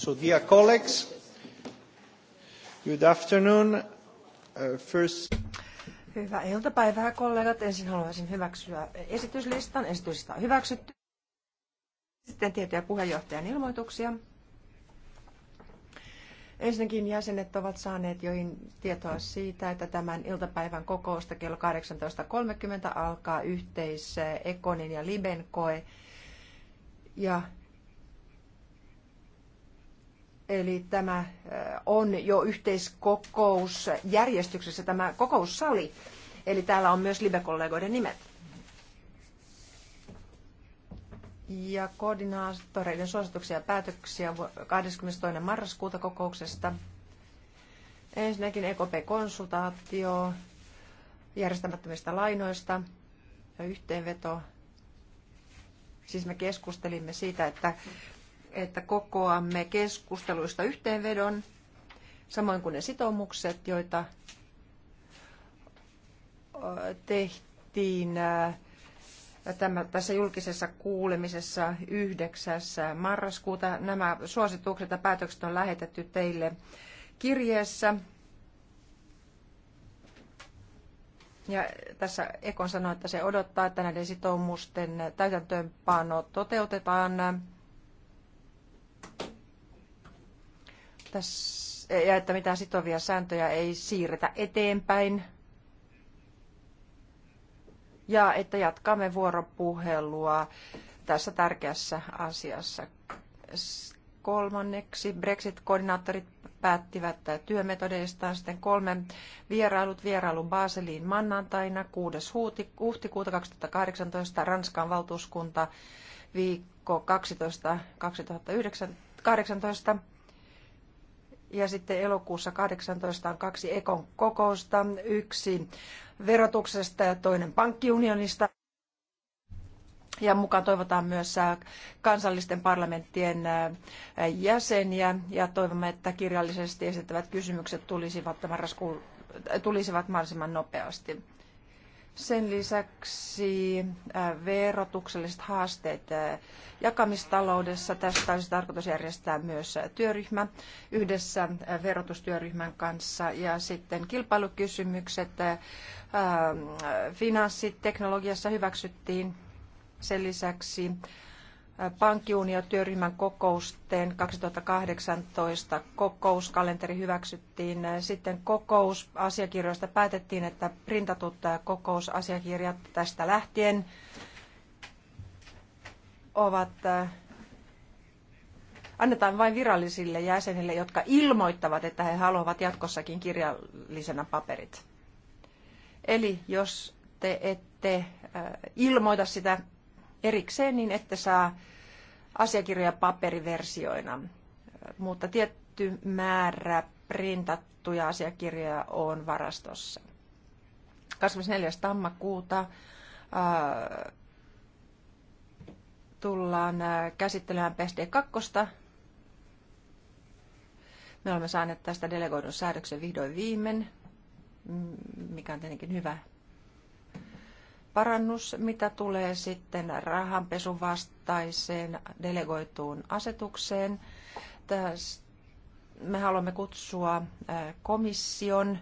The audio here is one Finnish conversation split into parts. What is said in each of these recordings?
So, dear colleagues, good afternoon. Uh, first... Hyvää iltapäivää, kollegat. Ensin haluaisin hyväksyä esityslistan. Esityslista on hyväksytty. Sitten tietoja puheenjohtajan ilmoituksia. Ensinnäkin jäsenet ovat saaneet joihin tietoa siitä, että tämän iltapäivän kokousta kello 18.30 alkaa yhteis Ekonin ja Liben koe. Ja Eli tämä on jo yhteiskokous järjestyksessä tämä kokoussali. Eli täällä on myös live-kollegoiden nimet. Ja koordinaattoreiden suosituksia ja päätöksiä 22. marraskuuta kokouksesta. Ensinnäkin EKP-konsultaatio järjestämättömistä lainoista ja yhteenveto. Siis me keskustelimme siitä, että että kokoamme keskusteluista yhteenvedon, samoin kuin ne sitoumukset, joita tehtiin Tämä, tässä julkisessa kuulemisessa 9. marraskuuta. Nämä suositukset ja päätökset on lähetetty teille kirjeessä. Ja tässä Ekon sanoi, että se odottaa, että näiden sitoumusten täytäntöönpano toteutetaan ja että mitään sitovia sääntöjä ei siirretä eteenpäin. Ja että jatkamme vuoropuhelua tässä tärkeässä asiassa. Kolmanneksi Brexit-koordinaattorit päättivät työmetodeistaan sitten kolme vierailut. Vierailun Baseliin maanantaina 6. huhtikuuta 2018 Ranskan valtuuskunta viikko 12 2019. Ja sitten elokuussa 18 on kaksi Ekon kokousta, yksi verotuksesta ja toinen pankkiunionista. Ja mukaan toivotaan myös äh, kansallisten parlamenttien äh, jäseniä ja toivomme, että kirjallisesti esittävät kysymykset tulisivat, äh, tulisivat mahdollisimman nopeasti. Sen lisäksi äh, verotukselliset haasteet äh, jakamistaloudessa. Tästä olisi tarkoitus järjestää myös äh, työryhmä yhdessä verotustyöryhmän kanssa. Ja sitten kilpailukysymykset ähm, finanssiteknologiassa hyväksyttiin. Sen lisäksi työryhmän kokousten 2018 kokouskalenteri hyväksyttiin. Sitten kokousasiakirjoista päätettiin, että printatut kokousasiakirjat tästä lähtien ovat annetaan vain virallisille jäsenille, jotka ilmoittavat, että he haluavat jatkossakin kirjallisena paperit. Eli jos te ette äh, ilmoita sitä erikseen niin, että saa asiakirjoja paperiversioina. Mutta tietty määrä printattuja asiakirjoja on varastossa. 24. tammakuuta ää, tullaan ää, käsittelemään PSD2. Me olemme saaneet tästä delegoidun säädöksen vihdoin viimein, mikä on tietenkin hyvä parannus, mitä tulee sitten rahanpesun vastaiseen delegoituun asetukseen. me haluamme kutsua komission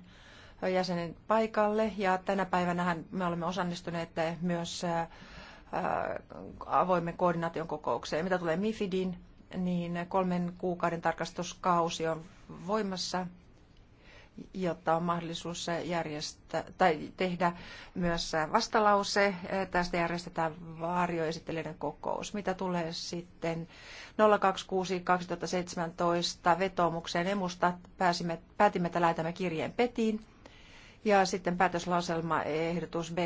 jäsenen paikalle ja tänä päivänä me olemme osannistuneet myös avoimen koordinaation kokoukseen. Mitä tulee MIFIDin, niin kolmen kuukauden tarkastuskausi on voimassa jotta on mahdollisuus järjestää, tai tehdä myös vastalause. Tästä järjestetään varjoesittelijöiden kokous. Mitä tulee sitten 026-2017 vetoomukseen emusta, pääsimme, päätimme, että lähetämme kirjeen petiin. Ja sitten ehdotus B807-2017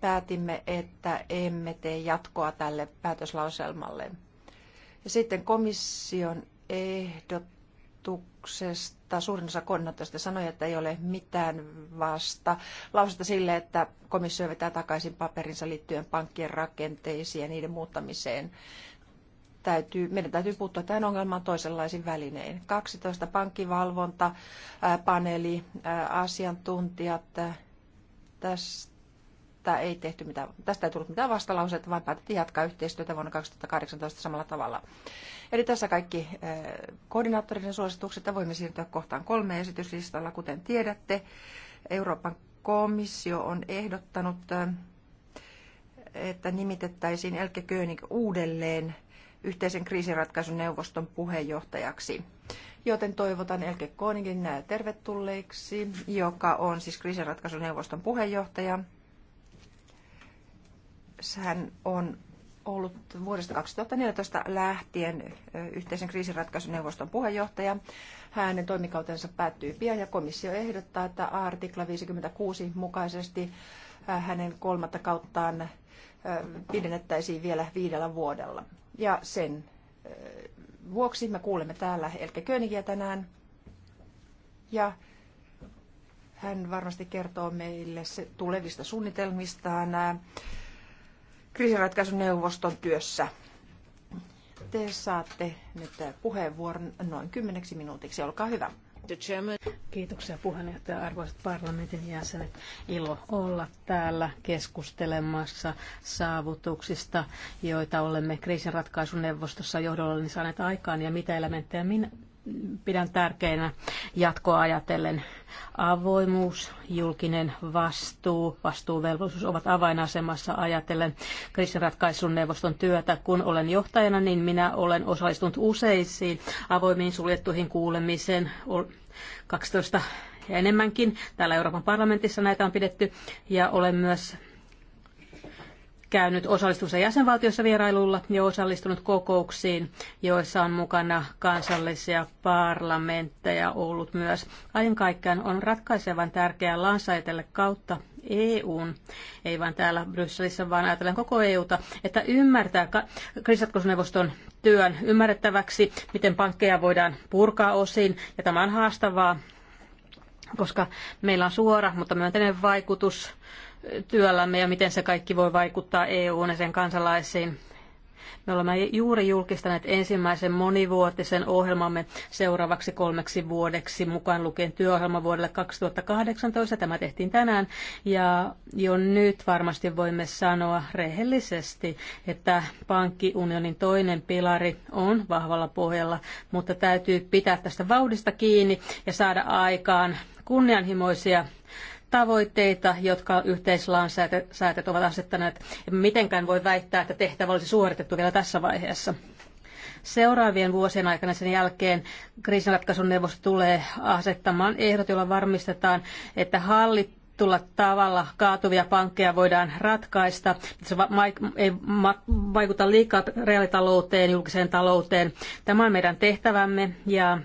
päätimme, että emme tee jatkoa tälle päätöslauselmalle. Ja sitten komission ehdotuksesta suurin osa kannattajista sanoi, että ei ole mitään vasta lausetta sille, että komissio vetää takaisin paperinsa liittyen pankkien rakenteisiin ja niiden muuttamiseen. Täytyy, meidän täytyy puuttua tähän ongelmaan toisenlaisin välinein. 12 pankkivalvontapaneeli, asiantuntijat, tässä että ei, tehty mitään, tästä ei tullut mitään vastalauseita, vaan päätettiin jatkaa yhteistyötä vuonna 2018 samalla tavalla. Eli tässä kaikki eh, koordinaattorien suositukset ja voimme siirtyä kohtaan kolme esityslistalla. Kuten tiedätte, Euroopan komissio on ehdottanut, eh, että nimitettäisiin Elke König uudelleen yhteisen neuvoston puheenjohtajaksi. Joten toivotan Elke Koningin tervetulleeksi, joka on siis neuvoston puheenjohtaja hän on ollut vuodesta 2014 lähtien yhteisen kriisinratkaisuneuvoston puheenjohtaja. Hänen toimikautensa päättyy pian ja komissio ehdottaa, että artikla 56 mukaisesti hänen kolmatta kauttaan pidennettäisiin vielä viidellä vuodella. Ja sen vuoksi me kuulemme täällä Elke Königiä tänään. Ja hän varmasti kertoo meille tulevista suunnitelmistaan kriisiratkaisuneuvoston työssä. Te saatte nyt puheenvuoron noin kymmeneksi minuutiksi. Olkaa hyvä. Kiitoksia puheenjohtaja, arvoisat parlamentin jäsenet. Ilo olla täällä keskustelemassa saavutuksista, joita olemme kriisinratkaisuneuvostossa johdollani saaneet aikaan ja mitä elementtejä minä, pidän tärkeänä jatkoa ajatellen. Avoimuus, julkinen vastuu, vastuuvelvollisuus ovat avainasemassa ajatellen kriisinratkaisun neuvoston työtä. Kun olen johtajana, niin minä olen osallistunut useisiin avoimiin suljettuihin kuulemiseen 12 ja enemmänkin. Täällä Euroopan parlamentissa näitä on pidetty ja olen myös käynyt osallistumassa jäsenvaltiossa vierailulla ja osallistunut kokouksiin, joissa on mukana kansallisia parlamentteja ollut myös. Kaiken kaikkiaan on ratkaisevan tärkeää lansaitelle kautta EUn, ei vain täällä Brysselissä, vaan ajatellen koko EUta, että ymmärtää kriisatkousneuvoston työn ymmärrettäväksi, miten pankkeja voidaan purkaa osin, ja tämä on haastavaa, koska meillä on suora, mutta myönteinen vaikutus työllämme ja miten se kaikki voi vaikuttaa EUn ja sen kansalaisiin. Me olemme juuri julkistaneet ensimmäisen monivuotisen ohjelmamme seuraavaksi kolmeksi vuodeksi, mukaan lukien työohjelma vuodelle 2018. Tämä tehtiin tänään ja jo nyt varmasti voimme sanoa rehellisesti, että pankkiunionin toinen pilari on vahvalla pohjalla, mutta täytyy pitää tästä vauhdista kiinni ja saada aikaan kunnianhimoisia tavoitteita, jotka yhteislainsäätäjät ovat asettaneet. Mitenkään voi väittää, että tehtävä olisi suoritettu vielä tässä vaiheessa. Seuraavien vuosien aikana sen jälkeen kriisinratkaisun neuvosto tulee asettamaan ehdot, joilla varmistetaan, että hallit tulla tavalla kaatuvia pankkeja voidaan ratkaista. Se ei vaikuta liikaa reaalitalouteen, julkiseen talouteen. Tämä on meidän tehtävämme ja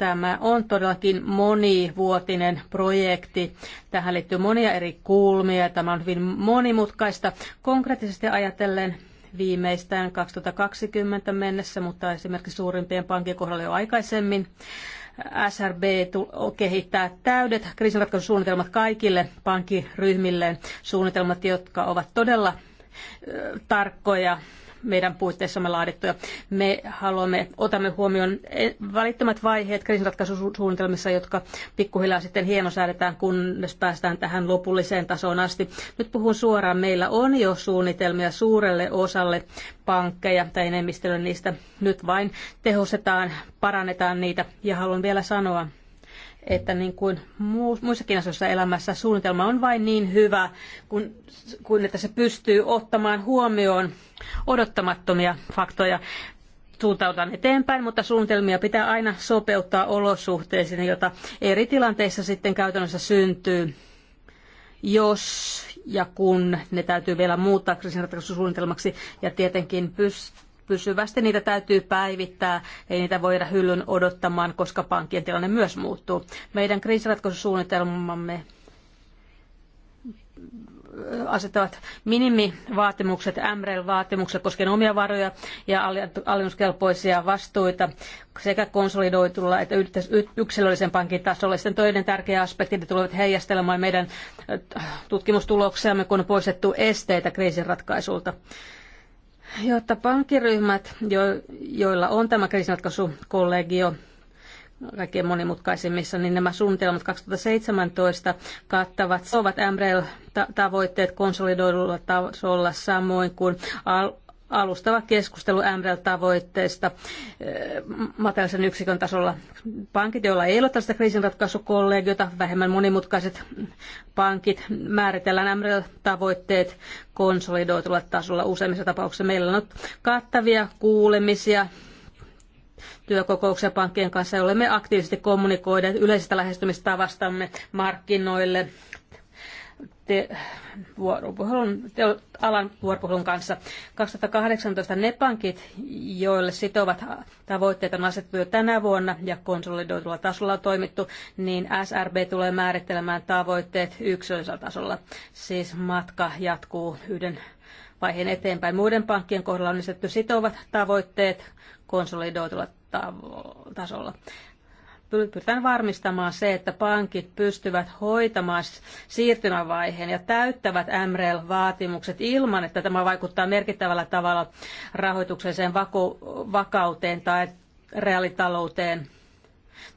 Tämä on todellakin monivuotinen projekti. Tähän liittyy monia eri kulmia. Tämä on hyvin monimutkaista. Konkreettisesti ajatellen viimeistään 2020 mennessä, mutta esimerkiksi suurimpien pankin kohdalla jo aikaisemmin. SRB kehittää täydet kriisinratkaisusuunnitelmat kaikille pankkiryhmilleen, suunnitelmat, jotka ovat todella tarkkoja meidän puitteissamme laadittuja. Me haluamme, otamme huomioon eh, välittömät vaiheet kriisinratkaisusuunnitelmissa, jotka pikkuhiljaa sitten hienosäädetään, kunnes päästään tähän lopulliseen tasoon asti. Nyt puhun suoraan, meillä on jo suunnitelmia suurelle osalle pankkeja tai enemmistölle niistä. Nyt vain tehostetaan, parannetaan niitä ja haluan vielä sanoa, että niin kuin muissakin asioissa elämässä suunnitelma on vain niin hyvä, kun, kun että se pystyy ottamaan huomioon odottamattomia faktoja. Suuntautan eteenpäin, mutta suunnitelmia pitää aina sopeuttaa olosuhteisiin, jota eri tilanteissa sitten käytännössä syntyy jos ja kun ne täytyy vielä muuttaa kriisinratkaisusuunnitelmaksi ja tietenkin pystyy pysyvästi niitä täytyy päivittää, ei niitä voida hyllyn odottamaan, koska pankkien tilanne myös muuttuu. Meidän kriisiratkaisusuunnitelmamme äh, asettavat minimivaatimukset, MREL-vaatimukset koskien omia varoja ja alennuskelpoisia vastuita sekä konsolidoitulla että yksilöllisen pankin tasolla. Sitten toinen tärkeä aspekti, että tulevat heijastelemaan meidän äh, tutkimustuloksiamme, kun on poistettu esteitä kriisin ratkaisulta jotta pankkiryhmät, jo, joilla on tämä kriisinratkaisukollegio kaikkein monimutkaisimmissa, niin nämä suunnitelmat 2017 kattavat, ovat MREL-tavoitteet konsolidoidulla tasolla samoin kuin alustava keskustelu MREL-tavoitteista eh, materiaalisen yksikön tasolla. Pankit, joilla ei ole tällaista kriisinratkaisukollegiota, vähemmän monimutkaiset pankit, määritellään MREL-tavoitteet konsolidoitulla tasolla useimmissa tapauksissa. Meillä on ollut kattavia kuulemisia työkokouksia pankkien kanssa, jolle me aktiivisesti kommunikoineet yleisestä lähestymistavastamme markkinoille – te, vuoropuhelun, te, alan vuoropuhelun kanssa. 2018 ne pankit, joille sitovat tavoitteet on asetettu jo tänä vuonna ja konsolidoitulla tasolla on toimittu, niin SRB tulee määrittelemään tavoitteet yksilöllisellä tasolla. Siis matka jatkuu yhden vaiheen eteenpäin. Muiden pankkien kohdalla on esitetty sitovat tavoitteet konsolidoitulla tasolla pyritään varmistamaan se, että pankit pystyvät hoitamaan siirtymävaiheen ja täyttävät MREL-vaatimukset ilman, että tämä vaikuttaa merkittävällä tavalla rahoitukseen vaku- vakauteen tai reaalitalouteen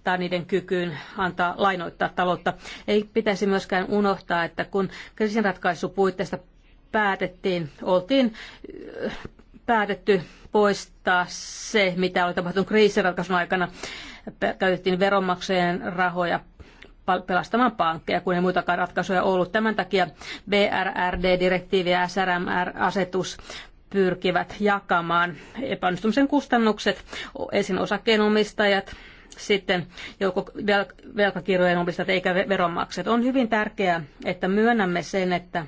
tai niiden kykyyn antaa lainoittaa taloutta. Ei pitäisi myöskään unohtaa, että kun kriisinratkaisupuitteista päätettiin, oltiin päätetty poistaa se, mitä oli tapahtunut kriisinratkaisun aikana käytettiin veronmaksajien rahoja pelastamaan pankkeja, kun ei muitakaan ratkaisuja ollut. Tämän takia BRRD-direktiivi ja SRMR-asetus pyrkivät jakamaan epäonnistumisen kustannukset, ensin osakkeenomistajat, sitten joko velkakirjojen omistajat eikä veronmaksajat. On hyvin tärkeää, että myönnämme sen, että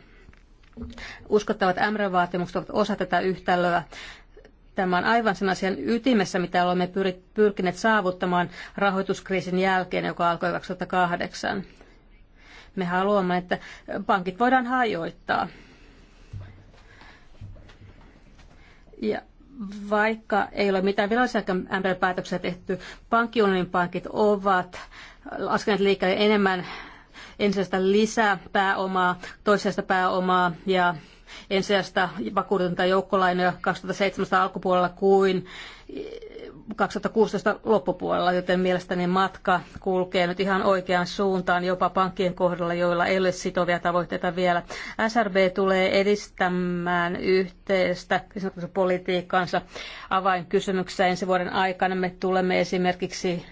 uskottavat MR-vaatimukset e ovat osa tätä yhtälöä Tämä on aivan sen asian ytimessä, mitä olemme pyrkineet saavuttamaan rahoituskriisin jälkeen, joka alkoi 2008. Me haluamme, että pankit voidaan hajoittaa. Ja vaikka ei ole mitään virallisia mpl päätöksiä tehty, pankkiunionin pankit ovat laskeneet liikkeelle enemmän ensisijaista lisää pääomaa, toisesta pääomaa ja ensisijaista vakuutetonta joukkolainoja 2017 alkupuolella kuin 2016 loppupuolella, joten mielestäni matka kulkee nyt ihan oikeaan suuntaan jopa pankkien kohdalla, joilla ei ole sitovia tavoitteita vielä. SRB tulee edistämään yhteistä politiikkaansa avainkysymyksessä ensi vuoden aikana. Me tulemme esimerkiksi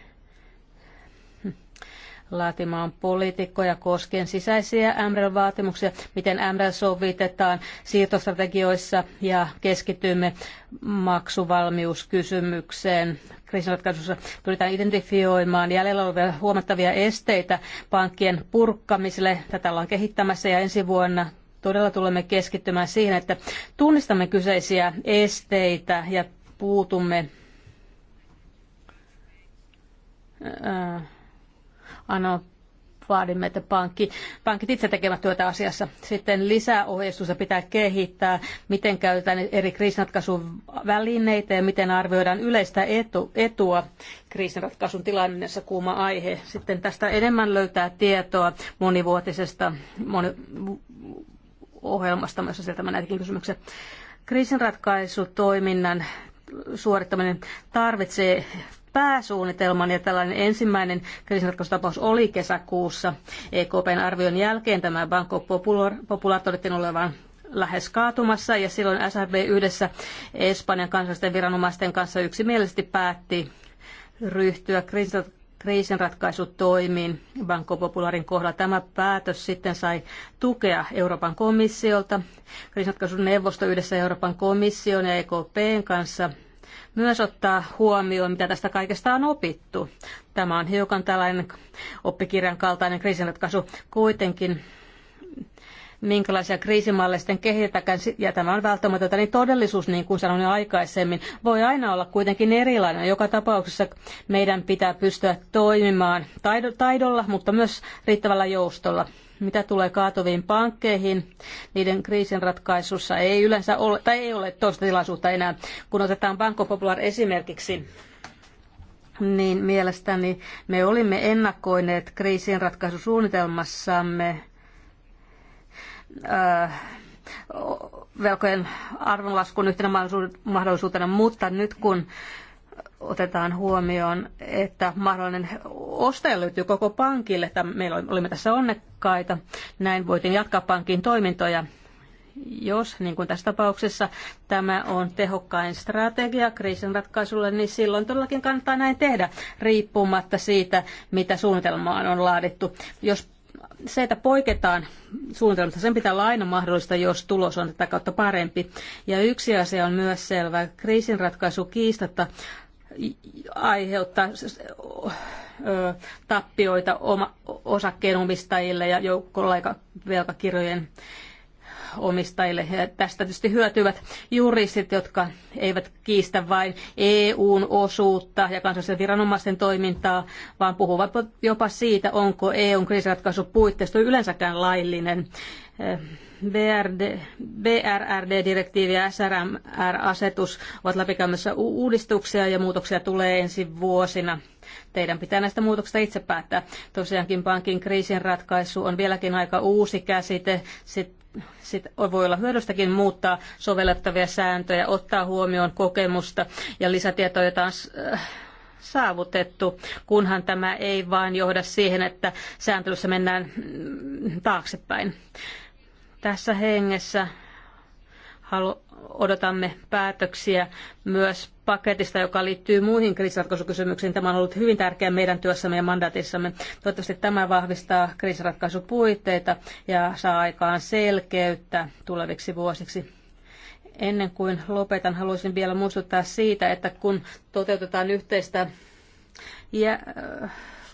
laatimaan poliitikkoja koskien sisäisiä mrl vaatimuksia miten MRL sovitetaan siirtostrategioissa ja keskitymme maksuvalmiuskysymykseen. Kriisinratkaisussa pyritään identifioimaan jäljellä olevia huomattavia esteitä pankkien purkamiselle. Tätä ollaan kehittämässä ja ensi vuonna todella tulemme keskittymään siihen, että tunnistamme kyseisiä esteitä ja puutumme Ano, vaadimme, että pankki, pankit itse tekevät työtä asiassa. Sitten ohjeistusta pitää kehittää, miten käytetään eri kriisinratkaisun välineitä ja miten arvioidaan yleistä etu, etua kriisinratkaisun tilanneessa kuuma aihe. Sitten tästä enemmän löytää tietoa monivuotisesta moni, ohjelmasta, jossa sieltä näitäkin kysymyksiä. Kriisinratkaisutoiminnan suorittaminen tarvitsee pääsuunnitelman ja tällainen ensimmäinen kriisinratkaisutapaus oli kesäkuussa. EKPn arvion jälkeen tämä Banco Popular, Popular todettiin olevan lähes kaatumassa ja silloin SRB yhdessä Espanjan kansallisten viranomaisten kanssa yksimielisesti päätti ryhtyä kriisinratkaisutoimiin Banco Popularin kohdalla. Tämä päätös sitten sai tukea Euroopan komissiolta. Kriisinratkaisuneuvosto neuvosto yhdessä Euroopan komission ja EKPn kanssa myös ottaa huomioon, mitä tästä kaikesta on opittu. Tämä on hiukan tällainen oppikirjan kaltainen kriisinratkaisu kuitenkin minkälaisia kriisimalleja sitten kehitetään, ja tämä on välttämätöntä, niin todellisuus, niin kuin sanoin jo aikaisemmin, voi aina olla kuitenkin erilainen. Joka tapauksessa meidän pitää pystyä toimimaan taidolla, mutta myös riittävällä joustolla. Mitä tulee kaatuviin pankkeihin, niiden kriisinratkaisussa ei yleensä ole, tai ei ole toista tilaisuutta enää. Kun otetaan Banco Popular esimerkiksi, niin mielestäni me olimme ennakoineet kriisinratkaisusuunnitelmassamme äh, velkojen arvonlaskun yhtenä mahdollisuutena, mutta nyt kun otetaan huomioon, että mahdollinen ostaja löytyy koko pankille. että Meillä olimme tässä onnekkaita. Näin voitiin jatkaa pankin toimintoja. Jos, niin kuin tässä tapauksessa, tämä on tehokkain strategia kriisin ratkaisulle, niin silloin todellakin kannattaa näin tehdä, riippumatta siitä, mitä suunnitelmaan on laadittu. Jos se, että poiketaan suunnitelmasta, sen pitää olla aina mahdollista, jos tulos on tätä kautta parempi. Ja yksi asia on myös selvä. Kriisinratkaisu kiistatta aiheuttaa tappioita osakkeenomistajille ja joukkolaikavelkakirjojen omistajille. Ja tästä tietysti hyötyvät juristit, jotka eivät kiistä vain EUn osuutta ja kansallisen viranomaisten toimintaa, vaan puhuvat jopa siitä, onko EUn kriisiratkaisupuitteisto yleensäkään laillinen BRD, BRRD-direktiivi ja SRMR-asetus ovat läpikäymässä uudistuksia ja muutoksia tulee ensi vuosina. Teidän pitää näistä muutoksista itse päättää. Tosiaankin pankin kriisin ratkaisu on vieläkin aika uusi käsite. Sitten sit voi olla hyödystäkin muuttaa sovellettavia sääntöjä, ottaa huomioon kokemusta ja lisätietoja, taas äh, saavutettu, kunhan tämä ei vain johda siihen, että sääntelyssä mennään mm, taaksepäin. Tässä hengessä odotamme päätöksiä myös paketista, joka liittyy muihin kriisiratkaisukysymyksiin. Tämä on ollut hyvin tärkeä meidän työssämme ja mandaatissamme. Toivottavasti tämä vahvistaa kriisiratkaisupuitteita ja saa aikaan selkeyttä tuleviksi vuosiksi. Ennen kuin lopetan, haluaisin vielä muistuttaa siitä, että kun toteutetaan yhteistä ja,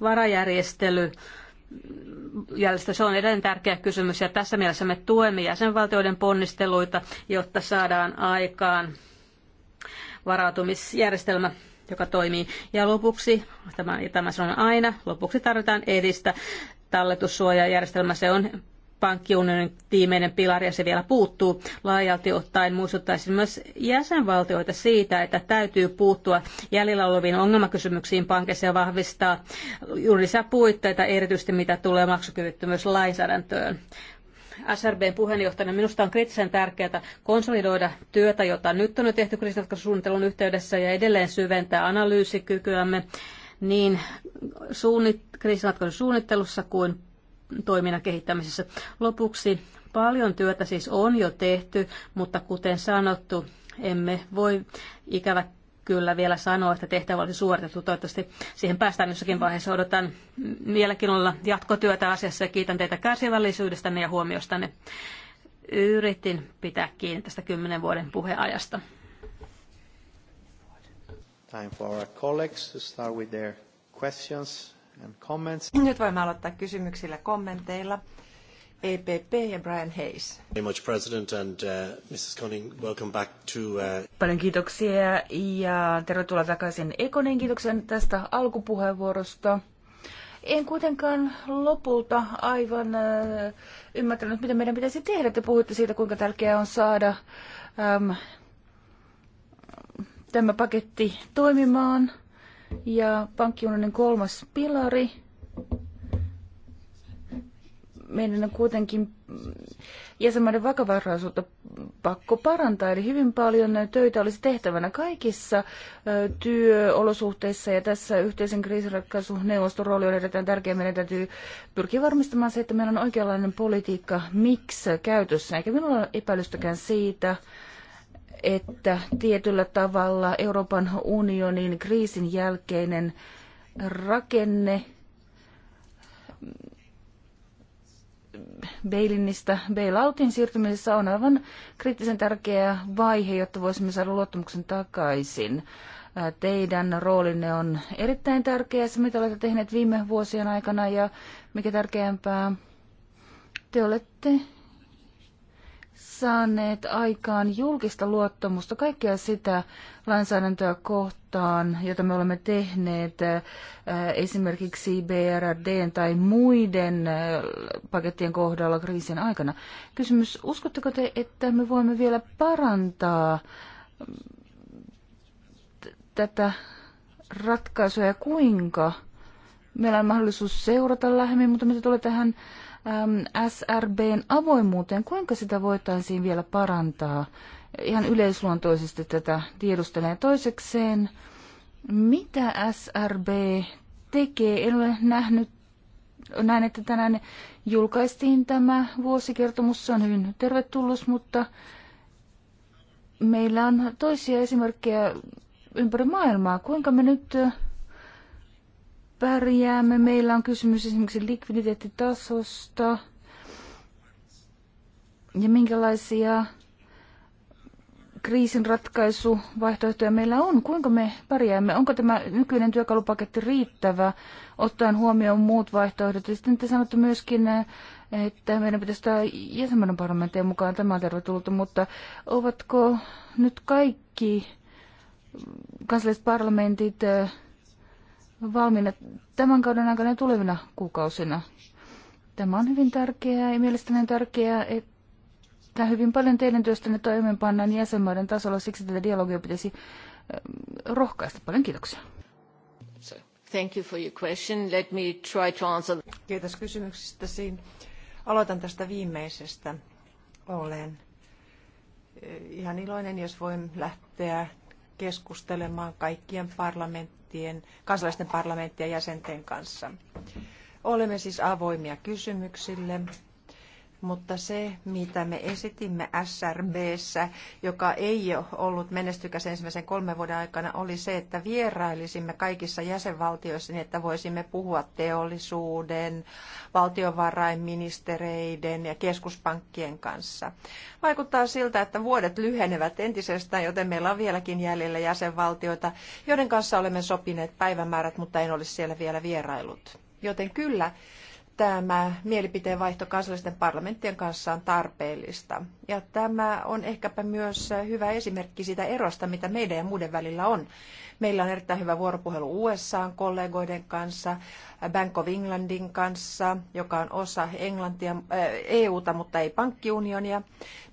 varajärjestely, jäljestä. Se on edelleen tärkeä kysymys ja tässä mielessä me tuemme jäsenvaltioiden ponnisteluita, jotta saadaan aikaan varautumisjärjestelmä joka toimii. Ja lopuksi, tämä, tämä sanon aina, lopuksi tarvitaan edistä talletussuojajärjestelmä. Se on pankkiunionin tiimeinen pilari ja se vielä puuttuu laajalti ottaen. Muistuttaisin myös jäsenvaltioita siitä, että täytyy puuttua jäljellä oleviin ongelmakysymyksiin pankissa ja vahvistaa juridisia puitteita, erityisesti mitä tulee maksukyvyttömyyslainsäädäntöön. SRBn puheenjohtajana minusta on kriittisen tärkeää konsolidoida työtä, jota nyt on jo tehty kriisinratkaisusuunnittelun yhteydessä ja edelleen syventää analyysikykyämme niin suunnit- kriisinratkaisusuunnittelussa kuin toiminnan kehittämisessä. Lopuksi paljon työtä siis on jo tehty, mutta kuten sanottu, emme voi ikävä kyllä vielä sanoa, että tehtävä olisi suoritettu. Toivottavasti siihen päästään jossakin vaiheessa. Odotan mielenkiinnolla jatkotyötä asiassa ja kiitän teitä kärsivällisyydestänne ja huomiostanne. Yritin pitää kiinni tästä kymmenen vuoden puheajasta. Time for our colleagues to start with their questions and comments. Nyt voimme aloittaa kysymyksillä kommenteilla. EPP ja Brian Hayes. Very much President and uh, Mrs. Conning, welcome back to... Uh... Paljon kiitoksia ja tervetuloa takaisin Ekonin. Kiitoksen tästä alkupuheenvuorosta. En kuitenkaan lopulta aivan uh, ymmärtänyt, mitä meidän pitäisi tehdä. Te puhuitte siitä, kuinka tärkeää on saada um, tämä paketti toimimaan ja pankkiunionin kolmas pilari. Meidän on kuitenkin jäsenmaiden vakavaraisuutta pakko parantaa, eli hyvin paljon töitä olisi tehtävänä kaikissa työolosuhteissa, ja tässä yhteisen kriisiratkaisuneuvoston rooli on erittäin tärkeä. Meidän täytyy pyrkiä varmistamaan se, että meillä on oikeanlainen politiikka miksi käytössä, eikä minulla ole epäilystäkään siitä, että tietyllä tavalla Euroopan unionin kriisin jälkeinen rakenne bailinista bailoutin siirtymisessä on aivan kriittisen tärkeä vaihe, jotta voisimme saada luottamuksen takaisin. Teidän roolinne on erittäin tärkeä, se mitä olette tehneet viime vuosien aikana ja mikä tärkeämpää, te olette saaneet aikaan julkista luottamusta kaikkea sitä lainsäädäntöä kohtaan, jota me olemme tehneet eh, esimerkiksi BRDn tai muiden eh, pakettien kohdalla kriisin aikana. Kysymys, uskotteko te, että me voimme vielä parantaa mm, tätä ratkaisua ja kuinka? Meillä on mahdollisuus seurata lähemmin, mutta mitä tulee tähän Ähm, SRBn avoimuuteen, kuinka sitä voitaisiin vielä parantaa? Ihan yleisluontoisesti tätä tiedustelee toisekseen. Mitä SRB tekee? En ole nähnyt näin, että tänään julkaistiin tämä vuosikertomus. Se on hyvin tervetullut, mutta meillä on toisia esimerkkejä ympäri maailmaa. Kuinka me nyt pärjäämme. Meillä on kysymys esimerkiksi likviditeettitasosta ja minkälaisia kriisinratkaisuvaihtoehtoja meillä on? Kuinka me pärjäämme? Onko tämä nykyinen työkalupaketti riittävä ottaen huomioon muut vaihtoehdot? Ja sitten te sanotte myöskin, että meidän pitäisi tämä jäsenmaiden parlamenttien mukaan tämä on tervetullut, mutta ovatko nyt kaikki kansalliset parlamentit valmiina tämän kauden aikana ja tulevina kuukausina. Tämä on hyvin tärkeää ja mielestäni on tärkeää, että hyvin paljon teidän työstänne toimeenpannaan jäsenmaiden tasolla, siksi tätä dialogia pitäisi ähm, rohkaista. Paljon kiitoksia. Thank you for your question. Let me try to answer. Kiitos kysymyksestäsi. Aloitan tästä viimeisestä. Olen äh, ihan iloinen, jos voin lähteä keskustelemaan kaikkien parlamentti parlamenttien, kansalaisten parlamenttien jäsenten kanssa. Olemme siis avoimia kysymyksille mutta se, mitä me esitimme SRBssä, joka ei ole ollut menestykäs ensimmäisen kolmen vuoden aikana, oli se, että vierailisimme kaikissa jäsenvaltioissa niin, että voisimme puhua teollisuuden, valtiovarainministereiden ja keskuspankkien kanssa. Vaikuttaa siltä, että vuodet lyhenevät entisestään, joten meillä on vieläkin jäljellä jäsenvaltioita, joiden kanssa olemme sopineet päivämäärät, mutta en olisi siellä vielä vierailut. Joten kyllä, tämä mielipiteen vaihto kansallisten parlamenttien kanssa on tarpeellista. Ja tämä on ehkäpä myös hyvä esimerkki siitä erosta, mitä meidän ja muiden välillä on. Meillä on erittäin hyvä vuoropuhelu USA-kollegoiden kanssa, Bank of Englandin kanssa, joka on osa Englantia, äh, EUta, mutta ei pankkiunionia.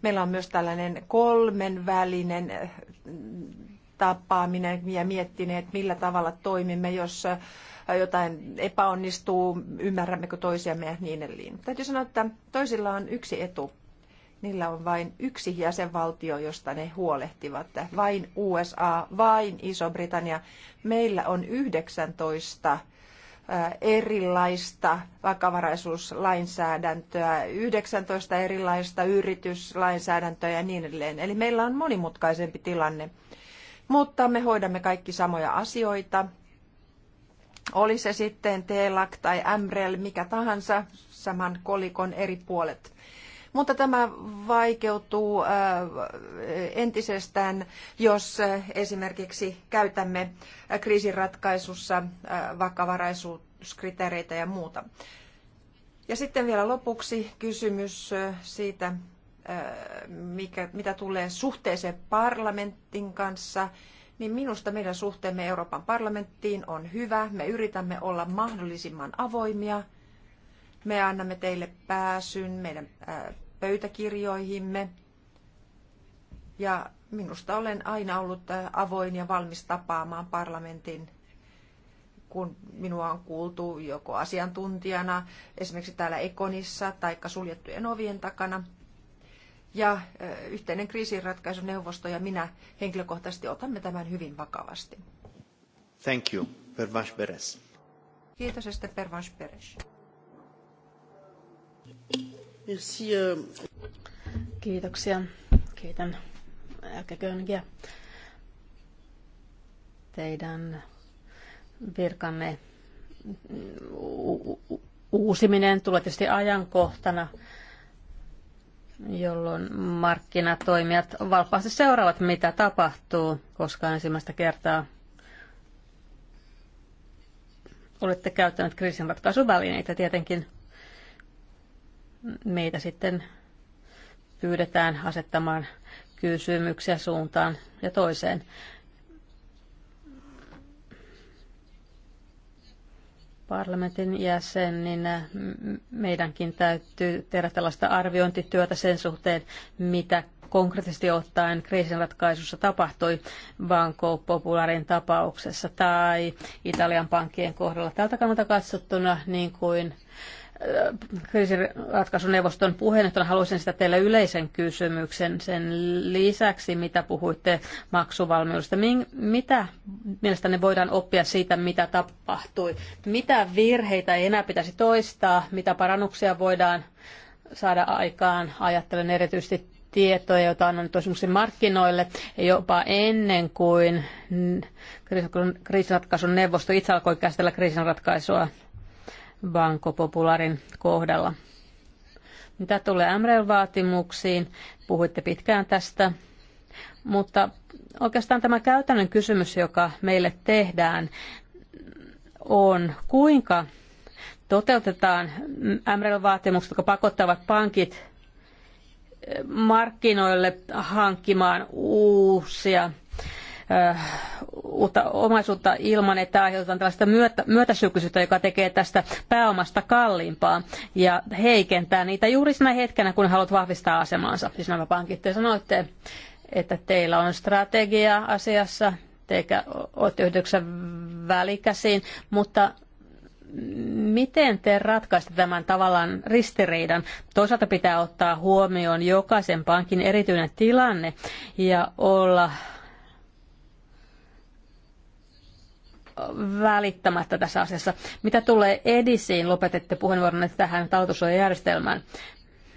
Meillä on myös tällainen kolmenvälinen äh, tapaaminen ja miettineet, millä tavalla toimimme, jos äh, jotain epäonnistuu, ymmärrämmekö toisiamme ja niin edelleen. Täytyy sanoa, että toisilla on yksi etu. Niillä on vain yksi jäsenvaltio, josta ne huolehtivat. Vain USA, vain Iso-Britannia. Meillä on 19 erilaista vakavaraisuuslainsäädäntöä, 19 erilaista yrityslainsäädäntöä ja niin edelleen. Eli meillä on monimutkaisempi tilanne. Mutta me hoidamme kaikki samoja asioita oli se sitten TELAC tai MREL, mikä tahansa, saman kolikon eri puolet. Mutta tämä vaikeutuu äh, entisestään, jos äh, esimerkiksi käytämme äh, kriisinratkaisussa vakavaraisuuskriteereitä ja muuta. Ja sitten vielä lopuksi kysymys siitä, mikä, mitä tulee suhteeseen parlamentin kanssa – niin minusta meidän suhteemme Euroopan parlamenttiin on hyvä. Me yritämme olla mahdollisimman avoimia. Me annamme teille pääsyn meidän pöytäkirjoihimme. Ja minusta olen aina ollut avoin ja valmis tapaamaan parlamentin kun minua on kuultu joko asiantuntijana, esimerkiksi täällä Ekonissa tai suljettujen ovien takana – ja yhteinen kriisinratkaisuneuvosto ja minä henkilökohtaisesti otamme tämän hyvin vakavasti. Thank you. Pervash Beres. Kiitos Esther Pervanche Beres. Kiitoksia. Kiitän Äkäkönkiä teidän virkanne mm, uusiminen tulee tietysti ajankohtana, jolloin markkinatoimijat valpaasti seuraavat, mitä tapahtuu, koska ensimmäistä kertaa olette käyttäneet kriisinratkaisuvälineitä. Tietenkin meitä sitten pyydetään asettamaan kysymyksiä suuntaan ja toiseen. parlamentin jäsen, niin äh, meidänkin täytyy tehdä tällaista arviointityötä sen suhteen, mitä konkreettisesti ottaen kriisinratkaisussa tapahtui Banco Popularin tapauksessa tai Italian pankkien kohdalla. Tältä kannalta katsottuna, niin kuin kriisiratkaisuneuvoston puheenjohtajana haluaisin sitä teille yleisen kysymyksen sen lisäksi, mitä puhuitte maksuvalmiudesta. Mitä mielestäni voidaan oppia siitä, mitä tapahtui? Mitä virheitä ei enää pitäisi toistaa? Mitä parannuksia voidaan saada aikaan? Ajattelen erityisesti tietoja, joita on annettu esimerkiksi markkinoille jopa ennen kuin kriisinratkaisun neuvosto itse alkoi käsitellä kriisinratkaisua Banco Popularin kohdalla. Mitä tulee MREL-vaatimuksiin, puhuitte pitkään tästä, mutta oikeastaan tämä käytännön kysymys, joka meille tehdään, on kuinka toteutetaan MREL-vaatimukset, jotka pakottavat pankit eh, markkinoille hankkimaan uusia Äh, uutta omaisuutta ilman, että aiheutetaan tällaista myötä, myötäsykkyisyyttä, joka tekee tästä pääomasta kalliimpaa ja heikentää niitä juuri sinä hetkenä, kun haluat vahvistaa asemaansa. Siis nämä pankit, te sanoitte, että teillä on strategia asiassa, teikä olette yhdeksän välikäsiin, mutta miten te ratkaiste tämän tavallaan ristiriidan? Toisaalta pitää ottaa huomioon jokaisen pankin erityinen tilanne ja olla välittämättä tässä asiassa. Mitä tulee edisiin, lopetette puheenvuoronne tähän talutussuojajärjestelmään.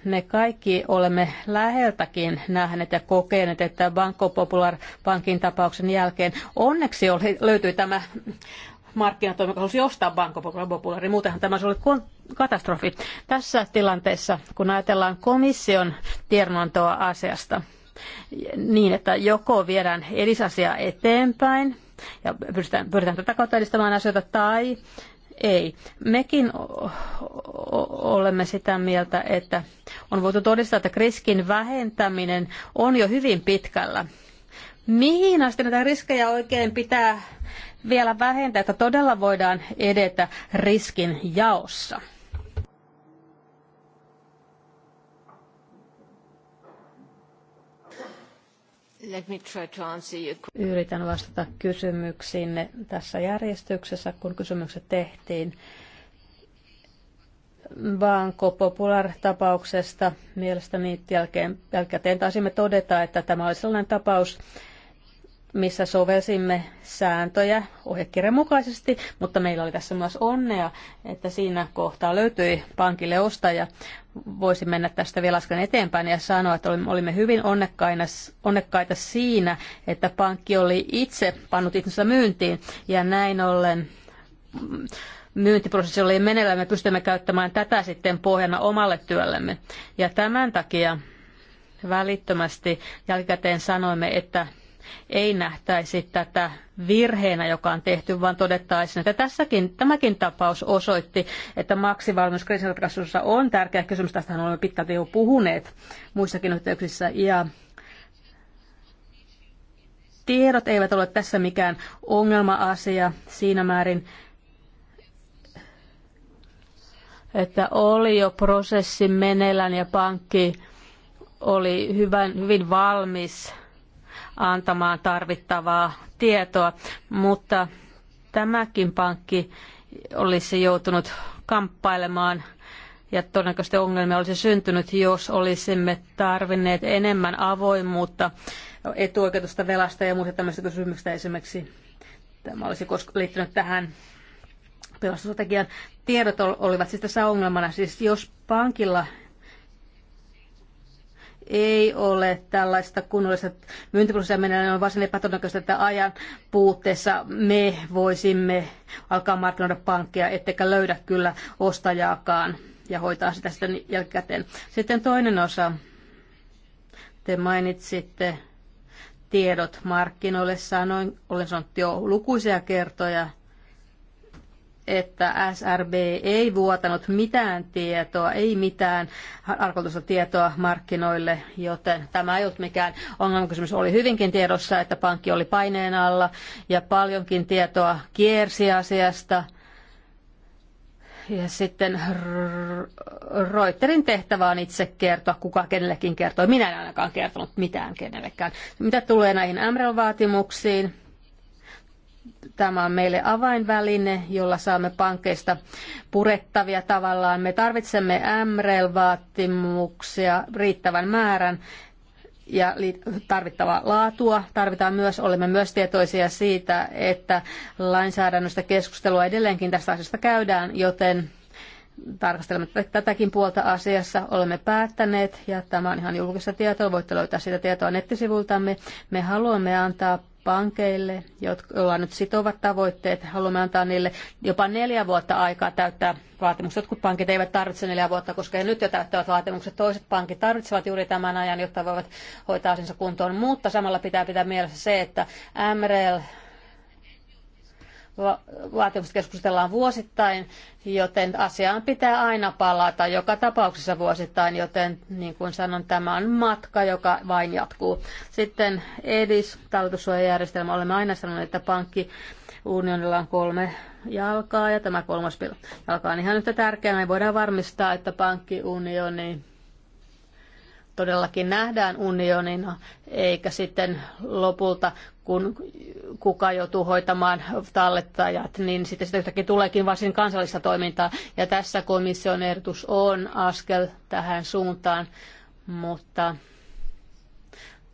Me kaikki olemme läheltäkin nähneet ja kokeneet, että Banco Popular pankin tapauksen jälkeen onneksi oli, löytyi tämä markkinatoimi, joka halusi ostaa Banco Populari. Niin muutenhan tämä oli katastrofi. Tässä tilanteessa, kun ajatellaan komission tiedonantoa asiasta, niin että joko viedään edisasia eteenpäin, ja pyritään, pyritään tätä kautta edistämään asioita tai ei. Mekin olemme sitä mieltä, että on voitu todistaa, että riskin vähentäminen on jo hyvin pitkällä. Mihin asti näitä riskejä oikein pitää vielä vähentää, että todella voidaan edetä riskin jaossa? Yritän vastata kysymyksiin tässä järjestyksessä, kun kysymykset tehtiin. Banco Popular-tapauksesta mielestäni jälkeen, jälkikäteen taisimme todeta, että tämä oli sellainen tapaus, missä sovelsimme sääntöjä ohjekirjan mukaisesti, mutta meillä oli tässä myös onnea, että siinä kohtaa löytyi pankille ostaja. Voisin mennä tästä vielä askeleen eteenpäin ja sanoa, että olimme hyvin onnekkaita siinä, että pankki oli itse pannut itsensä myyntiin ja näin ollen myyntiprosessi oli meneillään, me pystymme käyttämään tätä sitten pohjana omalle työllemme. Ja tämän takia välittömästi jälkikäteen sanoimme, että ei nähtäisi tätä virheenä, joka on tehty, vaan todettaisiin, että tässäkin, tämäkin tapaus osoitti, että maksivalmius kriisinratkaisussa on tärkeä kysymys. Tästähän olemme pitkälti jo puhuneet muissakin yhteyksissä. Ja tiedot eivät ole tässä mikään ongelma-asia siinä määrin, että oli jo prosessi meneillään ja pankki oli hyvän, hyvin valmis antamaan tarvittavaa tietoa, mutta tämäkin pankki olisi joutunut kamppailemaan ja todennäköisesti ongelmia olisi syntynyt, jos olisimme tarvinneet enemmän avoimuutta etuoikeutusta velasta ja muista tämmöistä kysymyksistä esimerkiksi. Tämä olisi liittynyt tähän pelastusstrategian tiedot olivat siis tässä ongelmana. Siis jos pankilla ei ole tällaista kunnollista myyntiprosessia meneillään, on varsin epätodennäköistä, että ajan puutteessa me voisimme alkaa markkinoida pankkia, ettekä löydä kyllä ostajaakaan ja hoitaa sitä sitten jälkikäteen. Sitten toinen osa. Te mainitsitte tiedot markkinoille. Sanoin, olen sanonut jo lukuisia kertoja, että SRB ei vuotanut mitään tietoa, ei mitään arkoitusta tietoa markkinoille, joten tämä ei ollut mikään ongelmakysymys. Oli hyvinkin tiedossa, että pankki oli paineen alla ja paljonkin tietoa kiersi asiasta. Ja sitten Reuterin tehtävä on itse kertoa, kuka kenellekin kertoi. Minä en ainakaan kertonut mitään kenellekään. Mitä tulee näihin MREL-vaatimuksiin, Tämä on meille avainväline, jolla saamme pankeista purettavia tavallaan. Me tarvitsemme MREL-vaatimuksia riittävän määrän ja tarvittavaa laatua. Tarvitaan myös, olemme myös tietoisia siitä, että lainsäädännöstä keskustelua edelleenkin tästä asiasta käydään, joten tarkastelemme tätäkin puolta asiassa. Olemme päättäneet, ja tämä on ihan julkista tietoa, voitte löytää sitä tietoa nettisivuiltamme. Me haluamme antaa pankeille, joilla nyt sitovat tavoitteet. Haluamme antaa niille jopa neljä vuotta aikaa täyttää vaatimukset. Jotkut pankit eivät tarvitse neljä vuotta, koska he nyt jo täyttävät vaatimukset. Toiset pankit tarvitsevat juuri tämän ajan, jotta voivat hoitaa asiansa kuntoon. Mutta samalla pitää pitää mielessä se, että MREL vaatimukset keskustellaan vuosittain, joten asiaan pitää aina palata joka tapauksessa vuosittain, joten niin kuin sanon, tämä on matka, joka vain jatkuu. Sitten EDIS, talletussuojajärjestelmä, olemme aina sanoneet, että pankki unionilla on kolme jalkaa ja tämä kolmas jalka on ihan yhtä tärkeä. Me voidaan varmistaa, että pankkiunioni todellakin nähdään unionina, eikä sitten lopulta, kun kuka joutuu hoitamaan tallettajat, niin sitten sitä yhtäkkiä tuleekin varsin kansallista toimintaa. Ja tässä komission ehdotus on askel tähän suuntaan, mutta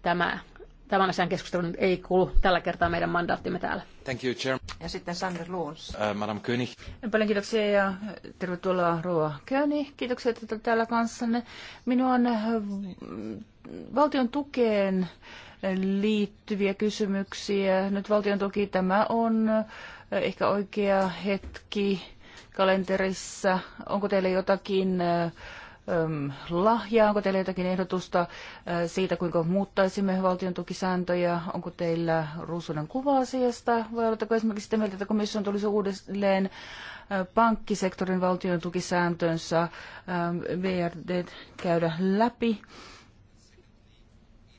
tämä tämän asian keskustelun ei kuulu tällä kertaa meidän mandaattimme täällä. Thank you, Chair. Ja sitten Sander Luons. Uh, äh, Madam König. Paljon kiitoksia ja tervetuloa Roa König. Kiitoksia, että olette täällä kanssanne. Minua on äh, valtion tukeen liittyviä kysymyksiä. Nyt valtion tuki tämä on äh, ehkä oikea hetki kalenterissa. Onko teillä jotakin äh, lahjaa? Onko teillä jotakin ehdotusta äh, siitä, kuinka muuttaisimme valtion tukisääntöjä? Onko teillä ruusunen kuva asiasta? Vai oletteko esimerkiksi sitä mieltä, että komission tulisi uudelleen äh, pankkisektorin valtion tukisääntönsä ähm, VRD käydä läpi?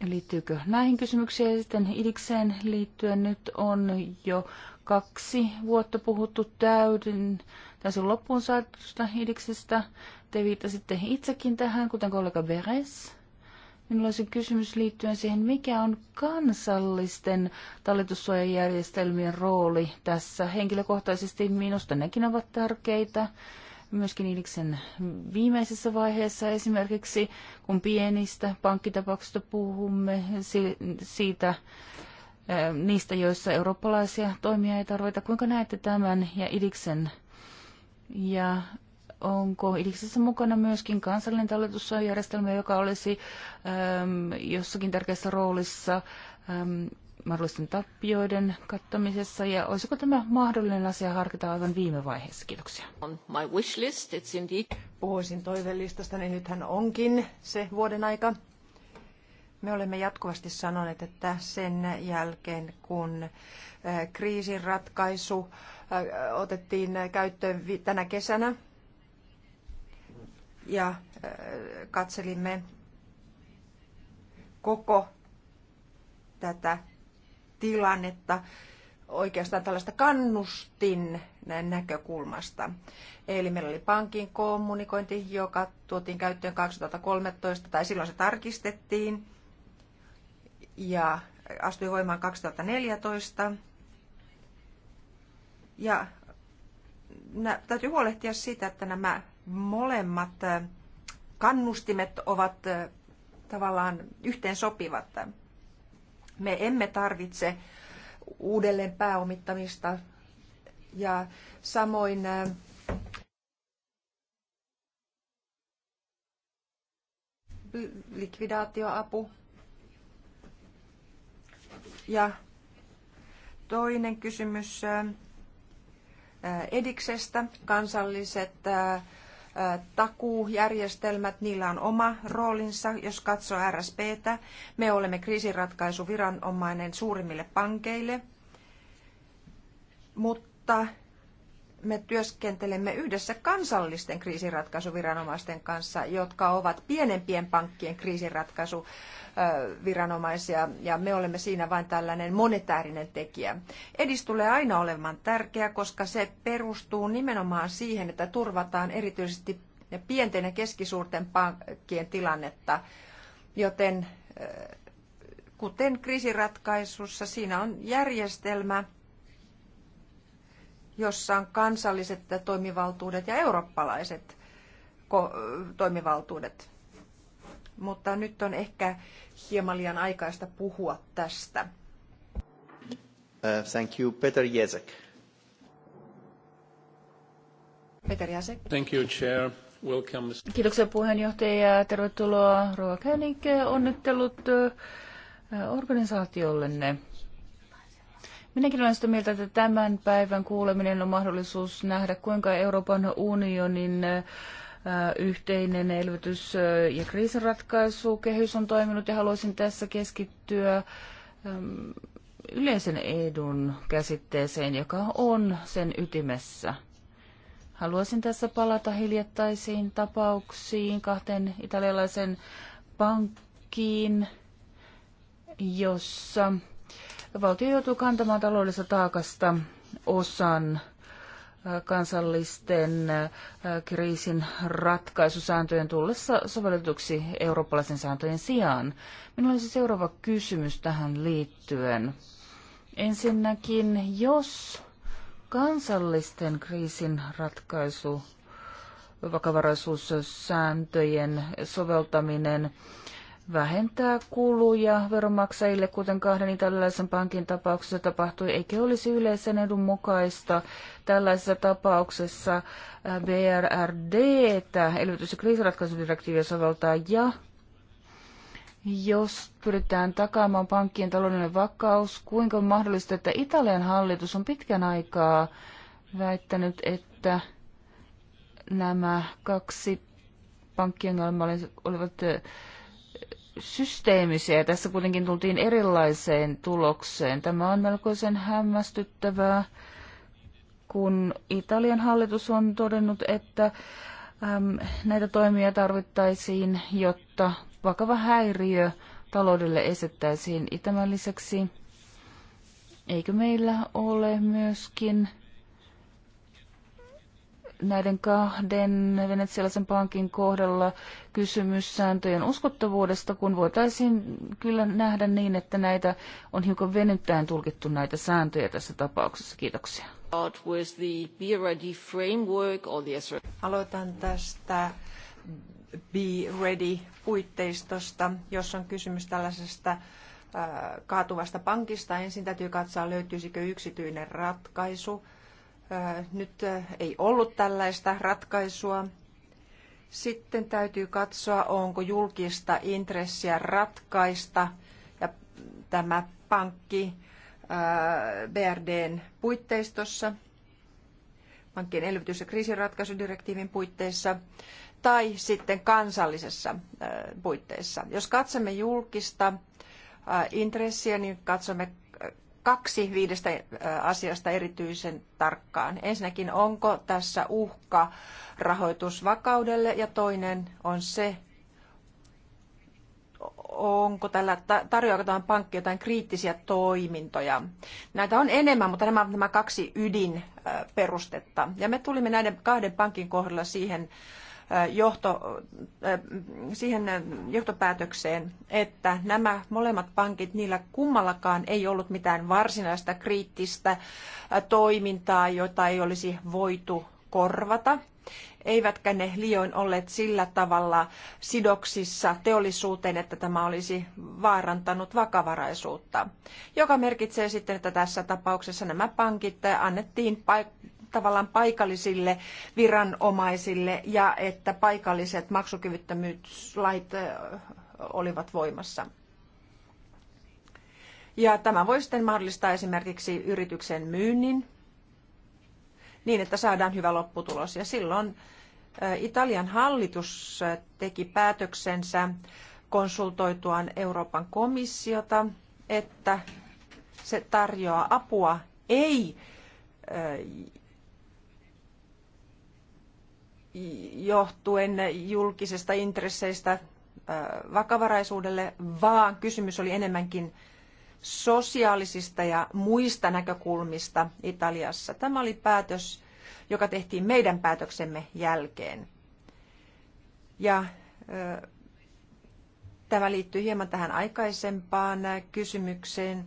Liittyykö näihin kysymyksiin? Sitten idikseen liittyen nyt on jo kaksi vuotta puhuttu täyden, on loppuun saatusta idiksestä. Te viittasitte itsekin tähän, kuten kollega Beres. Minulla olisi kysymys liittyen siihen, mikä on kansallisten talletussuojajärjestelmien rooli tässä. Henkilökohtaisesti minusta nekin ovat tärkeitä. Myöskin Iliksen viimeisessä vaiheessa esimerkiksi, kun pienistä pankkitapauksista puhumme, siitä niistä, joissa eurooppalaisia toimia ei tarvita. Kuinka näette tämän ja Idiksen ja onko Iliksessä mukana myöskin kansallinen talletussuojajärjestelmä, joka olisi äm, jossakin tärkeässä roolissa äm, mahdollisten tappioiden kattamisessa, ja olisiko tämä mahdollinen asia harkita aivan viime vaiheessa? Kiitoksia. On my wish list, it's indeed. Puhuisin toivelistasta, niin nythän onkin se vuoden aika. Me olemme jatkuvasti sanoneet, että sen jälkeen kun äh, kriisin ratkaisu äh, otettiin käyttöön tänä kesänä, ja äh, katselimme koko tätä tilannetta oikeastaan tällaista kannustin näkökulmasta. Eli meillä oli pankin kommunikointi, joka tuotiin käyttöön 2013, tai silloin se tarkistettiin ja astui voimaan 2014. Ja täytyy huolehtia siitä, että nämä molemmat äh, kannustimet ovat äh, tavallaan yhteen sopivat. Me emme tarvitse uudelleen pääomittamista ja samoin äh, likvidaatioapu. Ja toinen kysymys Ediksestä. Kansalliset takuujärjestelmät, niillä on oma roolinsa, jos katsoo RSPtä. Me olemme kriisiratkaisuviranomainen suurimmille pankeille, mutta me työskentelemme yhdessä kansallisten kriisinratkaisuviranomaisten kanssa, jotka ovat pienempien pankkien kriisinratkaisuviranomaisia, ja me olemme siinä vain tällainen monetäärinen tekijä. Edis tulee aina olemaan tärkeä, koska se perustuu nimenomaan siihen, että turvataan erityisesti pienten ja keskisuurten pankkien tilannetta, joten eh, kuten kriisiratkaisussa, siinä on järjestelmä, jossa on kansalliset toimivaltuudet ja eurooppalaiset toimivaltuudet. Mutta nyt on ehkä hieman liian aikaista puhua tästä. Uh, thank you, Peter Jezek. Peter Jezek. Thank you, Chair. Welcome. Kiitoksia puheenjohtaja ja tervetuloa Ruokänik. Onnittelut uh, organisaatiollenne. Minäkin olen sitä mieltä, että tämän päivän kuuleminen on mahdollisuus nähdä, kuinka Euroopan unionin yhteinen elvytys- ja kriisinratkaisukehys on toiminut ja haluaisin tässä keskittyä yleisen edun käsitteeseen, joka on sen ytimessä. Haluaisin tässä palata hiljattaisiin tapauksiin kahteen italialaisen pankkiin, jossa valtio joutuu kantamaan taloudellisesta taakasta osan kansallisten kriisin ratkaisusääntöjen tullessa sovellutuksi eurooppalaisen sääntöjen sijaan. Minulla olisi seuraava kysymys tähän liittyen. Ensinnäkin, jos kansallisten kriisin ratkaisu vakavaraisuussääntöjen soveltaminen vähentää kuluja veronmaksajille, kuten kahden italialaisen pankin tapauksessa tapahtui, eikä olisi yleisen edun mukaista tällaisessa tapauksessa äh, BRRD, elvytys- ja kriisiratkaisudirektiiviä soveltaa, ja jos pyritään takaamaan pankkien taloudellinen vakaus, kuinka on mahdollista, että Italian hallitus on pitkän aikaa väittänyt, että nämä kaksi pankkien olivat äh, systeemisiä. Tässä kuitenkin tultiin erilaiseen tulokseen. Tämä on melkoisen hämmästyttävää, kun Italian hallitus on todennut, että äm, näitä toimia tarvittaisiin, jotta vakava häiriö taloudelle esittäisiin. Tämän lisäksi eikö meillä ole myöskin näiden kahden venetsialaisen pankin kohdalla kysymys sääntöjen uskottavuudesta, kun voitaisiin kyllä nähdä niin, että näitä on hiukan venyttäen tulkittu näitä sääntöjä tässä tapauksessa. Kiitoksia. Aloitan tästä Be Ready-puitteistosta, jos on kysymys tällaisesta äh, kaatuvasta pankista. Ensin täytyy katsoa, löytyisikö yksityinen ratkaisu – nyt ei ollut tällaista ratkaisua. Sitten täytyy katsoa, onko julkista intressiä ratkaista ja tämä pankki BRDn puitteistossa, pankkien elvytys- ja kriisiratkaisudirektiivin puitteissa tai sitten kansallisessa puitteissa. Jos katsomme julkista intressiä, niin katsomme kaksi viidestä asiasta erityisen tarkkaan. Ensinnäkin, onko tässä uhka rahoitusvakaudelle ja toinen on se, onko tällä, tarjoako tämä pankki jotain kriittisiä toimintoja. Näitä on enemmän, mutta nämä ovat nämä kaksi ydinperustetta. Ja me tulimme näiden kahden pankin kohdalla siihen johto, siihen johtopäätökseen, että nämä molemmat pankit, niillä kummallakaan ei ollut mitään varsinaista kriittistä toimintaa, jota ei olisi voitu korvata eivätkä ne liioin olleet sillä tavalla sidoksissa teollisuuteen, että tämä olisi vaarantanut vakavaraisuutta, joka merkitsee sitten, että tässä tapauksessa nämä pankit annettiin tavallaan paikallisille viranomaisille ja että paikalliset maksukyvyttömyyslait olivat voimassa. Ja tämä voi sitten mahdollistaa esimerkiksi yrityksen myynnin niin, että saadaan hyvä lopputulos. Ja silloin Italian hallitus teki päätöksensä konsultoituaan Euroopan komissiota, että se tarjoaa apua ei johtuen julkisesta intresseistä äh, vakavaraisuudelle, vaan kysymys oli enemmänkin sosiaalisista ja muista näkökulmista Italiassa. Tämä oli päätös, joka tehtiin meidän päätöksemme jälkeen. Ja äh, tämä liittyy hieman tähän aikaisempaan kysymykseen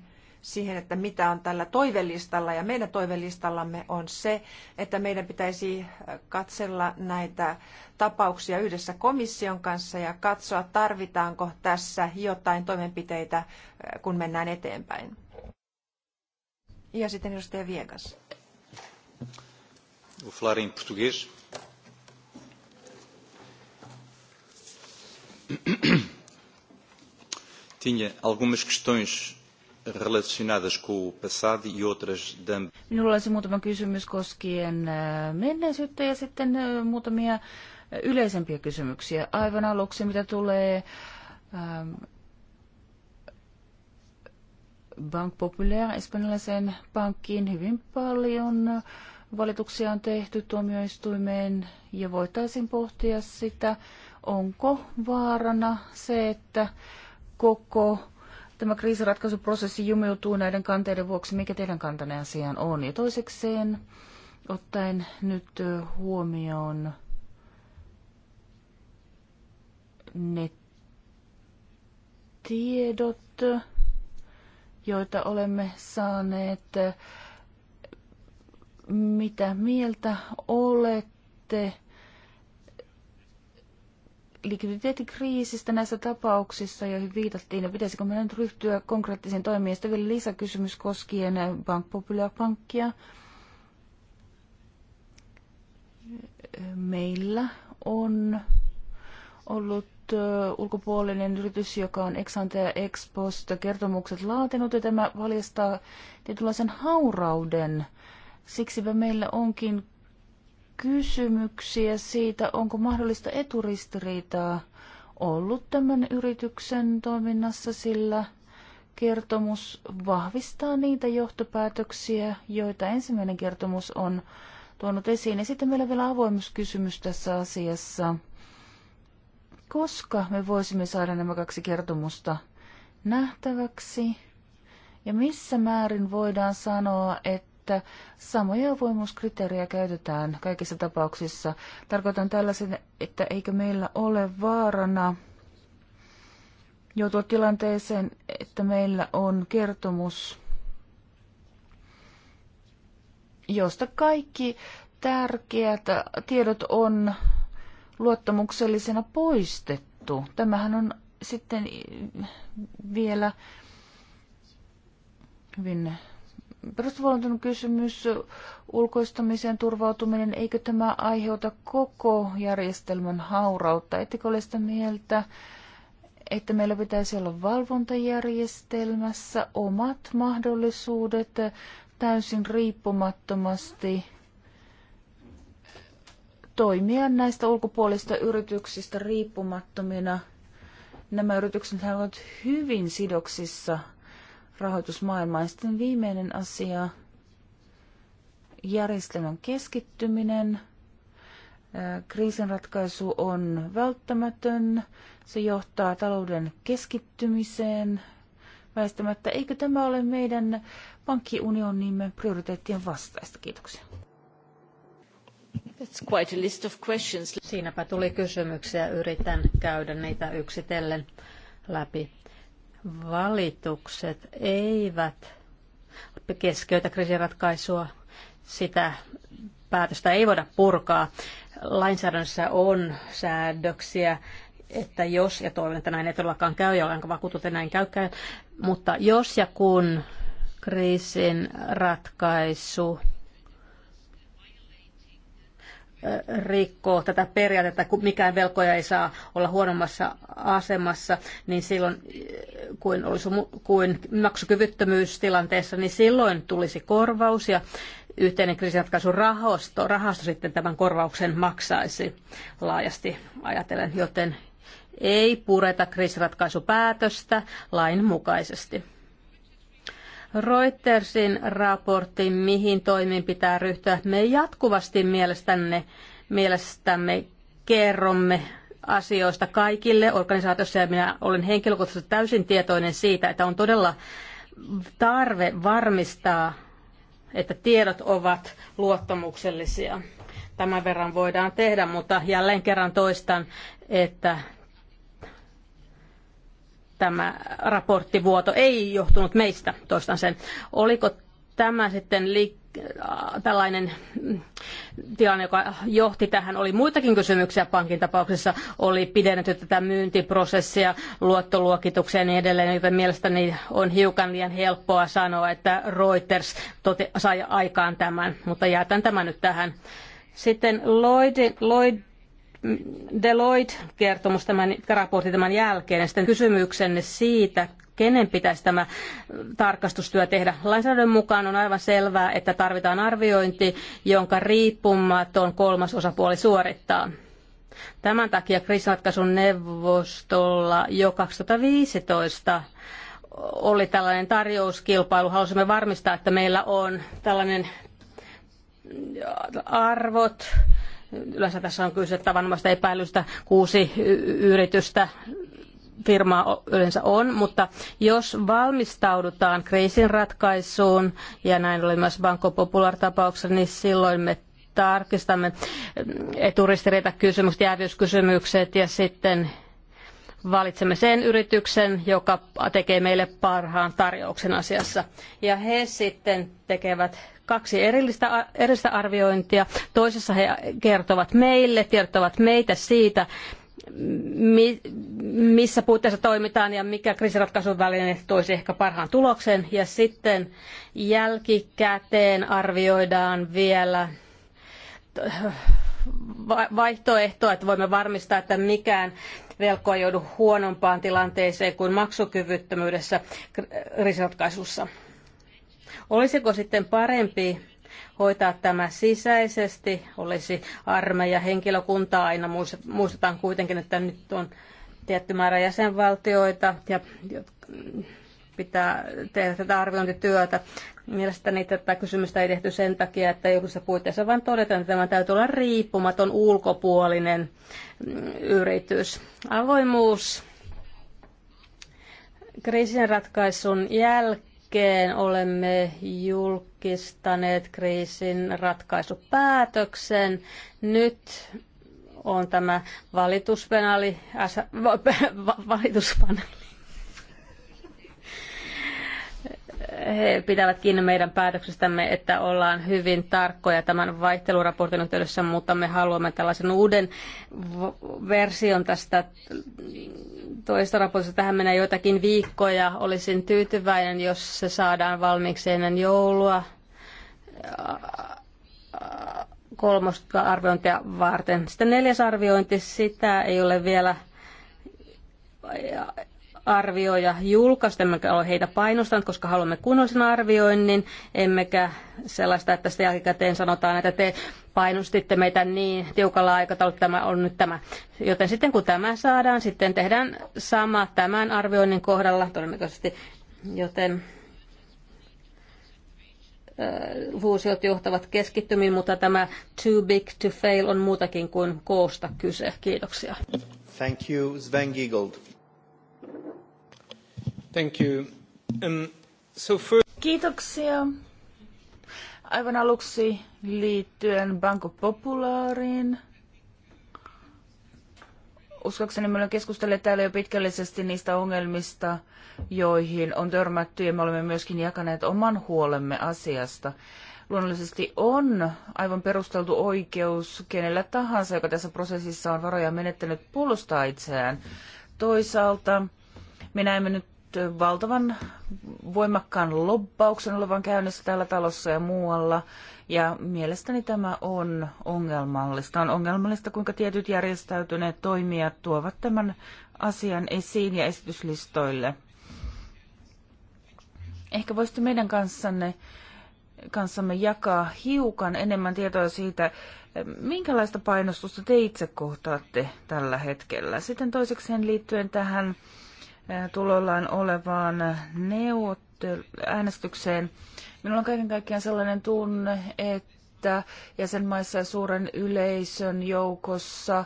siihen, että mitä on tällä toivelistalla. Ja meidän toivelistallamme on se, että meidän pitäisi katsella näitä tapauksia yhdessä komission kanssa ja katsoa, tarvitaanko tässä jotain toimenpiteitä, äh, kun mennään eteenpäin. Ja sitten edustaja Viegas. Tinha algumas questões relacionadas com o passado e outras da... Minulla olisi muutama kysymys koskien äh, menneisyyttä ja sitten äh, muutamia äh, yleisempiä kysymyksiä. Aivan aluksi, mitä tulee ähm, Bank Populaire espanjalaiseen pankkiin hyvin paljon valituksia on tehty tuomioistuimeen ja voitaisiin pohtia sitä, onko vaarana se, että koko tämä kriisiratkaisuprosessi jumiutuu näiden kanteiden vuoksi. Mikä teidän kantanne asiaan on? Ja toisekseen, ottaen nyt huomioon ne tiedot, joita olemme saaneet, mitä mieltä olette? likviditeettikriisistä näissä tapauksissa, joihin viitattiin, ja pitäisikö meidän nyt ryhtyä konkreettisiin toimiin. Sitten vielä lisäkysymys koskien Bank Popular-pankkia. Meillä on ollut ulkopuolinen yritys, joka on Exante ja Expost kertomukset laatinut, ja tämä valjastaa tietynlaisen haurauden. Siksipä meillä onkin kysymyksiä siitä, onko mahdollista eturistiriitaa ollut tämän yrityksen toiminnassa, sillä kertomus vahvistaa niitä johtopäätöksiä, joita ensimmäinen kertomus on tuonut esiin. Ja sitten meillä on vielä avoimuuskysymys tässä asiassa. Koska me voisimme saada nämä kaksi kertomusta nähtäväksi? Ja missä määrin voidaan sanoa, että että samoja avoimuuskriteerejä käytetään kaikissa tapauksissa. Tarkoitan tällaisen, että eikö meillä ole vaarana joutua tilanteeseen, että meillä on kertomus, josta kaikki tärkeät tiedot on luottamuksellisena poistettu. Tämähän on sitten vielä hyvin perustuvallan kysymys, ulkoistamiseen turvautuminen, eikö tämä aiheuta koko järjestelmän haurautta? Ettekö ole sitä mieltä, että meillä pitäisi olla valvontajärjestelmässä omat mahdollisuudet täysin riippumattomasti toimia näistä ulkopuolista yrityksistä riippumattomina. Nämä yritykset ovat hyvin sidoksissa rahoitusmaailmaan. Sitten viimeinen asia, järjestelmän keskittyminen. Kriisinratkaisu on välttämätön. Se johtaa talouden keskittymiseen väistämättä. Eikö tämä ole meidän pankkiunionimme prioriteettien vastaista? Kiitoksia. That's quite a list of questions. Siinäpä tuli kysymyksiä. Yritän käydä niitä yksitellen läpi valitukset eivät keskeytä kriisiratkaisua. Sitä päätöstä ei voida purkaa. Lainsäädännössä on säädöksiä, että jos, ja toivon, että näin ei todellakaan käy, ja olenko vakuutunut, että näin käykään, mutta jos ja kun kriisin ratkaisu rikkoo tätä periaatetta, kun mikään velkoja ei saa olla huonommassa asemassa, niin silloin kuin, olisi, kuin maksukyvyttömyystilanteessa, niin silloin tulisi korvaus ja yhteinen kriisinratkaisurahasto rahasto sitten tämän korvauksen maksaisi laajasti ajatellen, joten ei pureta kriisiratkaisupäätöstä lain mukaisesti. Reutersin raportti, mihin toimiin pitää ryhtyä. Me jatkuvasti mielestänne, mielestämme kerromme asioista kaikille organisaatiossa ja minä olen henkilökohtaisesti täysin tietoinen siitä, että on todella tarve varmistaa, että tiedot ovat luottamuksellisia. Tämän verran voidaan tehdä, mutta jälleen kerran toistan, että tämä raporttivuoto ei johtunut meistä, toistan sen. Oliko tämä sitten liik- äh, tällainen mm, tilanne, joka johti tähän, oli muitakin kysymyksiä pankin tapauksessa, oli pidennetty tätä myyntiprosessia, luottoluokituksia ja niin edelleen, joten mielestäni on hiukan liian helppoa sanoa, että Reuters sai aikaan tämän, mutta jätän tämän nyt tähän. Sitten Lloydin, Lloyd, Deloitte-kertomus, tämän raportti tämän jälkeen, ja sitten kysymyksenne siitä, kenen pitäisi tämä tarkastustyö tehdä. Lainsäädännön mukaan on aivan selvää, että tarvitaan arviointi, jonka riippumaton kolmas osapuoli suorittaa. Tämän takia kriisiratkaisun neuvostolla jo 2015 oli tällainen tarjouskilpailu. Halusimme varmistaa, että meillä on tällainen arvot, Yleensä tässä on kyse tavanomaista epäilystä. Kuusi yritystä firmaa yleensä on, mutta jos valmistaudutaan kriisin ratkaisuun, ja näin oli myös Banco Popular-tapauksessa, niin silloin me tarkistamme mm, eturistiriitakysymykset, jäävyyskysymykset ja sitten valitsemme sen yrityksen, joka tekee meille parhaan tarjouksen asiassa. Ja he sitten tekevät kaksi erillistä, erillistä arviointia. Toisessa he kertovat meille, tiedottavat meitä siitä, missä puitteissa toimitaan ja mikä kriisiratkaisun väline toisi ehkä parhaan tuloksen. Ja sitten jälkikäteen arvioidaan vielä vaihtoehtoa, että voimme varmistaa, että mikään velko ei joudu huonompaan tilanteeseen kuin maksukyvyttömyydessä kriisiratkaisussa. Olisiko sitten parempi hoitaa tämä sisäisesti, olisi armeija henkilökuntaa aina. Muistetaan kuitenkin, että nyt on tietty määrä jäsenvaltioita ja pitää tehdä tätä arviointityötä. Mielestäni tätä kysymystä ei tehty sen takia, että julkisessa puitteissa vain todetaan, että tämä täytyy olla riippumaton ulkopuolinen mm, yritys. Avoimuus ratkaisun jälkeen liikkeen olemme julkistaneet kriisin ratkaisupäätöksen. Nyt on tämä valituspaneeli, valituspaneeli he pitävät kiinni meidän päätöksestämme, että ollaan hyvin tarkkoja tämän vaihteluraportin yhteydessä, mutta me haluamme tällaisen uuden version tästä toista raportista. Tähän menee joitakin viikkoja. Olisin tyytyväinen, jos se saadaan valmiiksi ennen joulua kolmosta arviointia varten. Sitten neljäs arviointi, sitä ei ole vielä arvioja julkaistu, emmekä ole heitä painostanut, koska haluamme kunnollisen arvioinnin, emmekä sellaista, että sitä jälkikäteen sanotaan, että te painostitte meitä niin tiukalla aikataululla, tämä on nyt tämä. Joten sitten kun tämä saadaan, sitten tehdään sama tämän arvioinnin kohdalla todennäköisesti, joten fuusiot johtavat keskittymiin, mutta tämä too big to fail on muutakin kuin koosta kyse. Kiitoksia. Thank you, Sven Giegold. Thank you. Um, so for... Kiitoksia. Aivan aluksi liittyen Banco Populaariin. Uskoakseni me olemme keskustelleet täällä jo pitkällisesti niistä ongelmista, joihin on törmätty ja me olemme myöskin jakaneet oman huolemme asiasta luonnollisesti on aivan perusteltu oikeus kenellä tahansa, joka tässä prosessissa on varoja menettänyt, puolustaa itseään. Toisaalta me näemme nyt valtavan voimakkaan lobbauksen olevan käynnissä täällä talossa ja muualla. Ja mielestäni tämä on ongelmallista. On ongelmallista, kuinka tietyt järjestäytyneet toimijat tuovat tämän asian esiin ja esityslistoille. Ehkä voisitte meidän kanssanne, kanssamme jakaa hiukan enemmän tietoa siitä, minkälaista painostusta te itse kohtaatte tällä hetkellä. Sitten toisekseen liittyen tähän tulollaan olevaan neuvottelu, äänestykseen. Minulla on kaiken kaikkiaan sellainen tunne, että jäsenmaissa ja suuren yleisön joukossa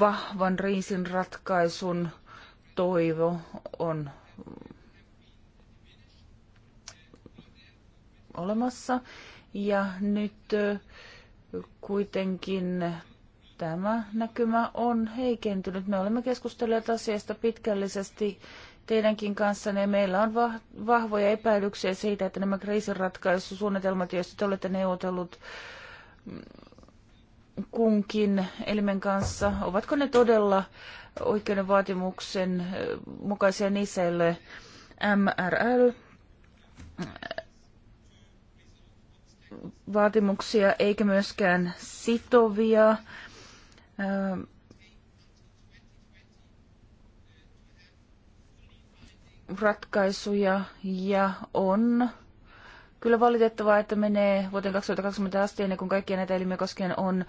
vahvan riisin ratkaisun toivo on olemassa. Ja nyt kuitenkin tämä näkymä on heikentynyt. Me olemme keskustelleet asiasta pitkällisesti teidänkin kanssa, ja meillä on vahvoja epäilyksiä siitä, että nämä kriisinratkaisusuunnitelmat, joista te olette neuvotellut kunkin elimen kanssa, ovatko ne todella oikeuden vaatimuksen mukaisia niselle MRL vaatimuksia eikä myöskään sitovia ratkaisuja ja on kyllä valitettavaa, että menee vuoteen 2020 asti ennen kuin kaikkia näitä elimiä koskien on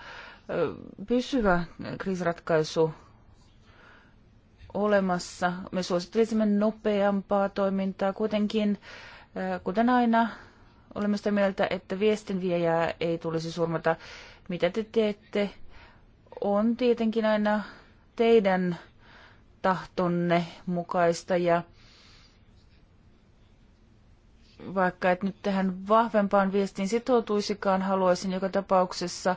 pysyvä kriisiratkaisu olemassa. Me suosittelisimme nopeampaa toimintaa. Kuitenkin, kuten aina, olemme sitä mieltä, että viestinviejää ei tulisi surmata. Mitä te teette on tietenkin aina teidän tahtonne mukaista ja vaikka et nyt tähän vahvempaan viestiin sitoutuisikaan, haluaisin joka tapauksessa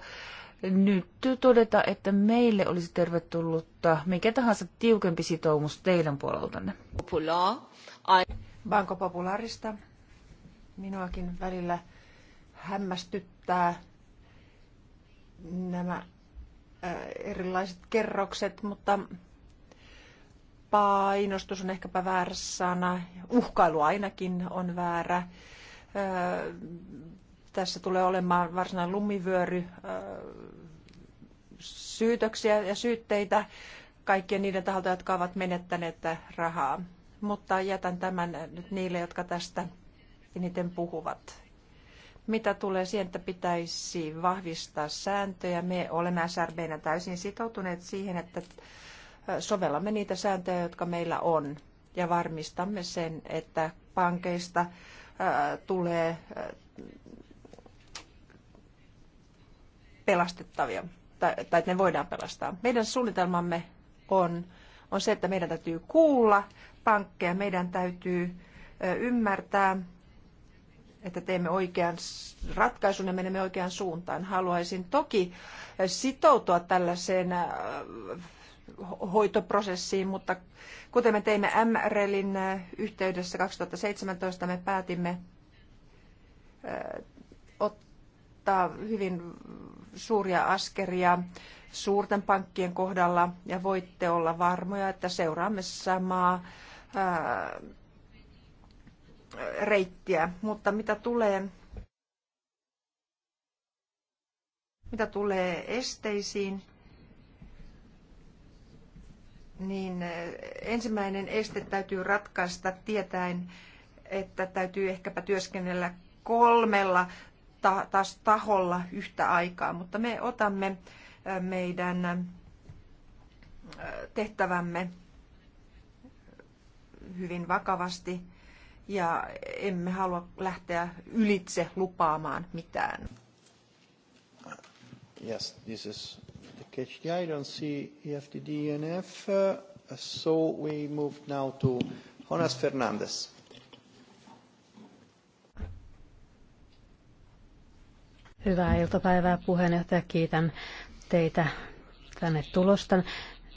nyt todeta, että meille olisi tervetullutta mikä tahansa tiukempi sitoumus teidän puoleltanne. Banko Popularista. Minuakin välillä hämmästyttää nämä Äh, erilaiset kerrokset, mutta painostus on ehkäpä väärä sana, uhkailu ainakin on väärä. Äh, tässä tulee olemaan varsinainen lumivyöry äh, syytöksiä ja syytteitä kaikkien niiden taholta, jotka ovat menettäneet rahaa. Mutta jätän tämän nyt niille, jotka tästä eniten puhuvat. Mitä tulee siihen, että pitäisi vahvistaa sääntöjä, me olemme SRBnä täysin sitoutuneet siihen, että äh, sovellamme niitä sääntöjä, jotka meillä on ja varmistamme sen, että pankeista äh, tulee äh, pelastettavia tai, tai että ne voidaan pelastaa. Meidän suunnitelmamme on, on se, että meidän täytyy kuulla pankkeja, meidän täytyy ymmärtää että teemme oikean ratkaisun ja menemme oikeaan suuntaan. Haluaisin toki sitoutua tällaiseen äh, hoitoprosessiin, mutta kuten me teimme MRLin äh, yhteydessä 2017, me päätimme äh, ottaa hyvin suuria askeria suurten pankkien kohdalla ja voitte olla varmoja, että seuraamme samaa reittiä, mutta mitä tulee, mitä tulee esteisiin, niin äh, ensimmäinen este täytyy ratkaista tietäen, että täytyy ehkäpä työskennellä kolmella ta- taas taholla yhtä aikaa, mutta me otamme äh, meidän äh, tehtävämme hyvin vakavasti ja emme halua lähteä ylitse lupaamaan mitään. Yes, this is the catch the I don't see EFTD and e F, uh, so we move now to Jonas Fernandes. Hyvää iltapäivää puheenjohtaja. Kiitän teitä tänne tulosta.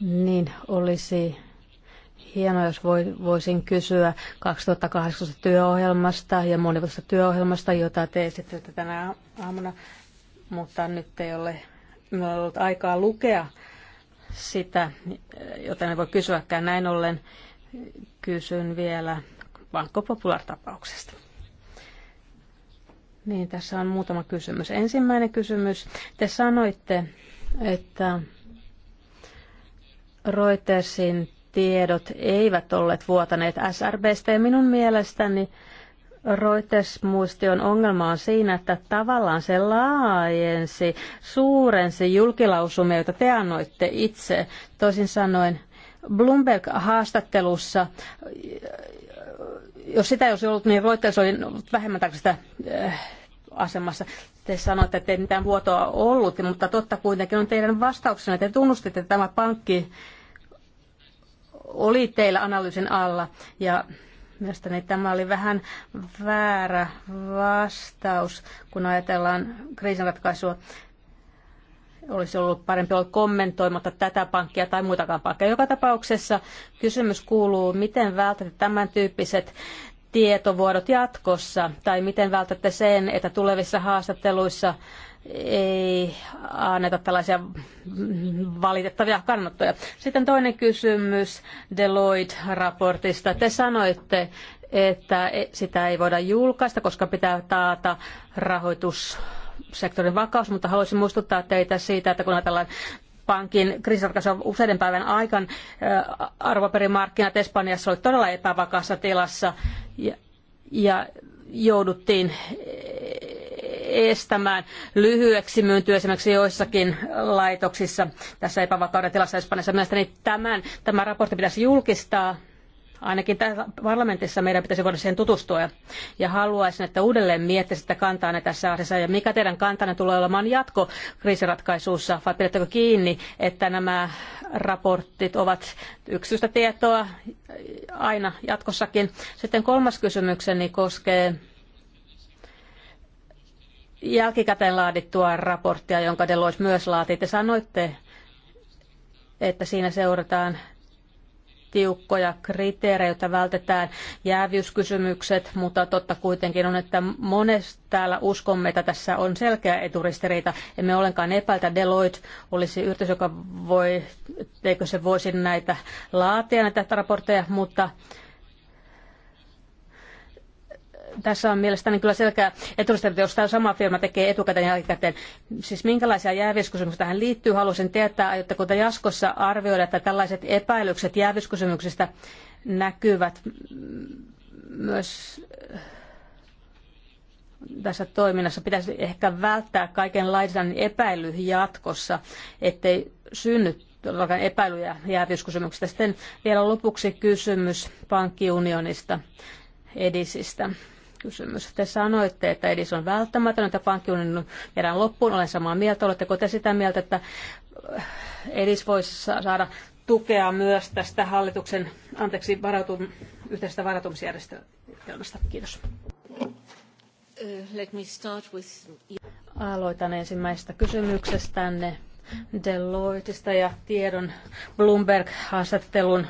Niin olisi hienoa, jos voisin kysyä 2018 työohjelmasta ja monivuotisesta työohjelmasta, jota te esittelette tänä aamuna, mutta nyt ei ole minulla ollut aikaa lukea sitä, joten en voi kysyäkään näin ollen. Kysyn vielä Vanko Popular-tapauksesta. Niin, tässä on muutama kysymys. Ensimmäinen kysymys. Te sanoitte, että Reutersin tiedot eivät olleet vuotaneet SRBstä ja minun mielestäni Reuters-muistion ongelma on siinä, että tavallaan se laajensi, suurensi julkilausumia, joita te annoitte itse. Toisin sanoen Bloomberg-haastattelussa, jos sitä ei olisi ollut, niin Reuters oli vähemmän tällaista äh, asemassa. Te sanoitte, että ei mitään vuotoa ollut, mutta totta kuitenkin on teidän vastauksenne. Te tunnustitte, että tämä pankki oli teillä analyysin alla. Ja mielestäni tämä oli vähän väärä vastaus, kun ajatellaan kriisinratkaisua. Olisi ollut parempi olla kommentoimatta tätä pankkia tai muitakaan pankkeja. Joka tapauksessa kysymys kuuluu, miten vältätte tämän tyyppiset tietovuodot jatkossa, tai miten vältätte sen, että tulevissa haastatteluissa ei anneta tällaisia valitettavia kannattoja. Sitten toinen kysymys Deloitte-raportista. Te sanoitte, että e- sitä ei voida julkaista, koska pitää taata rahoitussektorin vakaus, mutta haluaisin muistuttaa teitä siitä, että kun ajatellaan pankin kriisiratkaisu useiden päivän aikana arvoperimarkkinat Espanjassa oli todella epävakaassa tilassa ja, ja jouduttiin estämään lyhyeksi myyntyä esimerkiksi joissakin laitoksissa tässä epävakauden tilassa Espanjassa. Mielestäni tämän, tämä raportti pitäisi julkistaa. Ainakin täällä parlamentissa meidän pitäisi voida siihen tutustua. Ja haluaisin, että uudelleen miettisitte kantaanne tässä asiassa ja mikä teidän kantanne tulee olemaan jatko kriisiratkaisuussa vai pidättekö kiinni, että nämä raportit ovat yksityistä tietoa aina jatkossakin. Sitten kolmas kysymykseni koskee jälkikäteen laadittua raporttia, jonka Deloitte myös laati. Te sanoitte, että siinä seurataan tiukkoja kriteerejä, joita vältetään jäävyyskysymykset, mutta totta kuitenkin on, että monesti täällä uskomme, että tässä on selkeä eturistiriita. Emme ollenkaan epäiltä. Deloitte olisi yritys, joka voi, eikö se voisi näitä laatia näitä raportteja, mutta tässä on mielestäni kyllä selkeä eturistiriita, jos tämä sama firma tekee etukäteen ja jälkikäteen. Siis minkälaisia jääviskysymyksiä tähän liittyy? Haluaisin tietää, aiotteko te jatkossa arvioida, että tällaiset epäilykset jääviskysymyksistä näkyvät myös äh, tässä toiminnassa pitäisi ehkä välttää kaikenlaisen epäily jatkossa, ettei synny todellakaan epäilyjä jäävyyskysymyksistä. Sitten vielä lopuksi kysymys pankkiunionista edisistä kysymys. Te sanoitte, että edis on välttämätön, että pankkiunin jäädään loppuun. Olen samaa mieltä. Oletteko te sitä mieltä, että edis voisi saada tukea myös tästä hallituksen, anteeksi, varautum, yhteisestä varautumisjärjestelmästä? Kiitos. Uh, let me start with... Aloitan ensimmäisestä kysymyksestänne. Deloitista ja tiedon Bloomberg-haastattelun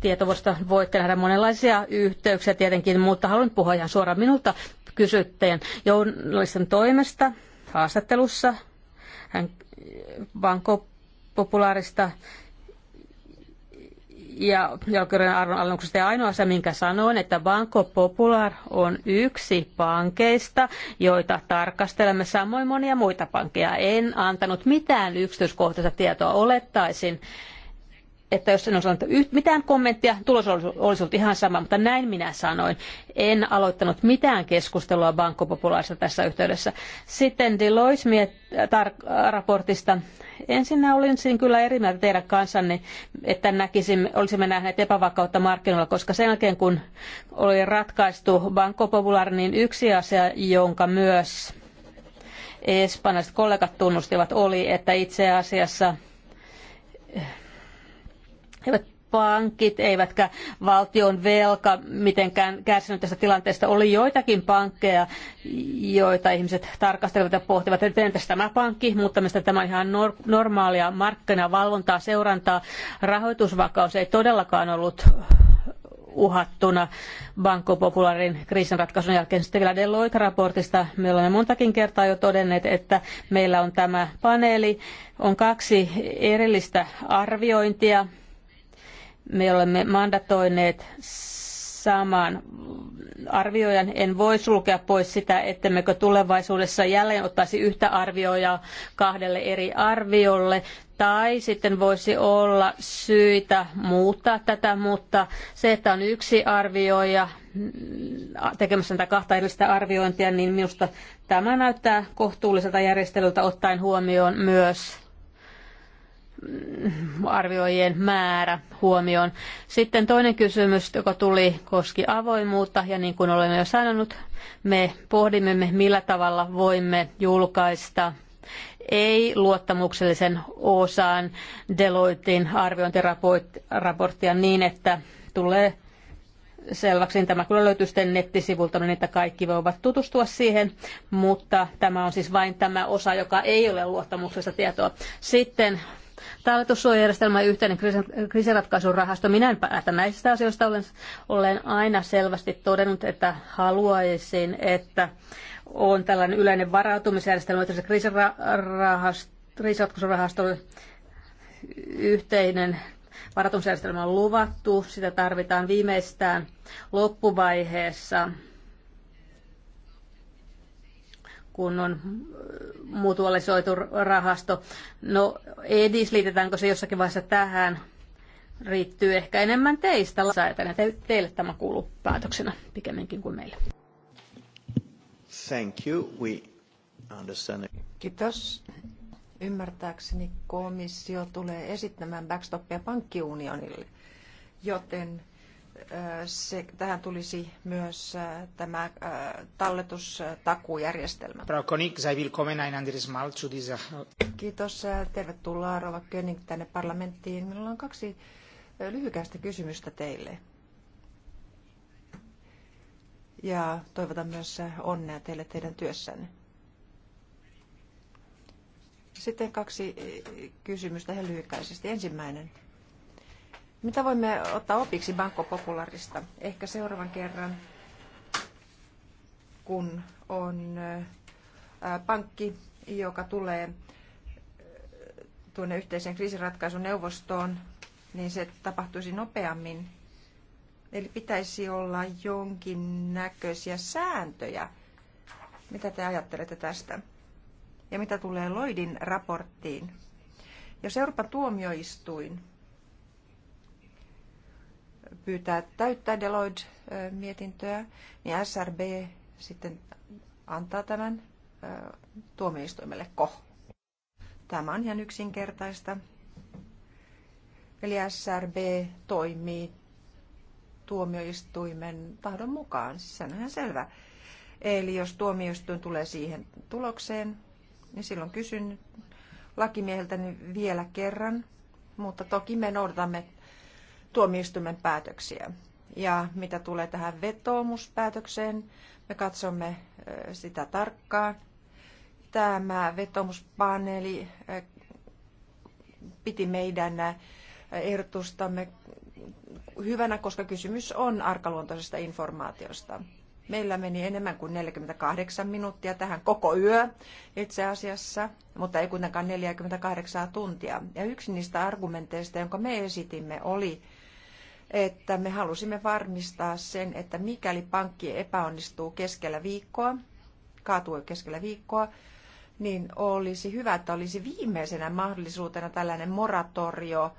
tietovuosta voitte nähdä monenlaisia yhteyksiä tietenkin, mutta haluan puhua ihan suoraan minulta kysyttäjän journalistin toimesta haastattelussa. Hän vankopopulaarista ja jalkojen arvon alennuksesta. Ja ainoa asia, minkä sanoin, että Banco Popular on yksi pankeista, joita tarkastelemme samoin monia muita pankkeja. En antanut mitään yksityiskohtaista tietoa. Olettaisin, että jos en osannut mitään kommenttia, tulos olisi ollut ihan sama, mutta näin minä sanoin. En aloittanut mitään keskustelua bankkopopulaista tässä yhteydessä. Sitten Deloitte-raportista. Ensinnä olisin kyllä eri mieltä teidän kanssanne, että näkisimme, olisimme nähneet epävakautta markkinoilla, koska sen jälkeen kun oli ratkaistu bankkopopulaari, niin yksi asia, jonka myös espanjalaiset kollegat tunnustivat, oli, että itse asiassa eivät pankit eivätkä valtion velka mitenkään kärsinyt tästä tilanteesta. Oli joitakin pankkeja, joita ihmiset tarkastelivat ja pohtivat, että entäs tämä pankki, mutta mistä tämä on ihan normaalia markkinavalvontaa, seurantaa. Rahoitusvakaus ei todellakaan ollut uhattuna Banco Popularin kriisinratkaisun jälkeen. Sitten vielä Deloitte-raportista me olemme montakin kertaa jo todenneet, että meillä on tämä paneeli. On kaksi erillistä arviointia me olemme mandatoineet saamaan arvioijan. En voi sulkea pois sitä, ettemmekö tulevaisuudessa jälleen ottaisi yhtä arvioijaa kahdelle eri arviolle. Tai sitten voisi olla syitä muuttaa tätä, mutta se, että on yksi arvioija tekemässä näitä kahta erillistä arviointia, niin minusta tämä näyttää kohtuulliselta järjestelyltä ottaen huomioon myös arvioijien määrä huomioon. Sitten toinen kysymys, joka tuli, koski avoimuutta, ja niin kuin olemme jo sanonut, me pohdimme, millä tavalla voimme julkaista ei-luottamuksellisen osan Deloitin arviointiraporttia niin, että tulee selväksi. Niin tämä kyllä löytyy sitten nettisivulta, niin että kaikki voivat tutustua siihen, mutta tämä on siis vain tämä osa, joka ei ole luottamuksellista tietoa. Sitten talletussuojajärjestelmä ja yhteinen kriisiratkaisurahasto. Minä en päätä näistä asioista. Olen, olen aina selvästi todennut, että haluaisin, että on tällainen yleinen varautumisjärjestelmä, yhteisen kriisiratkaisurahastolle yhteinen varautumisjärjestelmä on luvattu. Sitä tarvitaan viimeistään loppuvaiheessa kun on äh, mutualisoitu rahasto. No EDIS, liitetäänkö se jossakin vaiheessa tähän? Riittyy ehkä enemmän teistä lainsäätäjänä. Te, teille tämä kuuluu päätöksenä pikemminkin kuin meille. Thank you. We understand. Kiitos. Ymmärtääkseni komissio tulee esittämään backstoppia pankkiunionille, joten se, tähän tulisi myös tämä talletustakujärjestelmä. Kiitos. Tervetuloa Rova König tänne parlamenttiin. Minulla on kaksi äh, lyhykäistä kysymystä teille. Ja toivotan myös äh, onnea teille teidän työssänne. Sitten kaksi äh, kysymystä ihan lyhykäisesti. Ensimmäinen. Mitä voimme ottaa opiksi Banco Popularista? Ehkä seuraavan kerran, kun on pankki, joka tulee tuonne yhteiseen kriisiratkaisuneuvostoon, niin se tapahtuisi nopeammin. Eli pitäisi olla jonkin näköisiä sääntöjä. Mitä te ajattelette tästä? Ja mitä tulee Loidin raporttiin? Jos Euroopan tuomioistuin pyytää täyttää Deloitte-mietintöä, niin SRB sitten antaa tämän tuomioistuimelle ko. Tämä on ihan yksinkertaista. Eli SRB toimii tuomioistuimen tahdon mukaan. Siis se on ihan selvä. Eli jos tuomioistuin tulee siihen tulokseen, niin silloin kysyn lakimieheltäni vielä kerran, mutta toki me noudatamme tuomioistuimen päätöksiä. Ja mitä tulee tähän vetoomuspäätökseen, me katsomme sitä tarkkaan. Tämä vetoomuspaneeli piti meidän ehdotustamme hyvänä, koska kysymys on arkaluontoisesta informaatiosta. Meillä meni enemmän kuin 48 minuuttia tähän koko yö itse asiassa, mutta ei kuitenkaan 48 tuntia. Ja yksi niistä argumenteista, jonka me esitimme, oli, että me halusimme varmistaa sen, että mikäli pankki epäonnistuu keskellä viikkoa, kaatuu keskellä viikkoa, niin olisi hyvä, että olisi viimeisenä mahdollisuutena tällainen moratorio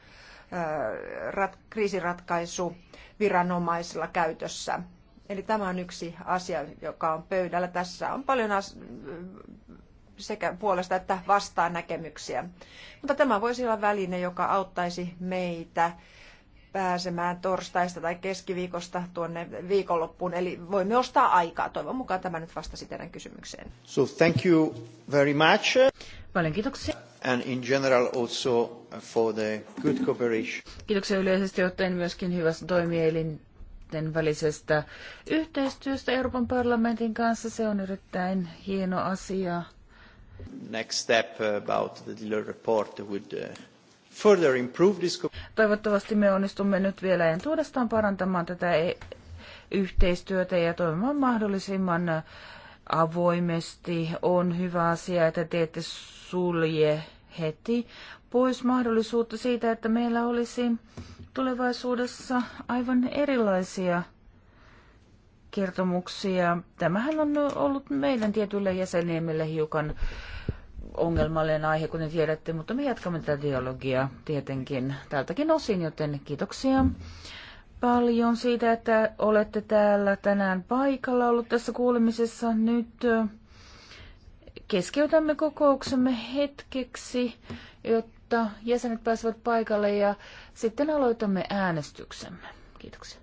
rat, kriisiratkaisu viranomaisilla käytössä. Eli tämä on yksi asia, joka on pöydällä. Tässä on paljon as- sekä puolesta että vastaan näkemyksiä. Mutta tämä voisi olla väline, joka auttaisi meitä pääsemään torstaista tai keskiviikosta tuonne viikonloppuun. Eli voimme ostaa aikaa. Toivon mukaan tämä nyt vastasi teidän kysymykseen. So thank you very much. Paljon kiitoksia. And in general also for the good cooperation. Kiitoksia yleisesti ottaen myöskin hyvästä toimielinten välisestä yhteistyöstä Euroopan parlamentin kanssa. Se on erittäin hieno asia. Next step about the report would uh, further improve this... Toivottavasti me onnistumme nyt vielä entuudestaan parantamaan tätä e- yhteistyötä ja toimimaan mahdollisimman avoimesti. On hyvä asia, että te ette sulje heti pois mahdollisuutta siitä, että meillä olisi tulevaisuudessa aivan erilaisia kertomuksia. Tämähän on ollut meidän tietyille jäsenemmille hiukan ongelmallinen aihe, kuten tiedätte, mutta me jatkamme tätä dialogia tietenkin tältäkin osin, joten kiitoksia paljon siitä, että olette täällä tänään paikalla ollut tässä kuulemisessa. Nyt eh, keskeytämme kokouksemme hetkeksi, jotta jäsenet pääsevät paikalle ja sitten aloitamme äänestyksemme. Kiitoksia.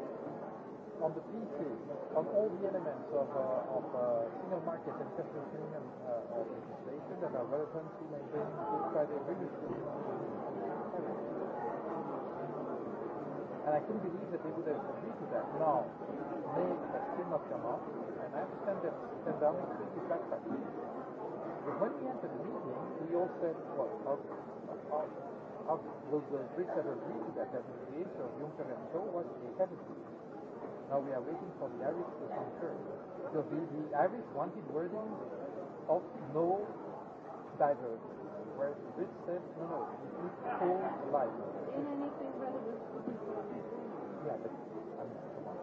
on the pieces, on all the elements of, uh, of uh, single market and customer union uh, of legislation that are relevant to maintaining good Friday agreement. And I couldn't believe that they would have agreed to that. Now, they have still not come out, and I understand that Stan Downing quickly backtracked. But when we entered the meeting, we all said, well, how, how, how will the Brits have agreed to that? That the creation of Juncker and so was, they haven't Now we are waiting for the Irish to first. So the, the Irish wanted wording of no divergence. Whereas the Brits said, no, no, we need full life. In any case, Yeah, but I mean, come on.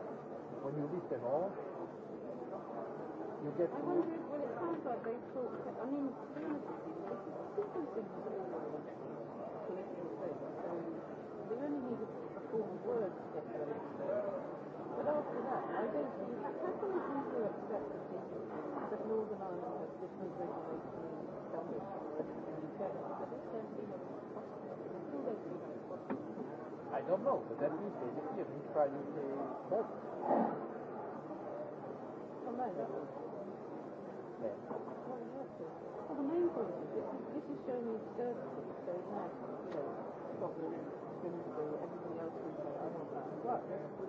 When you read them all, you get. I wondered when it sounds like they talk. I mean, different things are collecting things. they really need a form of words to get those. I don't But know but that means basically a new trial both. the that Yeah. Well, the main point is this is showing the absurdity. So it's not, you know, Scotland, everything else we say, I that. But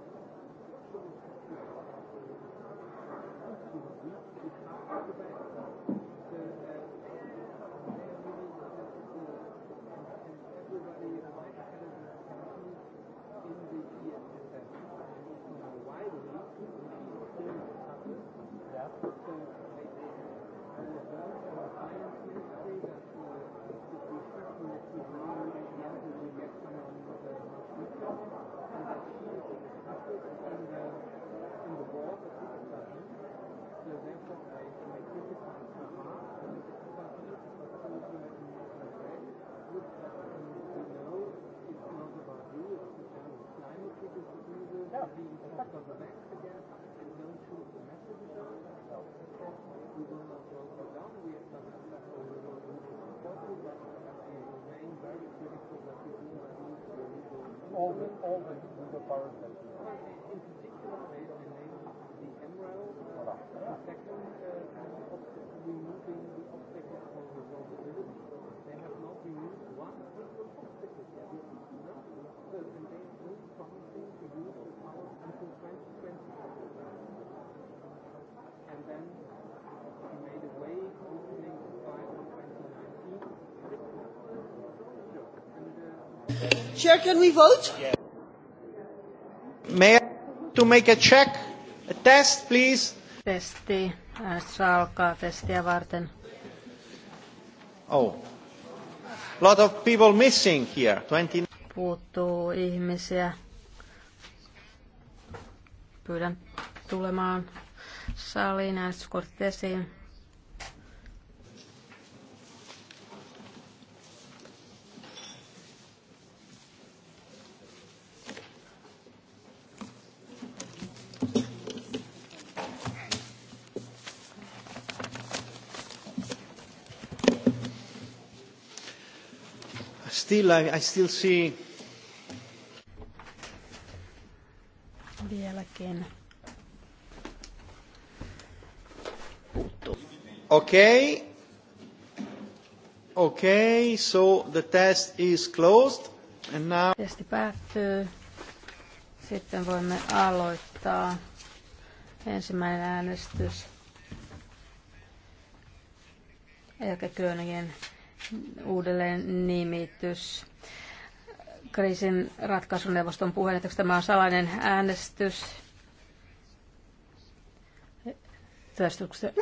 all the all the legal powers that you have. In particular, they, they named the MREL uh, yeah. second uh, kind of removing the obstacles for resolvability. They have not removed one single obstacle yet. Chair, can we vote? May I to make a check? A test, please. Testi. Äänestys alkaa testiä varten. Oh. Lot of people missing here. 29. Puuttuu ihmisiä. Pyydän tulemaan saliin äänestyskortti Still, I, I still see... Vieläkin. Okei. Okay. Okei, okay, so the test is closed. And now... Testi päättyy. Sitten voimme aloittaa ensimmäinen äänestys. Elkä Kööningin uudelleen nimitys kriisin ratkaisuneuvoston puheenjohtajaksi. Tämä on salainen äänestys.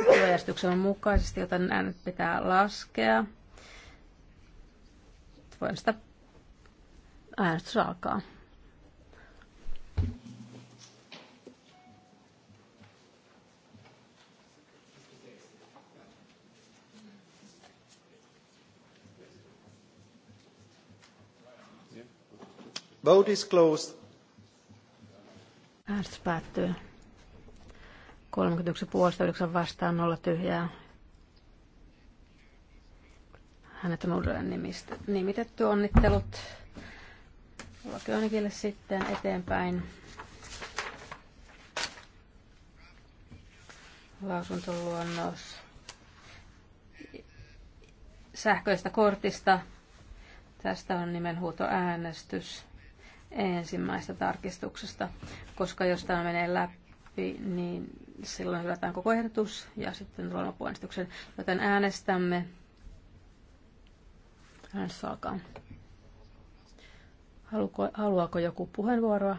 Työjärjestyksen mukaisesti, joten äänet pitää laskea. Voin sitä äänestys alkaa. Vote is closed. Äänestys päättyy. 31 puolesta 9 vastaan 0 tyhjää. Hänet on uudelleen nimistä, nimitetty. Onnittelut Lakionikielle sitten eteenpäin. Lausuntoluonnos sähköistä kortista. Tästä on nimenhuutoäänestys ensimmäisestä tarkistuksesta, koska jos tämä menee läpi, niin silloin hylätään koko ehdotus ja sitten loppuäänestyksen, joten äänestämme. Äänestys alkaa. Haluaako, haluaako joku puheenvuoroa?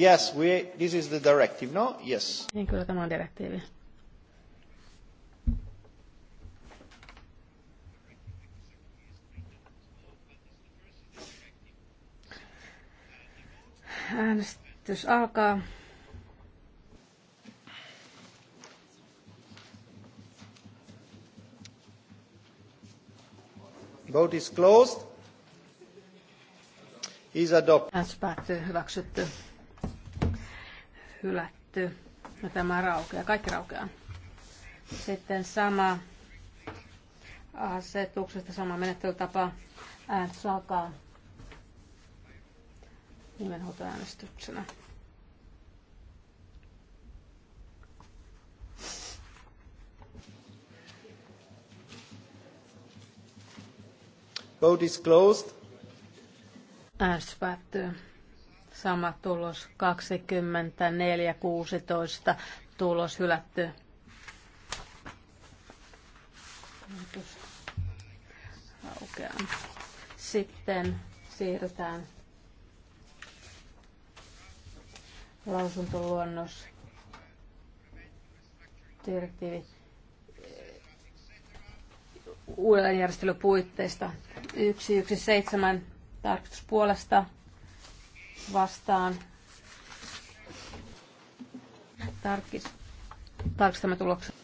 Yes, we, this is the directive, no? Yes. Niin kyllä tämä on direktiivi. Äänestys alkaa. Vote is closed. Is adopted. Äänestys päättyy. Hyväksytty. Hylätty. No tämä raukeaa. Kaikki raukeaa. Sitten sama asetuksesta, sama menettelytapa. Äänestys alkaa nimenhuutoäänestyksenä. Vote is closed. Äänestys päättyy. Sama tulos 24-16. Tulos hylätty. Sitten siirrytään lausuntoluonnos, direktiivi uudelleenjärjestelypuitteista. 117 tarkastuspuolesta vastaan. Tarkis, tarkistamme tuloksen.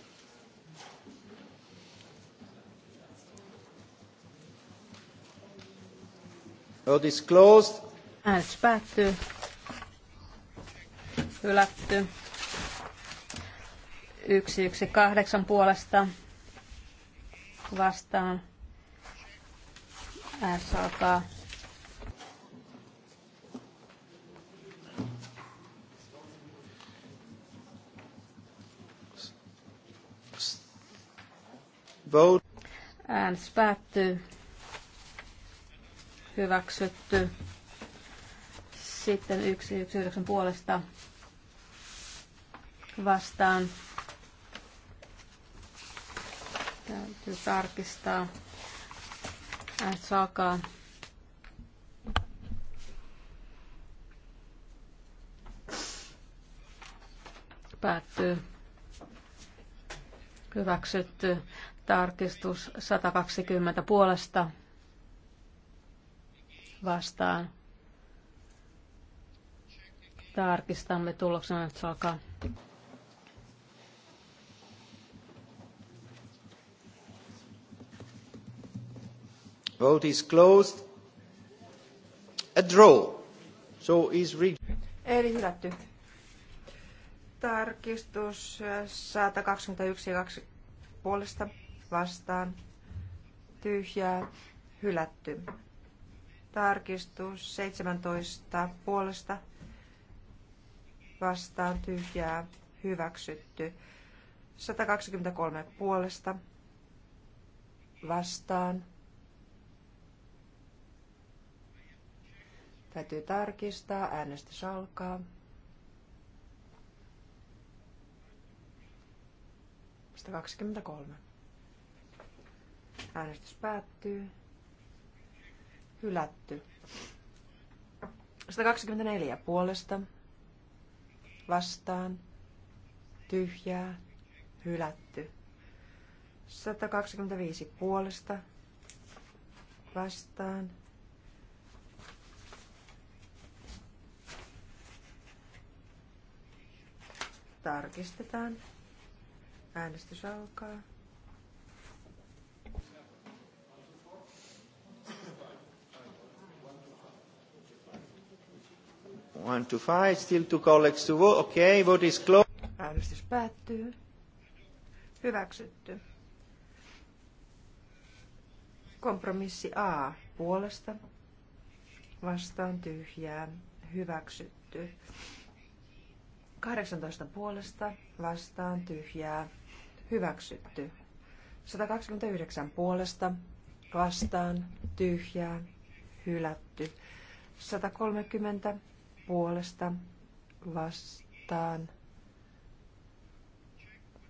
Vote is closed. Äänestys päättyy hylätty. 118 puolesta vastaan. S alkaa. Vote. päättyy. Hyväksytty. Sitten 119 puolesta vastaan. Täytyy tarkistaa. Äänestys saakaa. Päättyy. Hyväksytty. Tarkistus 120 puolesta vastaan. Tarkistamme tuloksen, että se alkaa. Vote is closed. A draw. So is Eli hylätty. Tarkistus 121 äh, ja 2 puolesta vastaan. Tyhjää hylätty. Tarkistus 17 puolesta vastaan tyhjää hyväksytty. 123 puolesta vastaan Täytyy tarkistaa. Äänestys alkaa. Sitä 23. Äänestys päättyy. Hylätty. 124 puolesta. Vastaan. Tyhjää. Hylätty. 125 puolesta. Vastaan Tarkistetaan. Äänestys alkaa. One to five, still two colleagues to vote. Okay, vote is closed. Äänestys päättyy. Hyväksytty. Kompromissi A puolesta. Vastaan tyhjää. Hyväksytty. 18 puolesta vastaan tyhjää hyväksytty. 129 puolesta vastaan tyhjää hylätty. 130 puolesta vastaan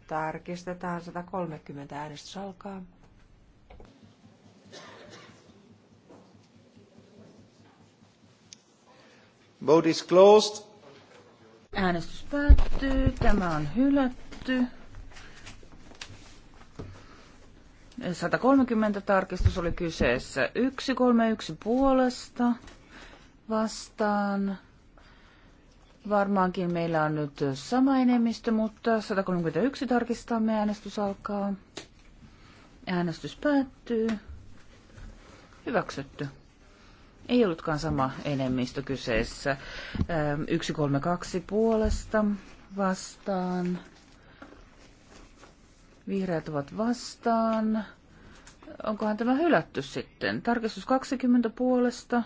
tarkistetaan 130 äänestys alkaa. Vote is closed. Äänestys päättyy. Tämä on hylätty. 130 tarkistus oli kyseessä. 131 puolesta vastaan. Varmaankin meillä on nyt sama enemmistö, mutta 131 tarkistamme. Äänestys alkaa. Äänestys päättyy. Hyväksytty. Ei ollutkaan sama enemmistö kyseessä. 132 puolesta vastaan. Vihreät ovat vastaan. Onkohan tämä hylätty sitten? Tarkistus 20 puolesta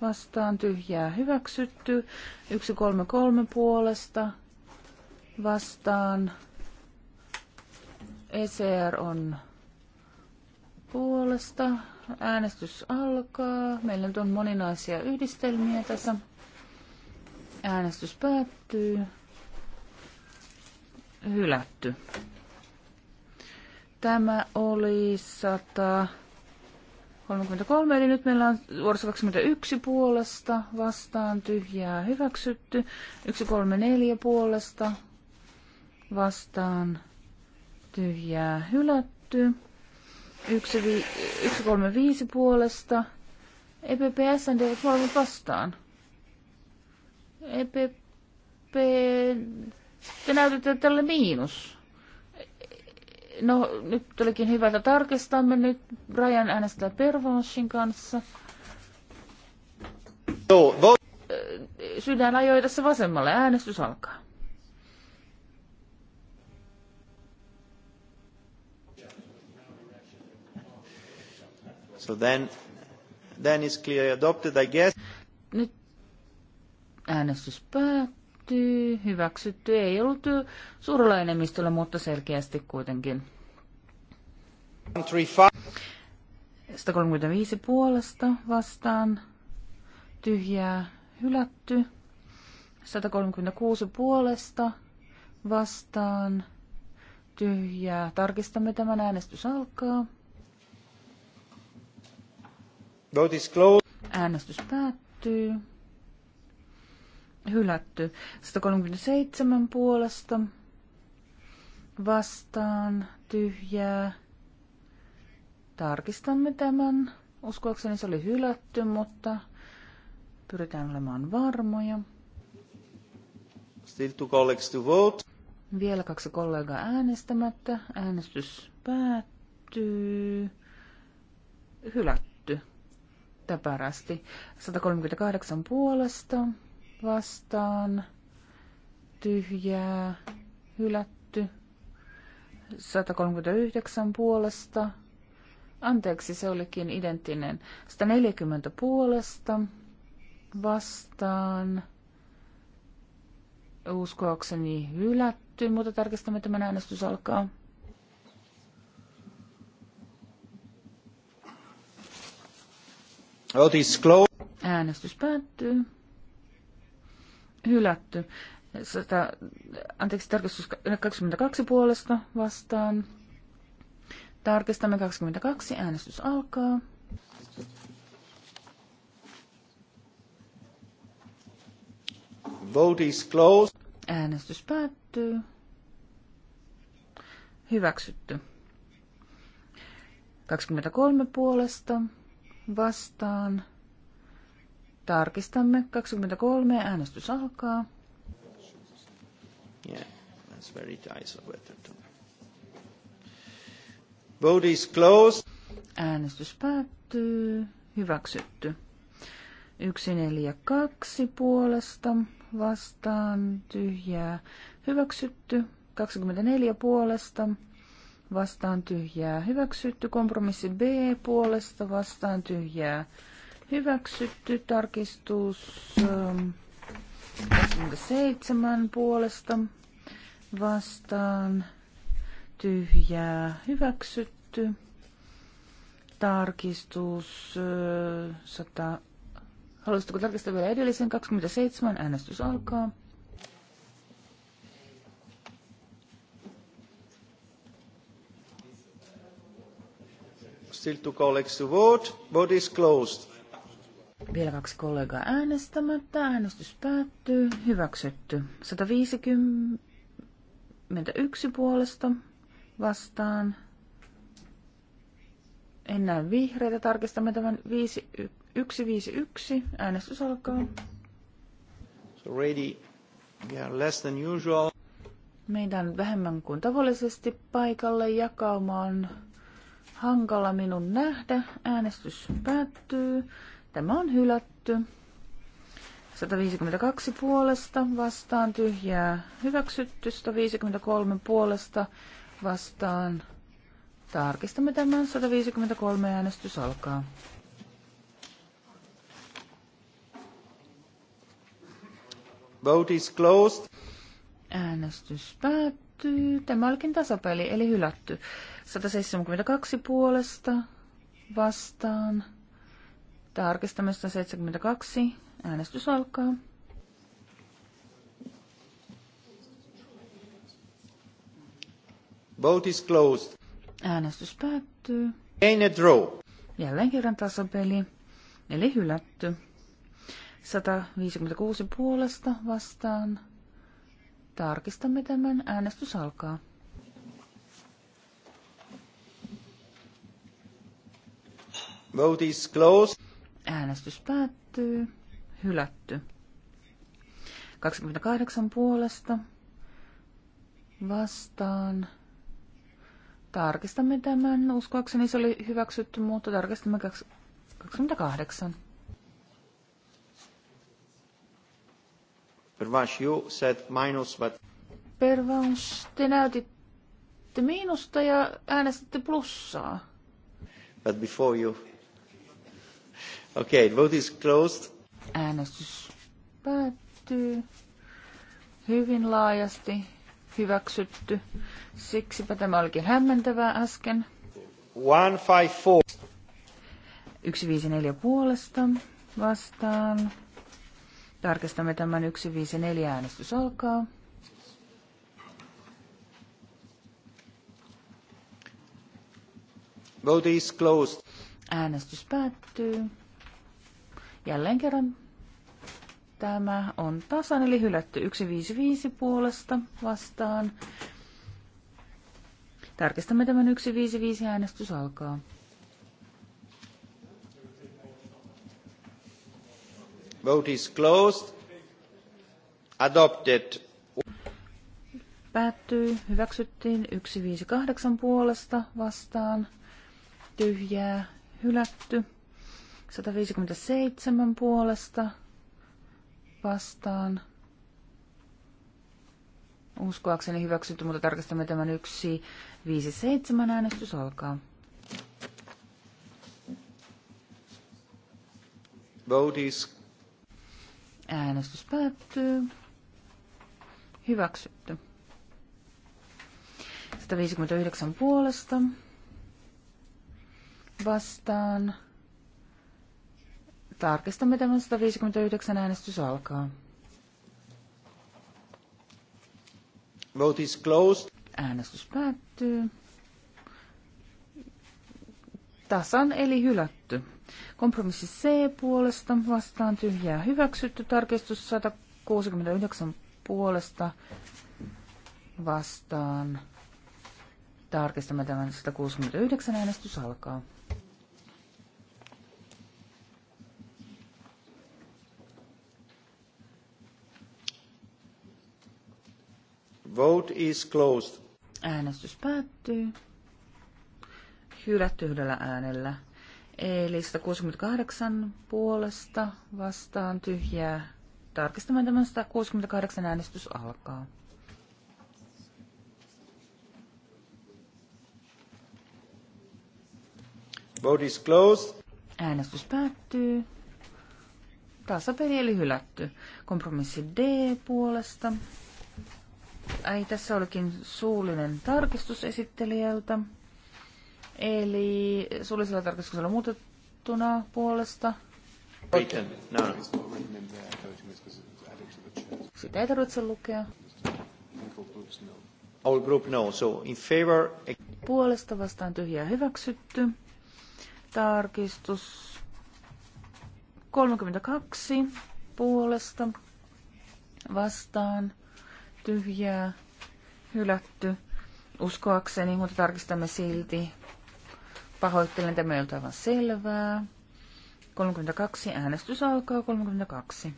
vastaan tyhjää hyväksytty. 133 puolesta vastaan. ECR on puolesta Äänestys alkaa. Meillä nyt on moninaisia yhdistelmiä tässä. Äänestys päättyy. Hylätty. Tämä oli 133, eli nyt meillä on vuorossa 21 puolesta vastaan tyhjää hyväksytty. 134 puolesta vastaan tyhjää hylätty. 135 puolesta. EPP SND ovat molemmat vastaan. EPP... Te näytätte tälle miinus. No, nyt olikin hyvä, että tarkistamme. Nyt Rajan äänestää Pervanssin kanssa. Sydän ajoi tässä vasemmalle. Äänestys alkaa. So then, then clearly adopted, I guess. Nyt äänestys päättyy. Hyväksytty ei ollut suurella enemmistöllä, mutta selkeästi kuitenkin. 135 puolesta vastaan. Tyhjää hylätty. 136 puolesta vastaan. Tyhjää. Tarkistamme tämän äänestys alkaa. Vote is closed. Äänestys päättyy. Hylätty. 137 puolesta. Vastaan. Tyhjää. Tarkistamme tämän. Uskoakseni se oli hylätty, mutta pyritään olemaan varmoja. Still two colleagues to vote. Vielä kaksi kollegaa äänestämättä. Äänestys päättyy. Hylätty täpärästi. 138 puolesta vastaan tyhjää hylätty. 139 puolesta. Anteeksi, se olikin identtinen. 140 puolesta vastaan. Uskoakseni hylätty, mutta tarkistamme tämän äänestys alkaa. Vote is closed. Äänestys päättyy. Hylätty. 100, anteeksi, tarkistus 22 puolesta vastaan. Tarkistamme 22. Äänestys alkaa. Vote is closed. Äänestys päättyy. Hyväksytty. 23 puolesta vastaan. Tarkistamme. 23. Äänestys alkaa. Yeah, that's very nice of Vote is closed. Äänestys päättyy. Hyväksytty. 2 puolesta vastaan tyhjää. Hyväksytty. 24 puolesta vastaan tyhjää hyväksytty. Kompromissi B puolesta vastaan tyhjää hyväksytty. Tarkistus 27 ähm, puolesta vastaan tyhjää hyväksytty. Tarkistus 100. Äh, Haluaisitko tarkistaa vielä edellisen? 27 äänestys alkaa. Still two colleagues to vote. Vote is closed. Vielä kaksi kollegaa äänestämättä. Äänestys päättyy. Hyväksytty. 151 puolesta vastaan. En näe vihreitä. Tarkistamme tämän 151. Äänestys alkaa. So ready. less than usual. Meidän vähemmän kuin tavallisesti paikalle jakaumaan hankala minun nähdä. Äänestys päättyy. Tämä on hylätty. 152 puolesta vastaan tyhjää hyväksytty. 153 puolesta vastaan. Tarkistamme tämän. 153 äänestys alkaa. Vote is closed. Äänestys päättyy. Tämä olikin tasapeli, eli hylätty. 172 puolesta vastaan. Tarkistamme 172. Äänestys alkaa. Vote is closed. Äänestys päättyy. Ain't a draw. Jälleen kerran tasapeli, eli hylätty. 156 puolesta vastaan. Tarkistamme tämän. Äänestys alkaa. Vote is closed. Äänestys päättyy. Hylätty. 28 puolesta vastaan. Tarkistamme tämän. Uskoakseni se oli hyväksytty, mutta tarkistamme 28. Pervanche, you said minus, but... Pervanche, te näytitte miinusta ja äänestitte plussaa. But before you Okay, vote is closed. Äänestys päättyy. Hyvin laajasti hyväksytty. Siksipä tämä olikin hämmentävää äsken. 154. 154 puolesta vastaan. Tarkistamme tämän 154 äänestys alkaa. Vote is closed. Äänestys päättyy. Jälleen kerran tämä on tasan, eli hylätty 155 puolesta vastaan. Tarkistamme tämän 155 äänestys alkaa. Vote is closed. Adopted. Päättyy. Hyväksyttiin 158 puolesta vastaan. Tyhjää. Hylätty. 157 puolesta vastaan. Uskoakseni hyväksytty, mutta tarkistamme tämän 1, 5, 7 äänestys alkaa. Vote Äänestys päättyy. Hyväksytty. 159 puolesta. Vastaan Tarkistamme tämän 159 äänestys alkaa. Vote is closed. Äänestys päättyy. Tasan eli hylätty. Kompromissi C puolesta vastaan tyhjää hyväksytty. Tarkistus 169 puolesta vastaan. Tarkistamme tämän 169 äänestys alkaa. Vote is closed. Äänestys päättyy. Hylätty yhdellä äänellä. Eli 168 puolesta vastaan tyhjää. Tarkistamme tämän 168 äänestys alkaa. Vote is closed. Äänestys päättyy. Tasapeli eli hylätty. Kompromissi D puolesta Ai, tässä olikin suullinen tarkistus esittelijältä. Eli suullisella tarkistuksella muutettuna puolesta. No, no. Sitä ei tarvitse lukea. group no, so in favor... Puolesta vastaan tyhjää hyväksytty. Tarkistus 32 puolesta vastaan tyhjää, hylätty, uskoakseni, mutta tarkistamme silti. Pahoittelen, tämä meiltä aivan selvää. 32, äänestys alkaa, 32.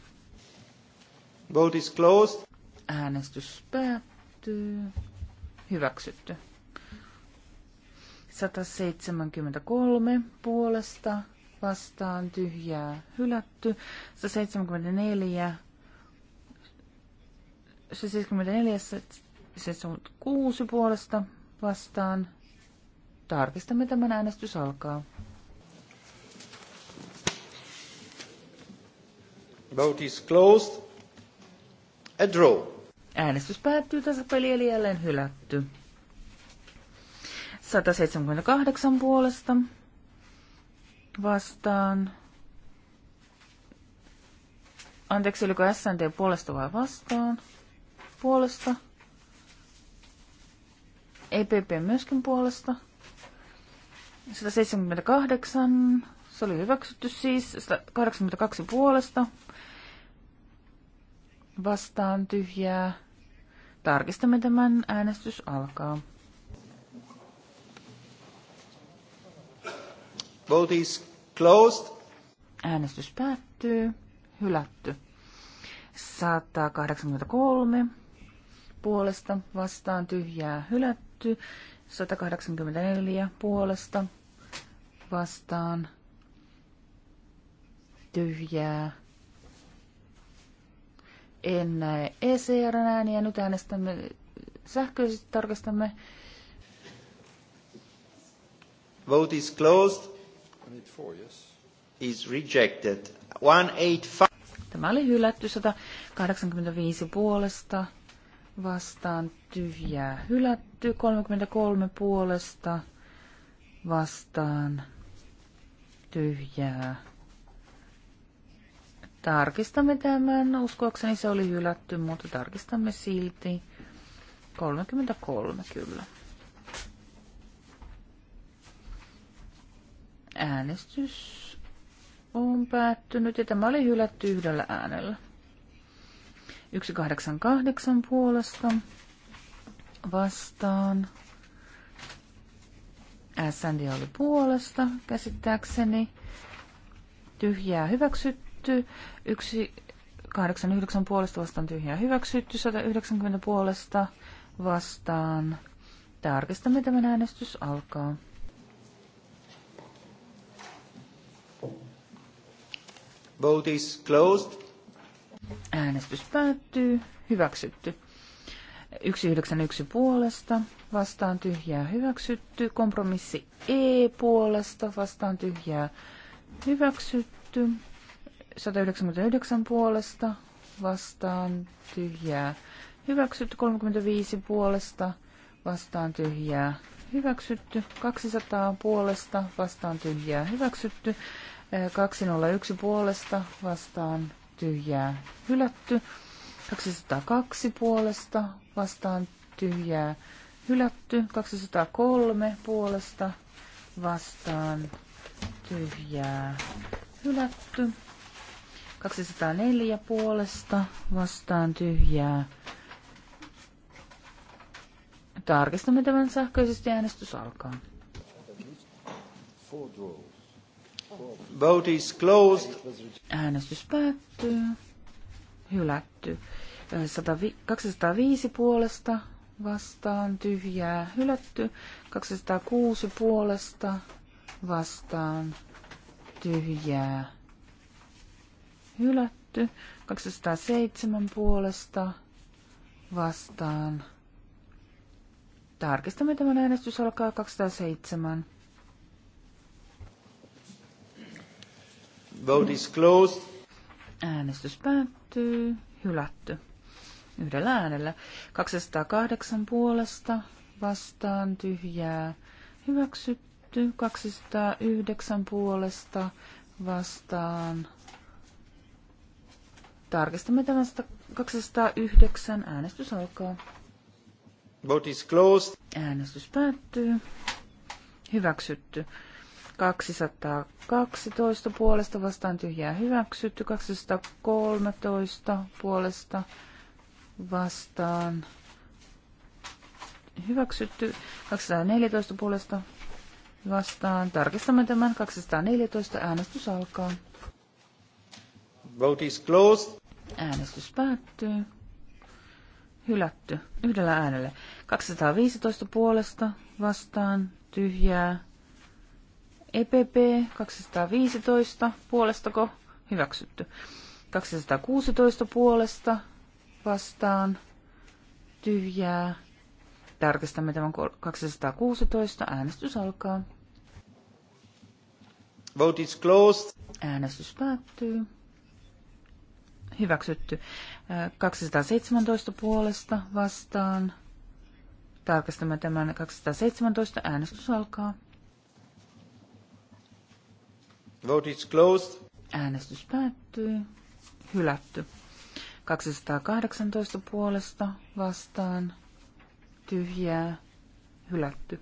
Vote is closed. Äänestys päättyy. Hyväksytty. 173 puolesta vastaan tyhjää hylätty. 174 se 74, 76 puolesta vastaan. Tarkistamme tämän äänestys alkaa. Vote is closed. A draw. Äänestys päättyy peli eli jälleen hylätty. 178 puolesta vastaan. Anteeksi, oliko SNT puolesta vai vastaan? puolesta. EPP myöskin puolesta. 178, se oli hyväksytty siis, 182 puolesta. Vastaan tyhjää. Tarkistamme tämän, äänestys alkaa. Vote is closed. Äänestys päättyy. Hylätty. 183 puolesta vastaan tyhjää hylätty. 184 puolesta vastaan tyhjää. En näe ECRn ääniä. Nyt äänestämme sähköisesti tarkastamme. Vote is closed. Is rejected. 185. Tämä oli hylätty 185 puolesta vastaan tyhjää hylätty, 33 puolesta vastaan tyhjää. Tarkistamme tämän, uskoakseni se oli hylätty, mutta tarkistamme silti. 33 kyllä. Äänestys on päättynyt ja tämä oli hylätty yhdellä äänellä. 188 puolesta vastaan. Sandy oli puolesta, käsittääkseni. Tyhjää hyväksytty. 189 puolesta vastaan tyhjää hyväksytty. 190 puolesta vastaan. Tarkistamme tämän äänestys alkaa. Vote is closed. Äänestys päättyy. Hyväksytty. 191 puolesta, vastaan tyhjää hyväksytty. Kompromissi E puolesta, vastaan tyhjää hyväksytty. 199 puolesta, vastaan tyhjää hyväksytty. 35 puolesta, vastaan tyhjää hyväksytty. 200 puolesta, vastaan tyhjää hyväksytty. 201 puolesta, vastaan tyhjää hylätty. 202 puolesta vastaan tyhjää hylätty. 203 puolesta vastaan tyhjää hylätty. 204 puolesta vastaan tyhjää. Tarkistamme tämän sähköisesti äänestys alkaa. Four draws. Vote is closed. Äänestys päättyy. Hylätty. 205 puolesta vastaan tyhjää hylätty. 206 puolesta vastaan tyhjää hylätty. 207 puolesta vastaan. Tarkistamme tämän äänestys alkaa 207. Vote is closed. Äänestys päättyy. Hylätty. Yhdellä äänellä. 208 puolesta vastaan tyhjää. Hyväksytty. 209 puolesta vastaan. Tarkistamme tämän 209. Äänestys alkaa. Vote is closed. Äänestys päättyy. Hyväksytty. 212 puolesta vastaan tyhjää hyväksytty, 213 puolesta vastaan hyväksytty, 214 puolesta vastaan. Tarkistamme tämän 214. Äänestys alkaa. Vote is closed. Äänestys päättyy. Hylätty. Yhdellä äänellä. 215 puolesta vastaan. Tyhjää. EPP 215 puolestako hyväksytty. 216 puolesta vastaan tyhjää. Tarkistamme tämän 216. Äänestys alkaa. Vote is closed. Äänestys päättyy. Hyväksytty. 217 puolesta vastaan. Tarkistamme tämän 217. Äänestys alkaa. Vote is closed. Äänestys päättyy. Hylätty. 218 puolesta vastaan. Tyhjää. Hylätty.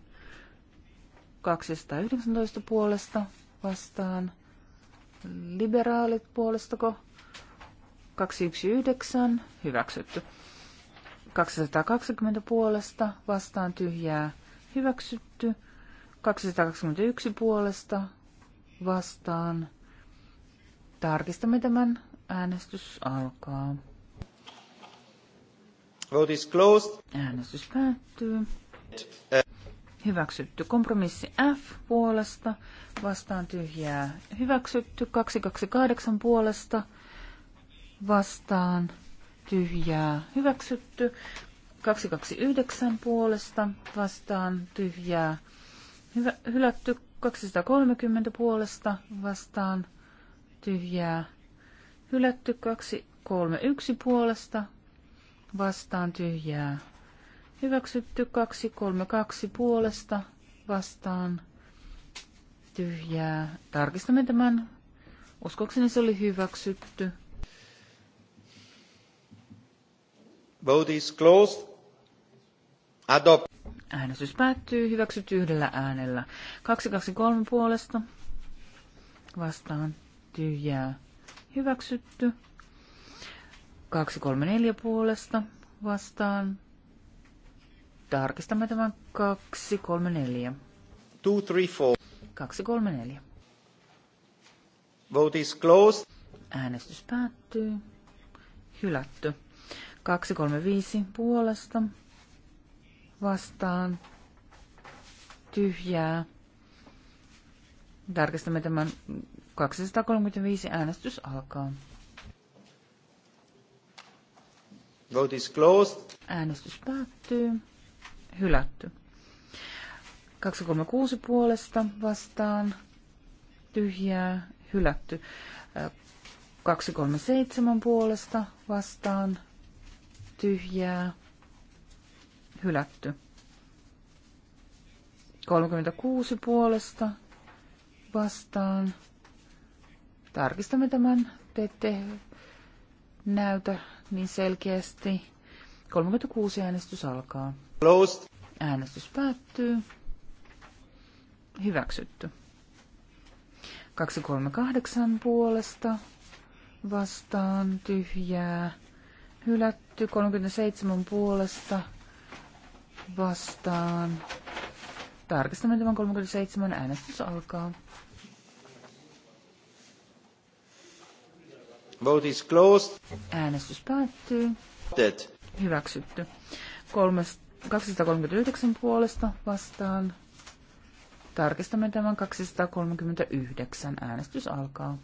219 puolesta vastaan. Liberaalit puolestako? 219. Hyväksytty. 220 puolesta vastaan tyhjää. Hyväksytty. 221 puolesta vastaan. Tarkistamme tämän. Äänestys alkaa. Vote is closed. Äänestys päättyy. Hyväksytty kompromissi F puolesta, vastaan tyhjää. Hyväksytty 228 puolesta, vastaan tyhjää. Hyväksytty 229 puolesta, vastaan tyhjää. Hyvä, hylätty 230 puolesta vastaan tyhjää hylätty. 231 puolesta vastaan tyhjää hyväksytty. 232 puolesta vastaan tyhjää. Tarkistamme tämän. Uskokseni se oli hyväksytty. Vote is closed. Adop. Äänestys päättyy. Hyväksytty yhdellä äänellä. 223 puolesta. Vastaan. Tyhjää. Hyväksytty. 234 puolesta. Vastaan. Tarkistamme tämän 234. 234. 234. Vote is closed. Äänestys päättyy. Hylätty. 235 puolesta vastaan tyhjää. Tarkistamme tämän 235 äänestys alkaa. Vote is closed. Äänestys päättyy. Hylätty. 236 puolesta vastaan. Tyhjää. Hylätty. 237 puolesta vastaan. Tyhjää hylätty. 36 puolesta vastaan. Tarkistamme tämän. Te ette näytä niin selkeästi. 36 äänestys alkaa. Closed. Äänestys päättyy. Hyväksytty. 238 puolesta vastaan tyhjää. Hylätty 37 puolesta vastaan. Tarkistamme tämän 37. Äänestys alkaa. Vote is closed. Äänestys päättyy. Dead. Hyväksytty. 239 puolesta vastaan. Tarkistamme tämän 239. Äänestys alkaa.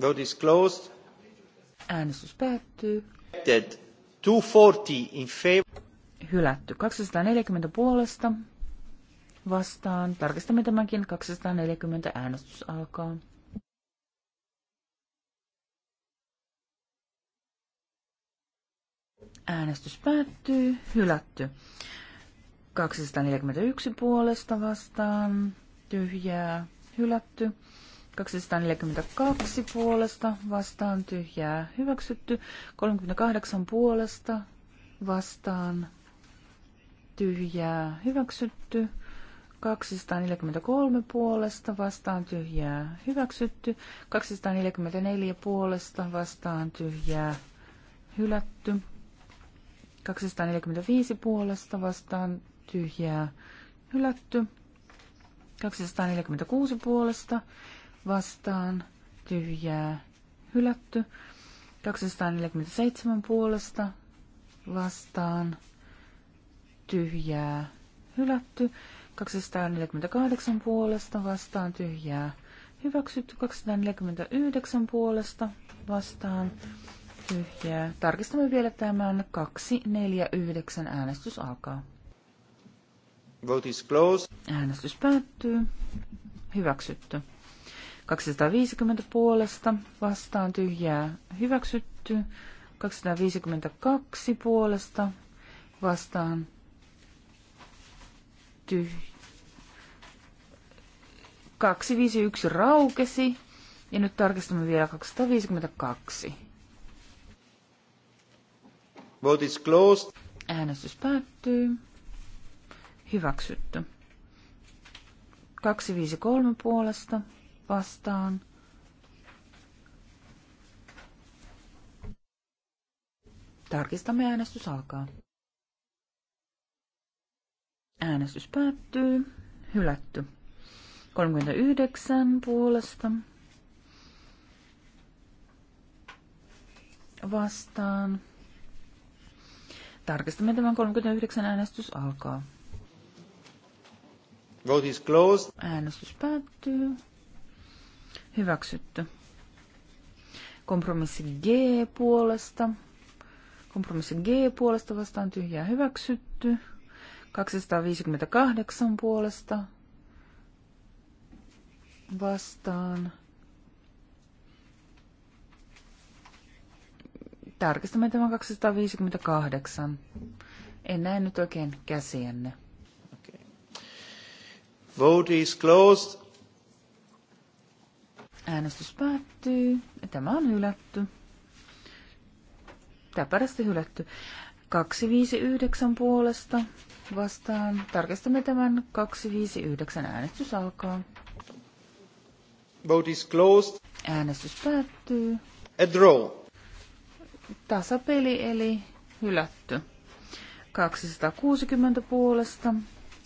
Vote is closed. Äänestys päättyy. Dead 240 in favor. Hylätty. 240 puolesta vastaan. Tarkistamme tämänkin. 240 äänestys alkaa. Äänestys päättyy. Hylätty. 241 puolesta vastaan. Tyhjää. Hylätty. 242 puolesta vastaan tyhjää hyväksytty. 38 puolesta vastaan tyhjää hyväksytty. 243 puolesta vastaan tyhjää hyväksytty. 244 puolesta vastaan tyhjää hylätty. 245 puolesta vastaan tyhjää hylätty. 246 puolesta vastaan tyhjää hylätty. 247 puolesta vastaan tyhjää hylätty. 248 puolesta vastaan tyhjää hyväksytty. 249 puolesta vastaan tyhjää. Tarkistamme vielä tämän 249 äänestys alkaa. Vote is closed. Äänestys päättyy. Hyväksytty. 250 puolesta vastaan tyhjää hyväksytty. 252 puolesta vastaan tyhjää. 251 raukesi ja nyt tarkistamme vielä 252. Vote is closed. Äänestys päättyy. Hyväksytty. 253 puolesta vastaan. Tarkistamme äänestys alkaa. Äänestys päättyy. Hylätty. 39 puolesta. Vastaan. Tarkistamme tämän 39 äänestys alkaa. Vote is closed. Äänestys päättyy. Hyväksytty. Kompromissi G puolesta. Kompromissi G puolesta vastaan tyhjää hyväksytty. 258 puolesta vastaan. Tarkistamme tämä 258. En näe nyt oikein käsienne. Okay. Vote is closed. Äänestys päättyy. Tämä on hylätty. Täpärästi hylätty. 259 puolesta vastaan. Tarkistamme tämän 259 äänestys alkaa. Vote is closed. Äänestys päättyy. A draw. Tasapeli eli hylätty. 260 puolesta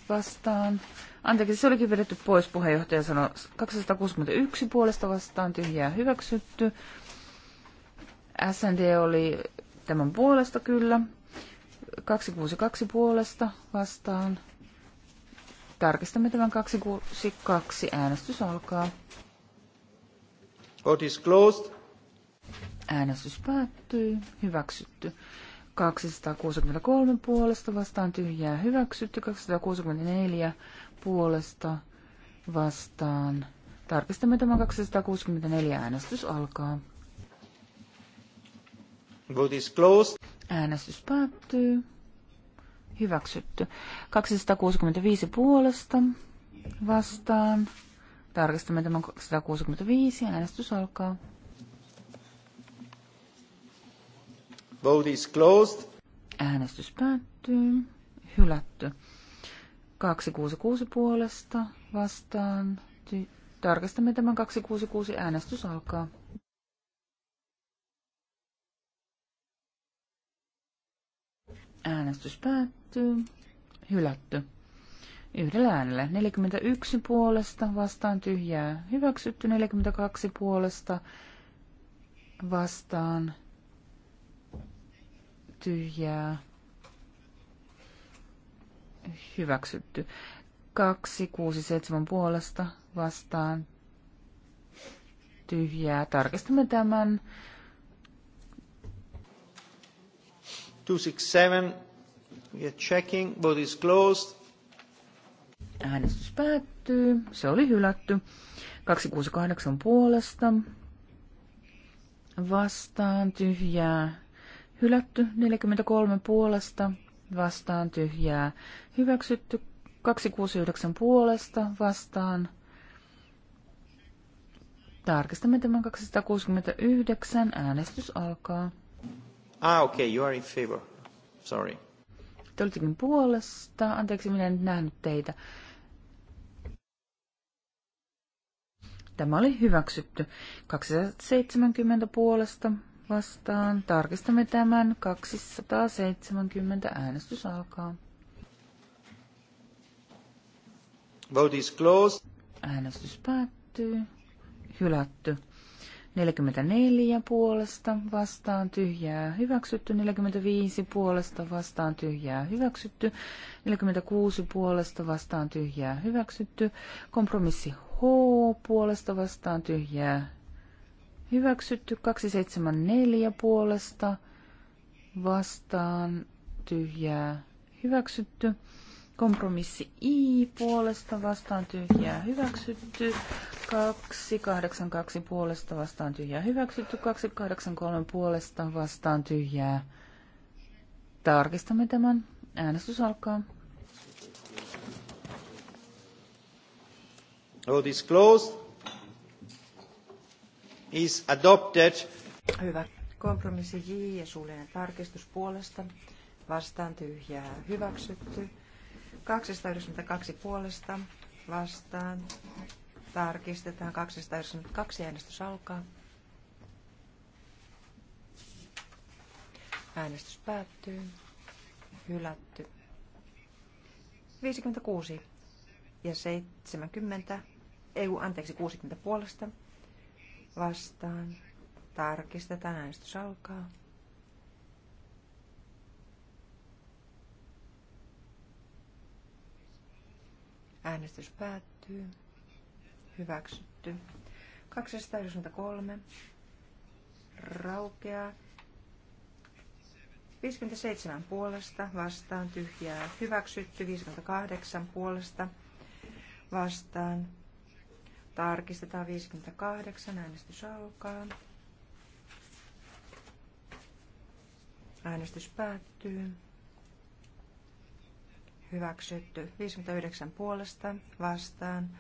vastaan. Anteeksi, se olikin vedetty pois, puheenjohtaja sanoi 261 puolesta vastaan, tyhjää hyväksytty. SND oli tämän puolesta kyllä. 262 puolesta vastaan. Tarkistamme tämän 262. Äänestys alkaa. Vote is closed. Äänestys päättyy. Hyväksytty. 263 puolesta vastaan tyhjää hyväksytty, 264 puolesta vastaan. Tarkistamme tämä 264 äänestys alkaa. Vote is closed. Äänestys päättyy. Hyväksytty. 265 puolesta vastaan. Tarkistamme tämän 265. Äänestys alkaa. Vote is closed. Äänestys päättyy. Hylätty. 266 puolesta vastaan. Tarkastamme tämän 266. Äänestys alkaa. Äänestys päättyy. Hylätty. Yhdellä äänellä. 41 puolesta vastaan tyhjää. Hyväksytty 42 puolesta vastaan tyhjää hyväksytty. seitsemän puolesta vastaan tyhjää. Tarkistamme tämän. 267. We are checking. Vote is closed. Äänestys päättyy. Se oli hylätty. 268 puolesta. Vastaan tyhjää. Hylätty 43 puolesta vastaan tyhjää. Hyväksytty 269 puolesta vastaan. Tarkistamme tämän 269. Äänestys alkaa. Ah, okay, you are in favor. Sorry. Te olittekin puolesta. Anteeksi, minä en nähnyt teitä. Tämä oli hyväksytty. 270 puolesta vastaan. Tarkistamme tämän. 270 äänestys alkaa. Vote is closed. Äänestys päättyy. Hylätty. 44 puolesta vastaan tyhjää hyväksytty, 45 puolesta vastaan tyhjää hyväksytty, 46 puolesta vastaan tyhjää hyväksytty, kompromissi H puolesta vastaan tyhjää Hyväksytty 274 puolesta vastaan tyhjää hyväksytty. Kompromissi I puolesta vastaan tyhjää hyväksytty. 282 puolesta vastaan tyhjää hyväksytty. 283 puolesta vastaan tyhjää. Tarkistamme tämän. Äänestys alkaa. Vote is closed is adopted. Hyvä. Kompromissi J ja suullinen tarkistus puolesta. Vastaan tyhjää hyväksytty. 292 puolesta vastaan. Tarkistetaan 292 äänestys alkaa. Äänestys päättyy. Hylätty. 56 ja 70, EU anteeksi 60 puolesta vastaan. Tarkistetaan, äänestys alkaa. Äänestys päättyy. Hyväksytty. 293. Raukeaa. 57 puolesta vastaan tyhjää. Hyväksytty. 58 puolesta vastaan Tarkistetaan 58. Äänestys alkaa. Äänestys päättyy. Hyväksytty. 59 puolesta vastaan.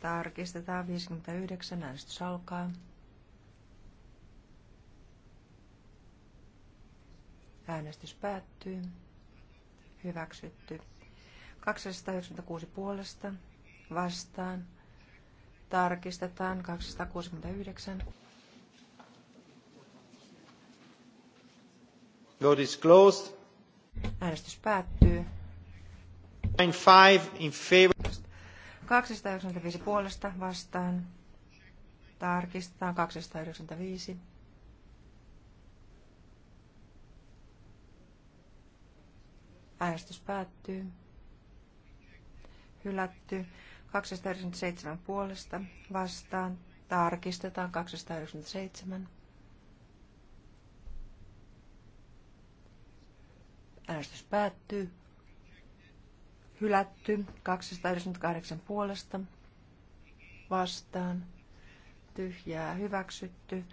Tarkistetaan 59. Äänestys alkaa. Äänestys päättyy. Hyväksytty. 296 puolesta vastaan. Tarkistetaan 269. Vote is closed. Äänestys päättyy. 95 in favor. 295 puolesta vastaan. Tarkistetaan 295. Äänestys päättyy. Hylätty. 297 puolesta vastaan. Tarkistetaan 297. Äänestys päättyy. Hylätty 298 puolesta vastaan. Tyhjää hyväksytty.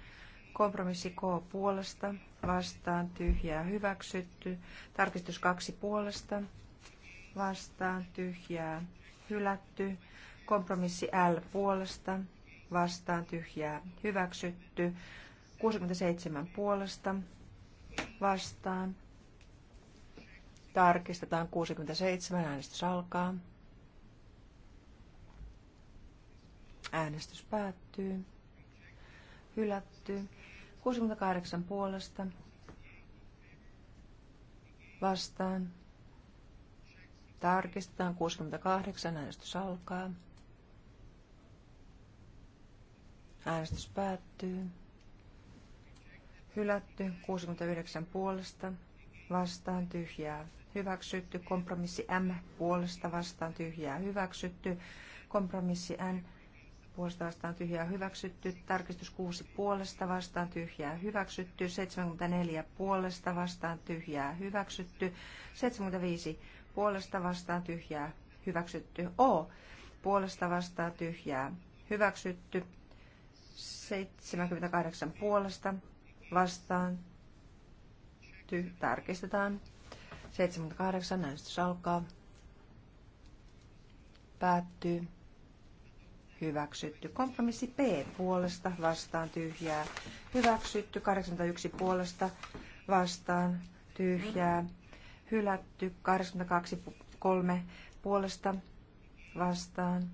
Kompromissi K puolesta vastaan. Tyhjää hyväksytty. Tarkistus 2 puolesta vastaan. Tyhjää hylätty. Kompromissi L puolesta vastaan tyhjää hyväksytty. 67 puolesta vastaan. Tarkistetaan 67. Äänestys alkaa. Äänestys päättyy. Hylätty. 68 puolesta. Vastaan. Tarkistetaan 68. Äänestys alkaa. Äänestys päättyy. Hylätty 69 puolesta. Vastaan tyhjää. Hyväksytty. Kompromissi M puolesta vastaan tyhjää. Hyväksytty. Kompromissi N puolesta vastaan tyhjää hyväksytty, tarkistus 6 puolesta vastaan tyhjää hyväksytty, 74 puolesta vastaan tyhjää hyväksytty, 75 puolesta vastaan tyhjää hyväksytty. O puolesta vastaan tyhjää hyväksytty. 78 puolesta vastaan ty- tarkistetaan. 78 äänestys alkaa. Päättyy. Hyväksytty. Kompromissi P puolesta vastaan tyhjää. Hyväksytty. 81 puolesta vastaan tyhjää hylätty 82.3 puolesta vastaan.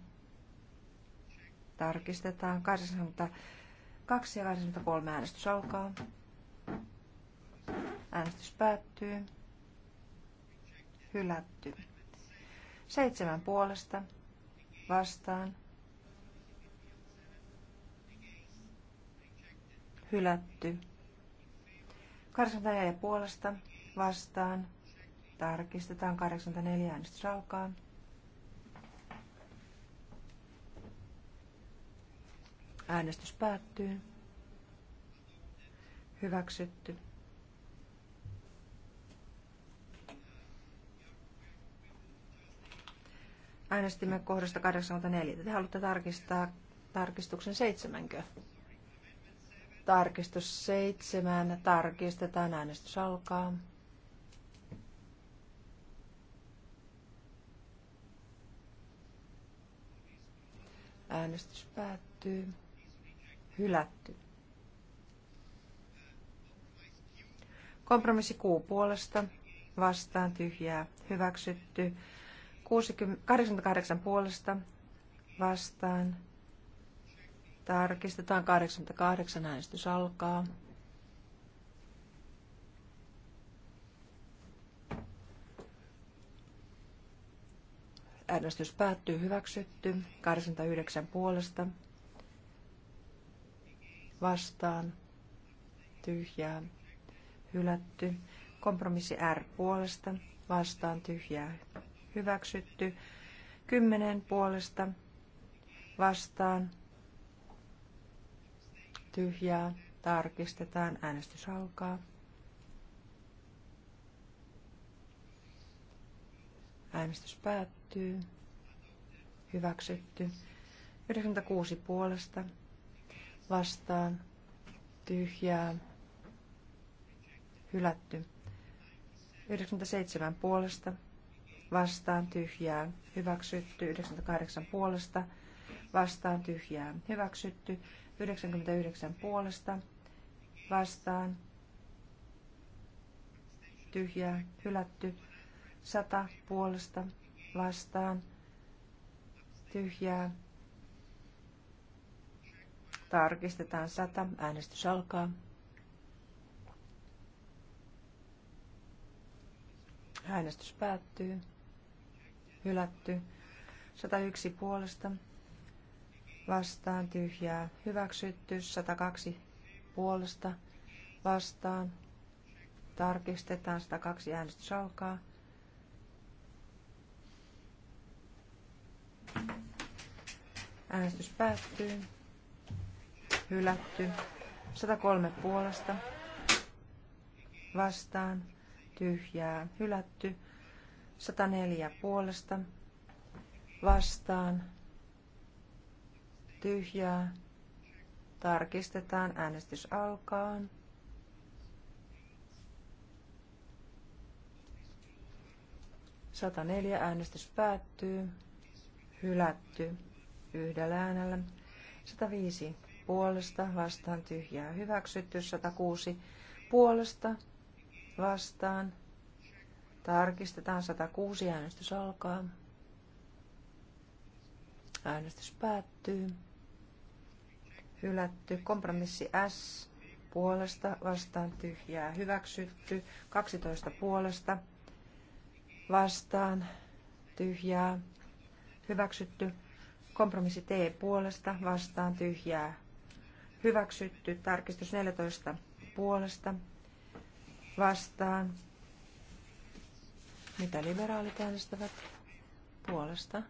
Tarkistetaan 82 ja 83 äänestys alkaa. Äänestys päättyy. Hylätty. Seitsemän puolesta vastaan. Hylätty. 84 puolesta vastaan Tarkistetaan 84 äänestys alkaa. Äänestys päättyy. Hyväksytty. Äänestimme kohdasta 84. Te haluatte tarkistaa tarkistuksen seitsemänkö? Tarkistus seitsemän. Tarkistetaan. Äänestys alkaa. Äänestys päättyy. Hylätty. Kompromissi kuu puolesta. Vastaan tyhjää. Hyväksytty. 60, 88 puolesta. Vastaan. Tarkistetaan 88. Äänestys alkaa. Äänestys päättyy hyväksytty. 89 puolesta. Vastaan. Tyhjää. Hylätty. Kompromissi R puolesta. Vastaan tyhjää. Hyväksytty. 10 puolesta. Vastaan. Tyhjää. Tarkistetaan. Äänestys alkaa. Äänestys päättyy hyväksytty. Hyväksytty. 96 puolesta vastaan tyhjää hylätty. 97 puolesta vastaan tyhjää hyväksytty. 98 puolesta vastaan tyhjää hyväksytty. 99 puolesta vastaan tyhjää hylätty. 100 puolesta vastaan, tyhjää. Tarkistetaan sata Äänestys alkaa. Äänestys päättyy. Hylätty. 101 puolesta. Vastaan tyhjää. Hyväksytty. 102 puolesta. Vastaan. Tarkistetaan. 102 äänestys alkaa. Äänestys päättyy. Hylätty. 103 puolesta. Vastaan. Tyhjää. Hylätty. 104 puolesta. Vastaan. Tyhjää. Tarkistetaan. Äänestys alkaa. sata neljä äänestys päättyy hylätty yhdellä äänellä. 105 puolesta vastaan tyhjää hyväksytty. 106 puolesta vastaan. Tarkistetaan 106 äänestys alkaa. Äänestys päättyy. Hylätty. Kompromissi S puolesta vastaan tyhjää hyväksytty. 12 puolesta vastaan tyhjää hyväksytty. Kompromissi T puolesta vastaan tyhjää hyväksytty. Tarkistus 14 puolesta vastaan. Mitä liberaalit äänestävät? Puolesta.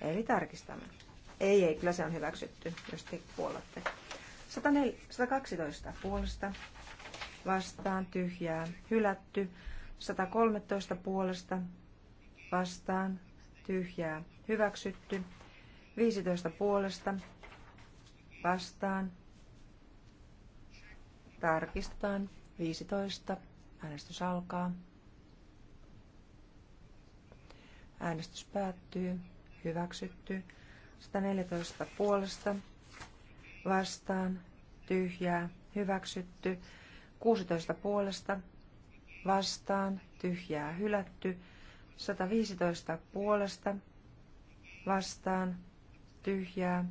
Eli tarkistamme. Ei, ei, kyllä se on hyväksytty, jos te puolatte. 112 puolesta vastaan tyhjää hylätty. 113 puolesta vastaan tyhjää hyväksytty. 15 puolesta vastaan. Tarkistetaan. 15. Äänestys alkaa. Äänestys päättyy. Hyväksytty. 114 puolesta vastaan. Tyhjää. Hyväksytty. 16 puolesta vastaan. Tyhjää. Hylätty. 115 puolesta vastaan tyhjää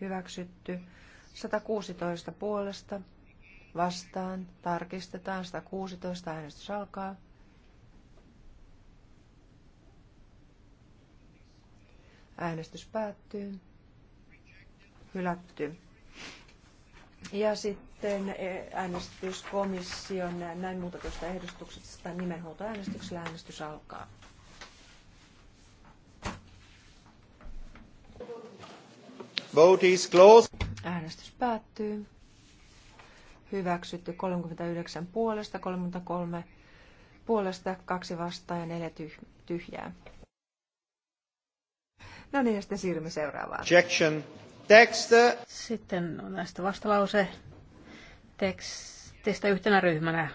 hyväksytty. 116 puolesta vastaan tarkistetaan. 116 äänestys alkaa. Äänestys päättyy. Hylätty. Ja sitten eh, äänestyskomission näin muutetusta ehdotuksesta nimenhuoltoäänestyksellä äänestys alkaa. Vote is closed. Äänestys päättyy. Hyväksytty 39 puolesta, 33 puolesta, kaksi vastaan ja neljä tyhjää. No niin, ja sitten siirrymme seuraavaan. Objection. Text. Sitten on näistä vastalause tekstistä yhtenä ryhmänä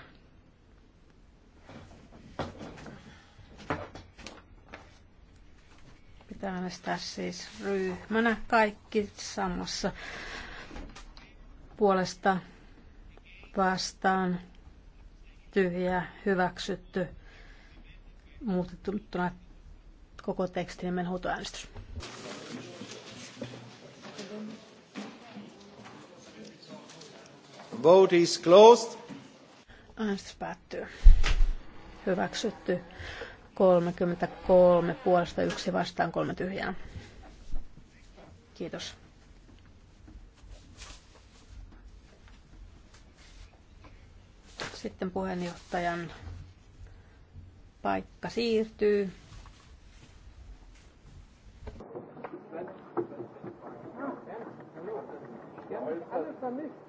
Tästä äänestää siis ryhmänä kaikki samassa puolesta vastaan tyhjä hyväksytty muutettuna koko tekstin menhuutoäänestys. Vote is closed. Äänestys päättyy. Hyväksytty. 33 puolesta yksi vastaan kolme tyhjää. Kiitos. Sitten puheenjohtajan paikka siirtyy. Alles dann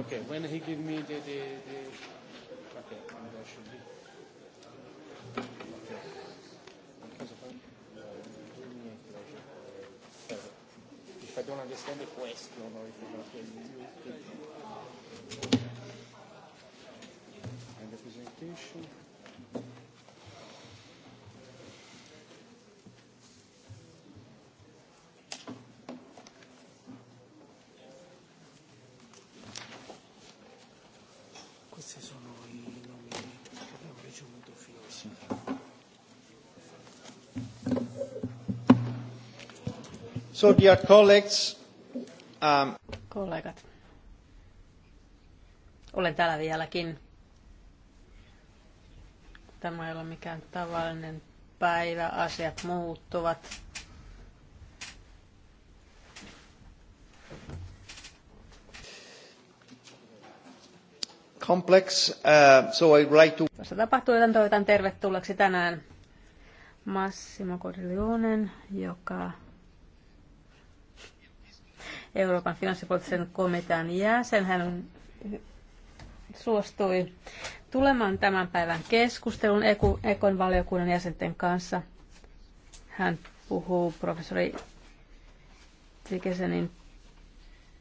Okay, when he give me the, the, the okay, there should be. Okay. If I don't understand the question or if you don't get you, and the presentation. So dear colleagues, um... Kollegat, olen täällä vieläkin. Tämä ei ole mikään tavallinen päivä, asiat muuttuvat. Complex, uh, so I write to... Tässä tapahtuu, joten toivotan tervetulleeksi tänään Massimo Corleonen, joka Euroopan finanssipoliittisen komitean jäsen. Hän suostui tulemaan tämän päivän keskustelun Ekon valiokunnan jäsenten kanssa. Hän puhuu professori Tikesenin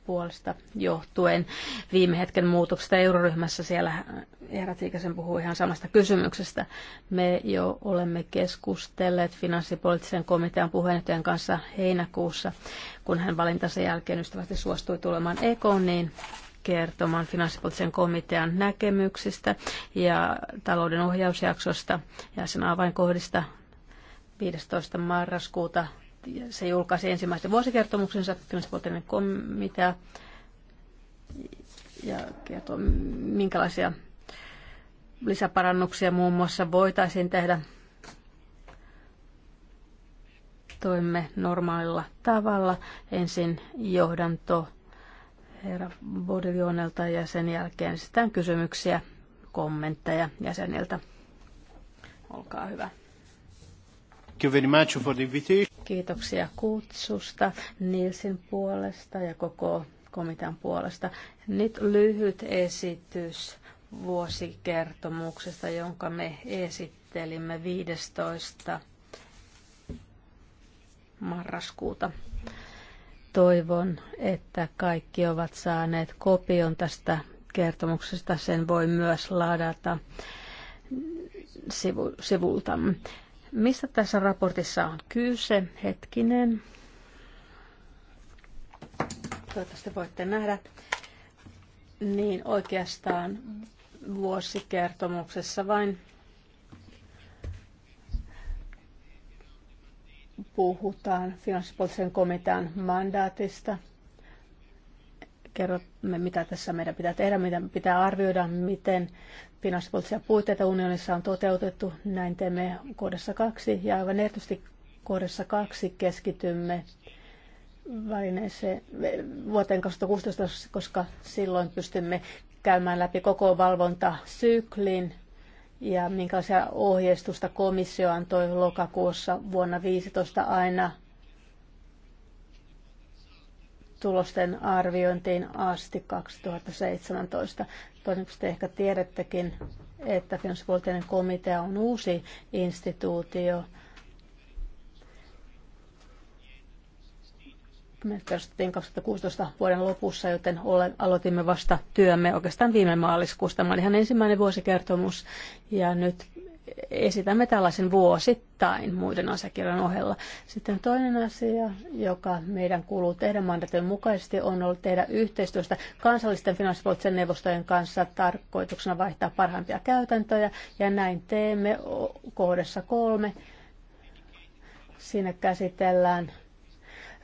puolesta johtuen viime hetken muutoksesta euroryhmässä. Siellä Eera Tiikasen puhuu ihan samasta kysymyksestä. Me jo olemme keskustelleet finanssipoliittisen komitean puheenjohtajan kanssa heinäkuussa, kun hän valintansa jälkeen ystävästi suostui tulemaan niin kertomaan finanssipoliittisen komitean näkemyksistä ja talouden ohjausjaksosta ja sen avainkohdista 15. marraskuuta se julkaisi ensimmäisen vuosikertomuksensa, 10-vuotinen komitea, ja kertoo, minkälaisia lisäparannuksia muun muassa voitaisiin tehdä. Toimme normaalilla tavalla. Ensin johdanto herra Bodilionelta ja sen jälkeen sitten kysymyksiä, kommentteja jäseniltä. Olkaa hyvä. Kiitoksia kutsusta Nilsin puolesta ja koko komitean puolesta. Nyt lyhyt esitys vuosikertomuksesta, jonka me esittelimme 15. marraskuuta. Toivon, että kaikki ovat saaneet kopion tästä kertomuksesta. Sen voi myös ladata sivu, sivultamme Mistä tässä raportissa on kyse? Hetkinen. Toivottavasti voitte nähdä. Niin oikeastaan vuosikertomuksessa vain puhutaan finanssipoliittisen komitean mandaatista – kerromme, mitä tässä meidän pitää tehdä, mitä pitää arvioida, miten finanssipoliittisia puitteita unionissa on toteutettu. Näin teemme kohdassa kaksi ja aivan erityisesti kohdassa kaksi keskitymme välineeseen vuoteen 2016, koska silloin pystymme käymään läpi koko valvontasyklin ja minkälaisia ohjeistusta komissio antoi lokakuussa vuonna 2015 aina tulosten arviointiin asti 2017. Todennäköisesti ehkä tiedättekin, että finanssipoliittinen komitea on uusi instituutio. Me perustettiin 2016 vuoden lopussa, joten aloitimme vasta työmme oikeastaan viime maaliskuusta. Tämä oli ihan ensimmäinen vuosikertomus ja nyt esitämme tällaisen vuosittain muiden asiakirjan ohella. Sitten toinen asia, joka meidän kuuluu tehdä mandatin mukaisesti, on ollut tehdä yhteistyöstä kansallisten finanssipoliittisen neuvostojen kanssa tarkoituksena vaihtaa parhaimpia käytäntöjä, ja näin teemme kohdassa kolme. Siinä käsitellään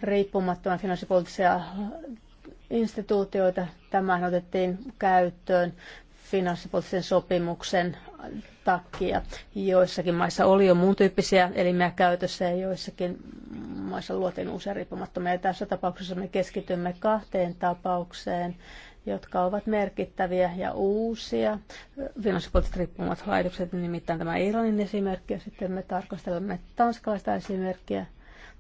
riippumattoman finanssipoliittisia instituutioita. Tämähän otettiin käyttöön finanssipoliittisen sopimuksen takia. Joissakin maissa oli jo muun tyyppisiä elimiä käytössä ja joissakin maissa luotiin uusia riippumattomia. Ja tässä tapauksessa me keskitymme kahteen tapaukseen, jotka ovat merkittäviä ja uusia. Finanssipoliittiset riippumat laitokset, nimittäin tämä Irlannin esimerkki, ja sitten me tarkastelemme tanskalaista esimerkkiä.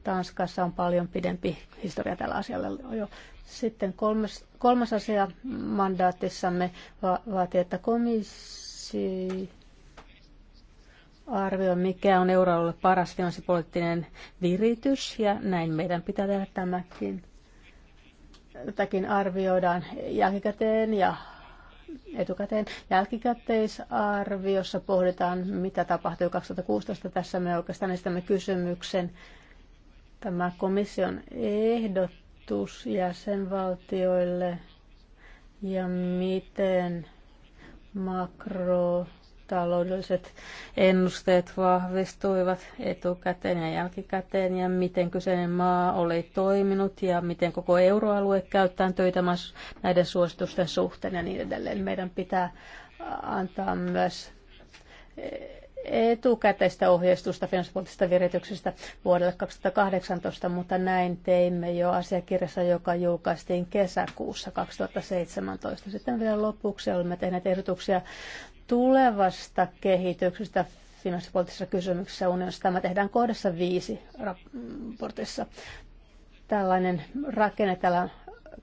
Tanskassa on paljon pidempi historia tällä asialla jo. Sitten kolmas, kolmas asia mandaatissamme va- vaatii, että komissio arvio, mikä on euroalueelle paras finanssipoliittinen viritys, ja näin meidän pitää tehdä tämäkin. Tätäkin arvioidaan jälkikäteen ja etukäteen. Jälkikäteisarviossa pohditaan, mitä tapahtui 2016. Tässä me oikeastaan esitämme kysymyksen. Tämä komission ehdotus jäsenvaltioille ja miten makro taloudelliset ennusteet vahvistuivat etukäteen ja jälkikäteen ja miten kyseinen maa oli toiminut ja miten koko euroalue käyttää töitä näiden suositusten suhteen ja niin edelleen. Meidän pitää antaa myös eh, etukäteistä ohjeistusta finanssipoliittisesta virityksestä vuodelle 2018, mutta näin teimme jo asiakirjassa, joka julkaistiin kesäkuussa 2017. Sitten vielä lopuksi olemme tehneet ehdotuksia tulevasta kehityksestä finanssipoliittisissa kysymyksissä unionissa. Tämä tehdään kohdassa viisi raportissa. Tällainen rakenne tällä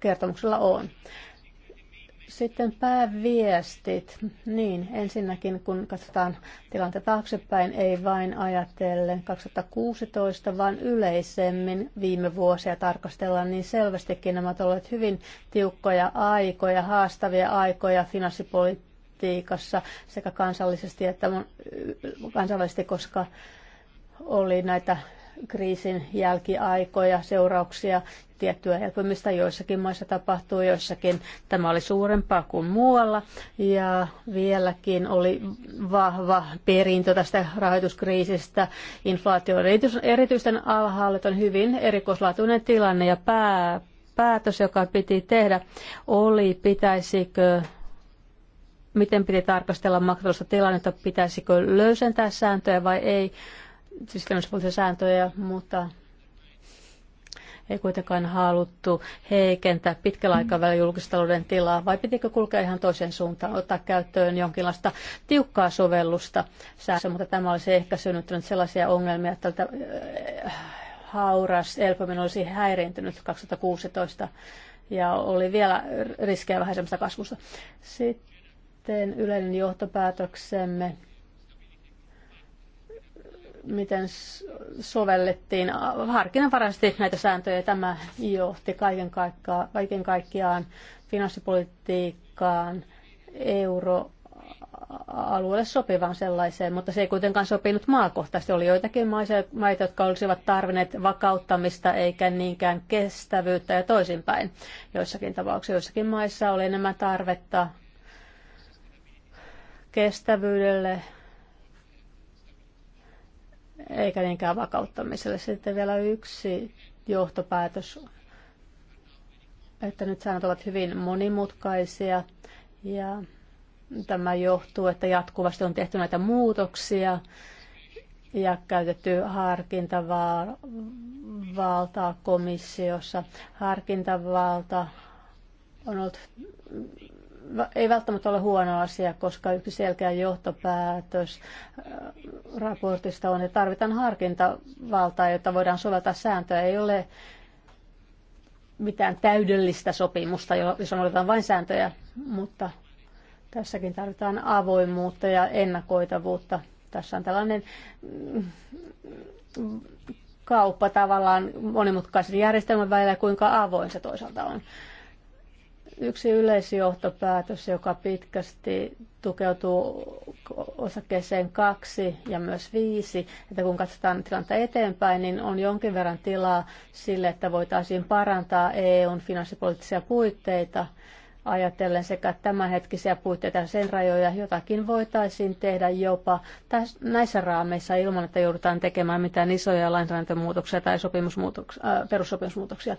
kertomuksella on. Sitten pääviestit. Niin, ensinnäkin kun katsotaan tilannetta taaksepäin, ei vain ajatellen 2016, vaan yleisemmin viime vuosia tarkastellaan, niin selvästikin nämä ovat olleet hyvin tiukkoja aikoja, haastavia aikoja finanssipoliittisesti politiikassa sekä kansallisesti että kansainvälisesti, koska oli näitä kriisin jälkiaikoja, seurauksia, tiettyä helpomista joissakin maissa tapahtuu, joissakin tämä oli suurempaa kuin muualla. Ja vieläkin oli vahva perintö tästä rahoituskriisistä. Inflaatio on erityisten alhaalla, on hyvin erikoislaatuinen tilanne ja pää, päätös, joka piti tehdä, oli pitäisikö miten piti tarkastella makrotalousta tilannetta, pitäisikö löysentää sääntöjä vai ei, siis tämmöisiä sääntöjä, mutta ei kuitenkaan haluttu heikentää pitkällä aikavälillä julkistalouden tilaa, vai pitikö kulkea ihan toiseen suuntaan, ottaa käyttöön jonkinlaista tiukkaa sovellusta säässä, mutta tämä olisi ehkä synnyttänyt sellaisia ongelmia, että tältä äh, hauras elpyminen olisi häiriintynyt 2016 ja oli vielä riskejä semmoista kasvusta. Sitten sitten yleinen johtopäätöksemme, miten sovellettiin harkinnanvaraisesti näitä sääntöjä. Tämä johti kaiken, kaikkiaan, kaiken kaikkiaan finanssipolitiikkaan, euro alueelle sopivaan sellaiseen, mutta se ei kuitenkaan sopinut maakohtaisesti. Oli joitakin maita, jotka olisivat tarvinneet vakauttamista eikä niinkään kestävyyttä ja toisinpäin. Joissakin tapauksissa, joissakin maissa oli enemmän tarvetta kestävyydelle eikä niinkään vakauttamiselle. Sitten vielä yksi johtopäätös, että nyt säännöt ovat hyvin monimutkaisia ja tämä johtuu, että jatkuvasti on tehty näitä muutoksia ja käytetty harkintavaltaa komissiossa. Harkintavalta on ollut ei välttämättä ole huono asia, koska yksi selkeä johtopäätös äh, raportista on, että tarvitaan harkintavaltaa, jotta voidaan soveltaa sääntöä. Ei ole mitään täydellistä sopimusta, jos oletan vain sääntöjä, mutta tässäkin tarvitaan avoimuutta ja ennakoitavuutta. Tässä on tällainen mm, kauppa tavallaan monimutkaisen järjestelmän välillä, kuinka avoin se toisaalta on. Yksi yleisjohtopäätös, joka pitkästi tukeutuu osakkeeseen kaksi ja myös viisi, että kun katsotaan tilannetta eteenpäin, niin on jonkin verran tilaa sille, että voitaisiin parantaa EUn finanssipoliittisia puitteita ajatellen sekä tämänhetkisiä puitteita sen rajoja, jotakin voitaisiin tehdä jopa tässä, näissä raameissa ilman, että joudutaan tekemään mitään isoja lainsäädäntömuutoksia tai sopimusmuutoksia, äh, perussopimusmuutoksia.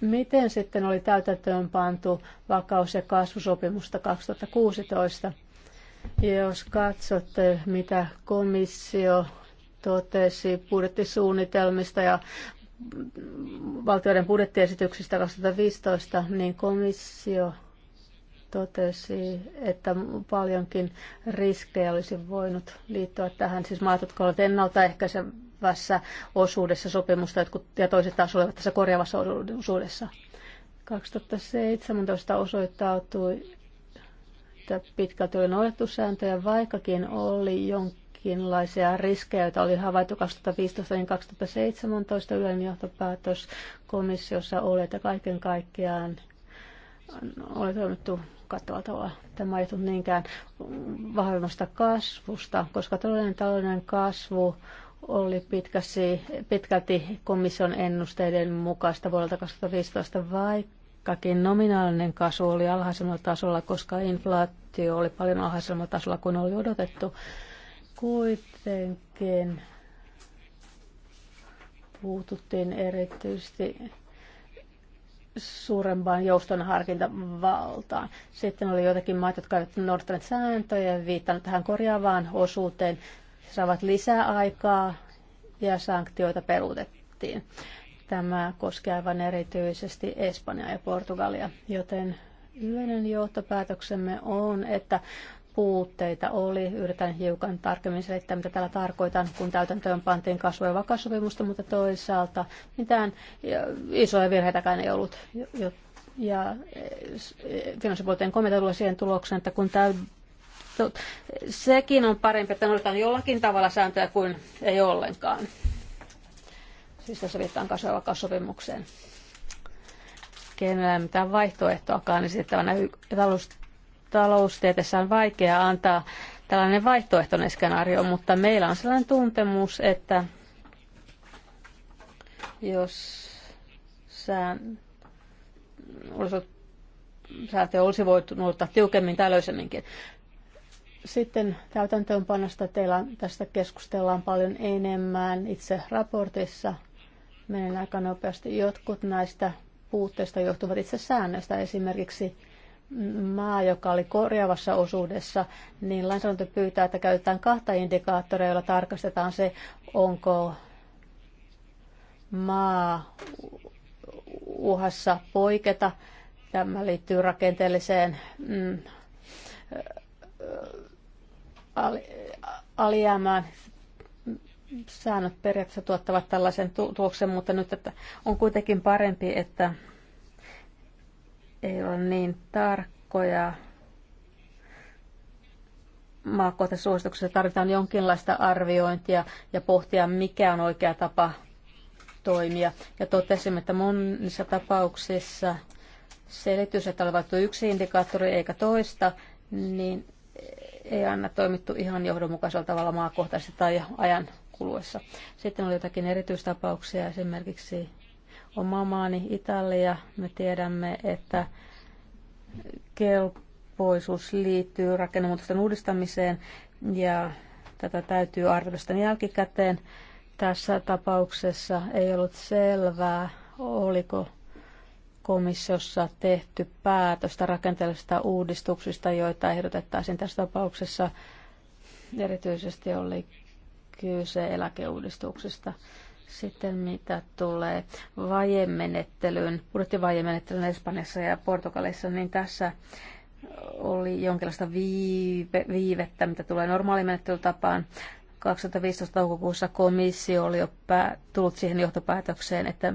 Miten sitten oli täytäntöön pantu vakaus- ja kasvusopimusta 2016? Jos katsotte, mitä komissio totesi budjettisuunnitelmista ja valtioiden budjettiesityksistä 2015, niin komissio totesi, että paljonkin riskejä olisi voinut liittyä tähän, siis maat, jotka olivat ennaltaehkäisevät korjaavassa osuudessa sopimusta ja toiset taas olivat tässä korjaavassa osuudessa. 2017 osoittautui, että pitkälti oli noudattu sääntöjä, vaikkakin oli jonkinlaisia riskejä, joita oli havaittu 2015 niin 2017 yleinen johtopäätös komissiossa oli, että kaiken kaikkiaan oli toimittu kattavalla tavalla. Tämä ei tule niinkään vahvemmasta kasvusta, koska todellinen taloudellinen kasvu oli pitkäsi, pitkälti komission ennusteiden mukaista vuodelta 2015, vaikkakin nominaalinen kasvu oli alhaisemmalla tasolla, koska inflaatio oli paljon alhaisemmalla tasolla kuin oli odotettu. Kuitenkin puututtiin erityisesti suurempaan jouston harkintavaltaan. Sitten oli joitakin maita, jotka ovat noudattaneet sääntöjä ja tähän korjaavaan osuuteen saavat lisää aikaa ja sanktioita peruutettiin. Tämä koskee aivan erityisesti Espanjaa ja Portugalia, joten yleinen johtopäätöksemme on, että puutteita oli. Yritän hiukan tarkemmin selittää, mitä täällä tarkoitan, kun täytäntöön pantiin kasvu- ja vakasopimusta, mutta toisaalta mitään isoja virheitäkään ei ollut. Ja eh, finanssipuolten komitea siihen tulokseen, että kun Sekin on parempi, että noudatetaan jollakin tavalla sääntöjä kuin ei ollenkaan. Siis tässä viittaan kasvavakaussopimukseen. Kenellä ei mitään vaihtoehtoakaan, niin sitten talous, taloustieteessä on vaikea antaa tällainen vaihtoehtoinen skenaario, mutta meillä on sellainen tuntemus, että jos sään, olisi, sääntö olisi voitu nuottaa tiukemmin tai löysemminkin. Sitten täytäntöönpanosta teillä tästä keskustellaan paljon enemmän itse raportissa. Menen aika nopeasti. Jotkut näistä puutteista johtuvat itse säännöistä. Esimerkiksi maa, joka oli korjaavassa osuudessa, niin lainsäädäntö pyytää, että käytetään kahta indikaattoria, joilla tarkastetaan se, onko maa uhassa poiketa. Tämä liittyy rakenteelliseen mm, alijäämään säännöt periaatteessa tuottavat tällaisen tuoksen, mutta nyt että on kuitenkin parempi, että ei ole niin tarkkoja maakohtaisessa suosituksessa tarvitaan jonkinlaista arviointia ja pohtia, mikä on oikea tapa toimia. Ja totesimme, että monissa tapauksissa selitys että olivat yksi indikaattori eikä toista, niin ei aina toimittu ihan johdonmukaisella tavalla maakohtaisesti tai ajan kuluessa. Sitten oli jotakin erityistapauksia, esimerkiksi oma maani Italia. Me tiedämme, että kelpoisuus liittyy rakennemuutosten uudistamiseen ja tätä täytyy arvioida sitten jälkikäteen. Tässä tapauksessa ei ollut selvää, oliko komissiossa tehty päätöstä rakenteellisista uudistuksista, joita ehdotettaisiin tässä tapauksessa. Erityisesti oli kyse eläkeuudistuksista. Sitten mitä tulee vajemenettelyyn, budjettivajemenettelyyn Espanjassa ja Portugalissa, niin tässä oli jonkinlaista viive, viivettä, mitä tulee normaalimenettelytapaan. 2015 toukokuussa komissio oli jo pää, tullut siihen johtopäätökseen, että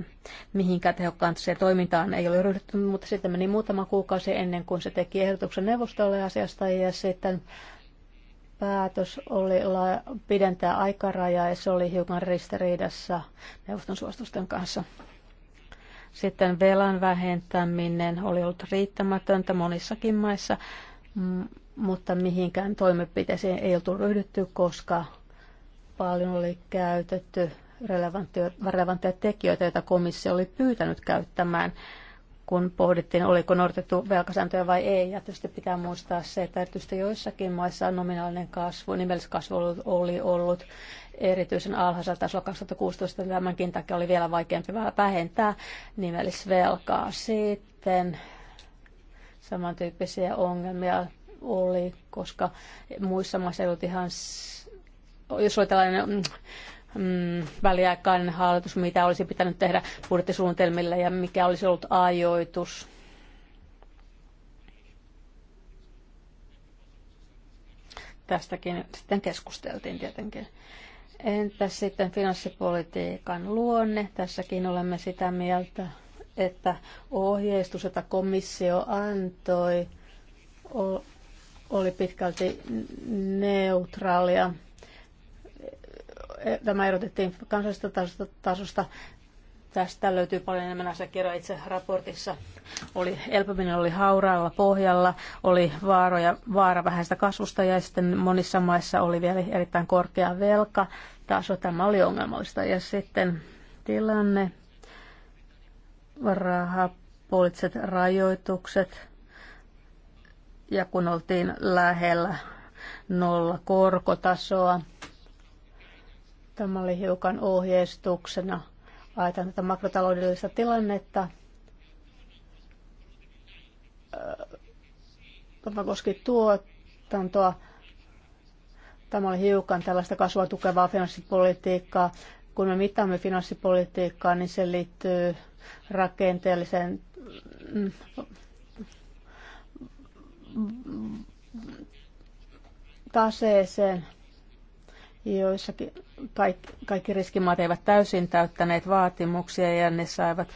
mihinkään se toimintaan ei ole ryhdytty, mutta sitten meni muutama kuukausi ennen kuin se teki ehdotuksen neuvostolle asiasta ja sitten päätös oli la- pidentää aikarajaa ja se oli hiukan ristiriidassa neuvoston suostusten kanssa. Sitten velan vähentäminen oli ollut riittämätöntä monissakin maissa, mutta mihinkään toimenpiteisiin ei oltu ryhdytty, koska paljon oli käytetty relevantteja tekijöitä, joita komissio oli pyytänyt käyttämään, kun pohdittiin, oliko noudatettu velkasääntöjä vai ei. Ja tietysti pitää muistaa se, että erityisesti joissakin maissa nominaalinen kasvu, nimelliskasvu oli ollut erityisen alhaisella tasolla 2016. Tämänkin takia oli vielä vaikeampi vähentää nimellisvelkaa. Sitten samantyyppisiä ongelmia oli, koska muissa maissa ei ollut ihan jos oli tällainen mm, mm, väliaikainen hallitus, mitä olisi pitänyt tehdä budjettisuunnitelmille ja mikä olisi ollut ajoitus? Tästäkin sitten keskusteltiin tietenkin. Entä sitten finanssipolitiikan luonne? Tässäkin olemme sitä mieltä, että ohjeistus, jota komissio antoi, oli pitkälti neutraalia tämä erotettiin kansallisesta tasosta, tasosta. Tästä löytyy paljon enemmän kerran itse raportissa. Oli, elpyminen oli hauraalla pohjalla, oli vaaroja, vaara vähäistä kasvusta ja sitten monissa maissa oli vielä erittäin korkea velka. Taso tämä oli ongelmallista. Ja sitten tilanne, rahapoliittiset rajoitukset ja kun oltiin lähellä nolla korkotasoa, Tämä oli hiukan ohjeistuksena. Ajatellaan tätä makrotaloudellista tilannetta. Tämä koski tuotantoa. Tämä oli hiukan tällaista kasvua tukevaa finanssipolitiikkaa. Kun me mittaamme finanssipolitiikkaa, niin se liittyy rakenteelliseen mm, taseeseen – joissakin kaikki, kaikki riskimaat eivät täysin täyttäneet vaatimuksia ja ne saivat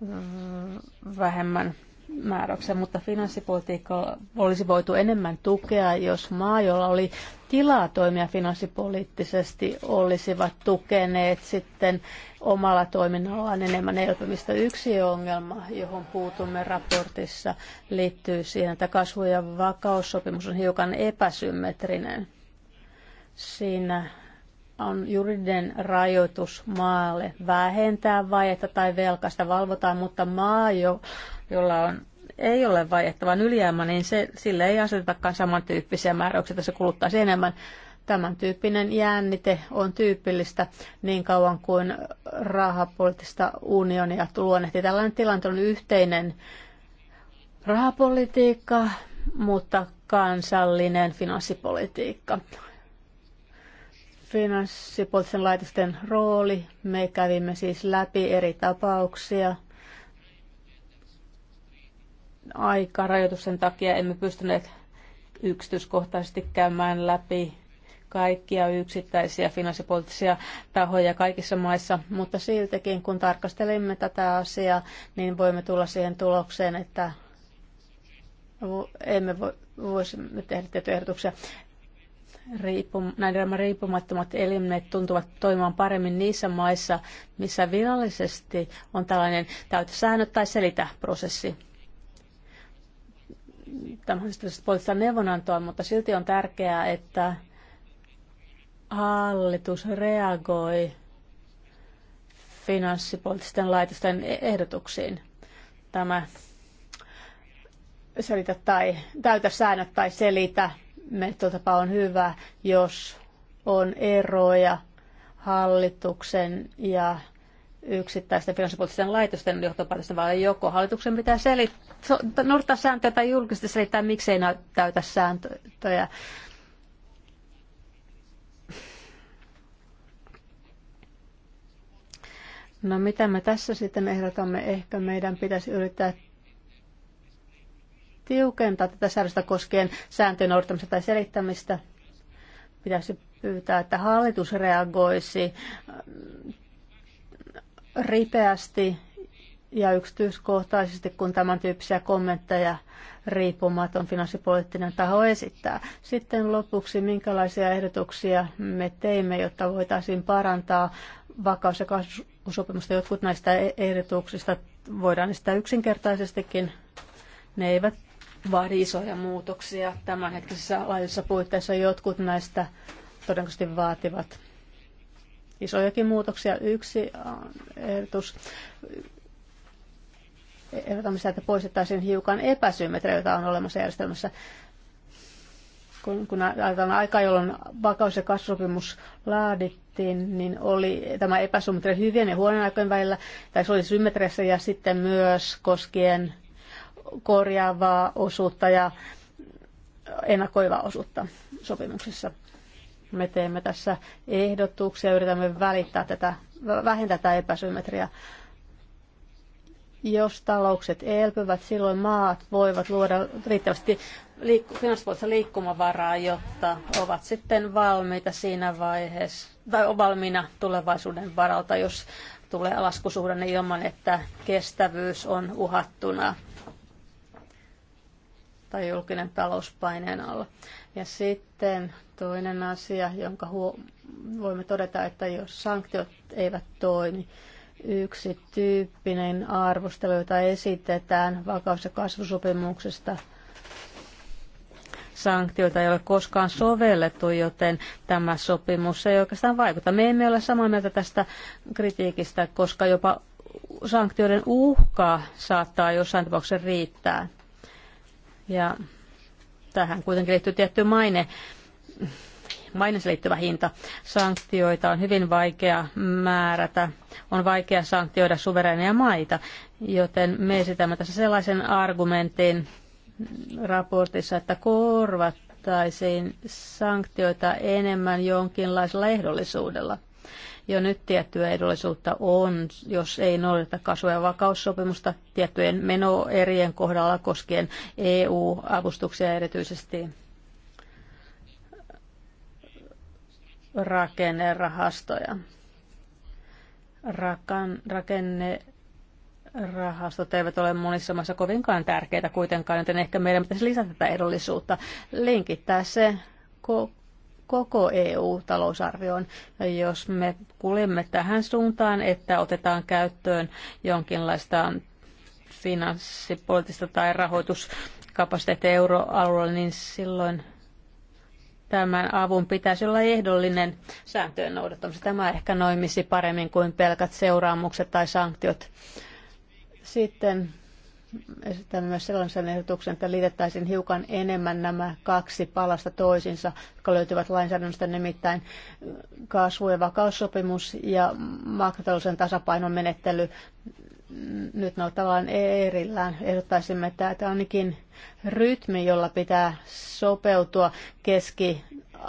mm, vähemmän määräyksen, mutta finanssipolitiikka olisi voitu enemmän tukea, jos maa, jolla oli tilaa toimia finanssipoliittisesti, olisivat tukeneet sitten omalla toiminnallaan enemmän elpymistä. Yksi ongelma, johon puutumme raportissa, liittyy siihen, että kasvu- ja vakaussopimus on hiukan epäsymmetrinen Siinä on juridinen rajoitus maalle vähentää vaihetta tai velkasta valvotaan, mutta maa, jo, jolla on ei ole vaihetta, vaan ylijäämä, niin se, sille ei asetetakaan samantyyppisiä määräyksiä, että se kuluttaisi enemmän. Tämän tyyppinen jäännite on tyypillistä niin kauan kuin rahapoliittista unionia luonnehti. Tällainen tilanne on yhteinen rahapolitiikka, mutta kansallinen finanssipolitiikka finanssipoliittisen laitosten rooli. Me kävimme siis läpi eri tapauksia. Aikarajoituksen takia emme pystyneet yksityiskohtaisesti käymään läpi kaikkia yksittäisiä finanssipoliittisia tahoja kaikissa maissa, mutta siltikin kun tarkastelimme tätä asiaa, niin voimme tulla siihen tulokseen, että emme voisi tehdä tiettyjä ehdotuksia riippum- näiden riippumattomat elimet tuntuvat toimimaan paremmin niissä maissa, missä virallisesti on tällainen täytä säännöt tai selitä prosessi. Tämä on siis poliittista neuvonantoa, mutta silti on tärkeää, että hallitus reagoi finanssipoliittisten laitosten ehdotuksiin. Tämä selitä tai täytä säännöt tai selitä metotapa on hyvä, jos on eroja hallituksen ja yksittäisten finanssipoliittisten laitosten johtopäätösten, vaan joko hallituksen pitää selittää, noudattaa sääntöjä tai julkisesti selittää, miksei täytä sääntöjä. No mitä me tässä sitten ehdotamme? Ehkä meidän pitäisi yrittää tiukentaa tätä säädöstä koskien sääntöjen noudattamista tai selittämistä. Pitäisi pyytää, että hallitus reagoisi äh, ripeästi ja yksityiskohtaisesti, kun tämän tyyppisiä kommentteja riippumaton finanssipoliittinen taho esittää. Sitten lopuksi, minkälaisia ehdotuksia me teimme, jotta voitaisiin parantaa vakaus- ja kasvusopimusta. Jotkut näistä ehdotuksista voidaan sitä yksinkertaisestikin. Ne eivät vaadi isoja muutoksia tämänhetkisessä laajuisessa puitteissa. Jotkut näistä todennäköisesti vaativat isojakin muutoksia. Yksi äh, ehdotus ehdotamista, että poistettaisiin hiukan epäsymmetriä, jota on olemassa järjestelmässä. Kun, kun ajatellaan aikaa, jolloin vakaus- ja kasvusopimus laadittiin, niin oli tämä epäsymmetria hyvien ja huonojen aikojen välillä, tai se oli symmetriassa ja sitten myös koskien korjaavaa osuutta ja ennakoivaa osuutta sopimuksessa. Me teemme tässä ehdotuksia, yritämme välittää tätä, vähentää tätä epäsymmetriä. Jos taloukset elpyvät, silloin maat voivat luoda riittävästi liikku- finanssipuolista liikkumavaraa, jotta ovat sitten valmiita siinä vaiheessa, tai valmiina tulevaisuuden varalta, jos tulee laskusuhdanne ilman, että kestävyys on uhattuna tai julkinen talouspaineen alla. Ja sitten toinen asia, jonka voimme todeta, että jos sanktiot eivät toimi, yksi tyyppinen arvostelu, jota esitetään vakaus- ja kasvusopimuksesta, sanktioita ei ole koskaan sovellettu, joten tämä sopimus ei oikeastaan vaikuta. Me emme ole samaa mieltä tästä kritiikistä, koska jopa sanktioiden uhka saattaa jossain tapauksessa riittää ja tähän kuitenkin liittyy tietty maine, maineeseen liittyvä hinta. Sanktioita on hyvin vaikea määrätä, on vaikea sanktioida suvereneja maita, joten me esitämme tässä sellaisen argumentin raportissa, että korvattaisiin sanktioita enemmän jonkinlaisella ehdollisuudella – jo nyt tiettyä edullisuutta on, jos ei noudata kasvu- ja vakaussopimusta tiettyjen menoerien kohdalla koskien EU-avustuksia erityisesti rakennerahastoja. Rakan, rakenne rahastot eivät ole monissa maissa kovinkaan tärkeitä kuitenkaan, joten ehkä meidän pitäisi lisätä tätä edullisuutta, linkittää se koko EU-talousarvioon. Jos me kuljemme tähän suuntaan, että otetaan käyttöön jonkinlaista finanssipoliittista tai rahoituskapasiteetti euroalueella, niin silloin tämän avun pitäisi olla ehdollinen sääntöjen noudattamista. Tämä ehkä noimisi paremmin kuin pelkät seuraamukset tai sanktiot. Sitten esitämme myös sellaisen ehdotuksen, että liitettäisiin hiukan enemmän nämä kaksi palasta toisinsa, jotka löytyvät lainsäädännöstä nimittäin kasvu- ja vakaussopimus ja makrotalouden tasapainon menettely. Nyt ne ovat tavallaan erillään. Ehdottaisimme, että tämä ainakin rytmi, jolla pitää sopeutua keski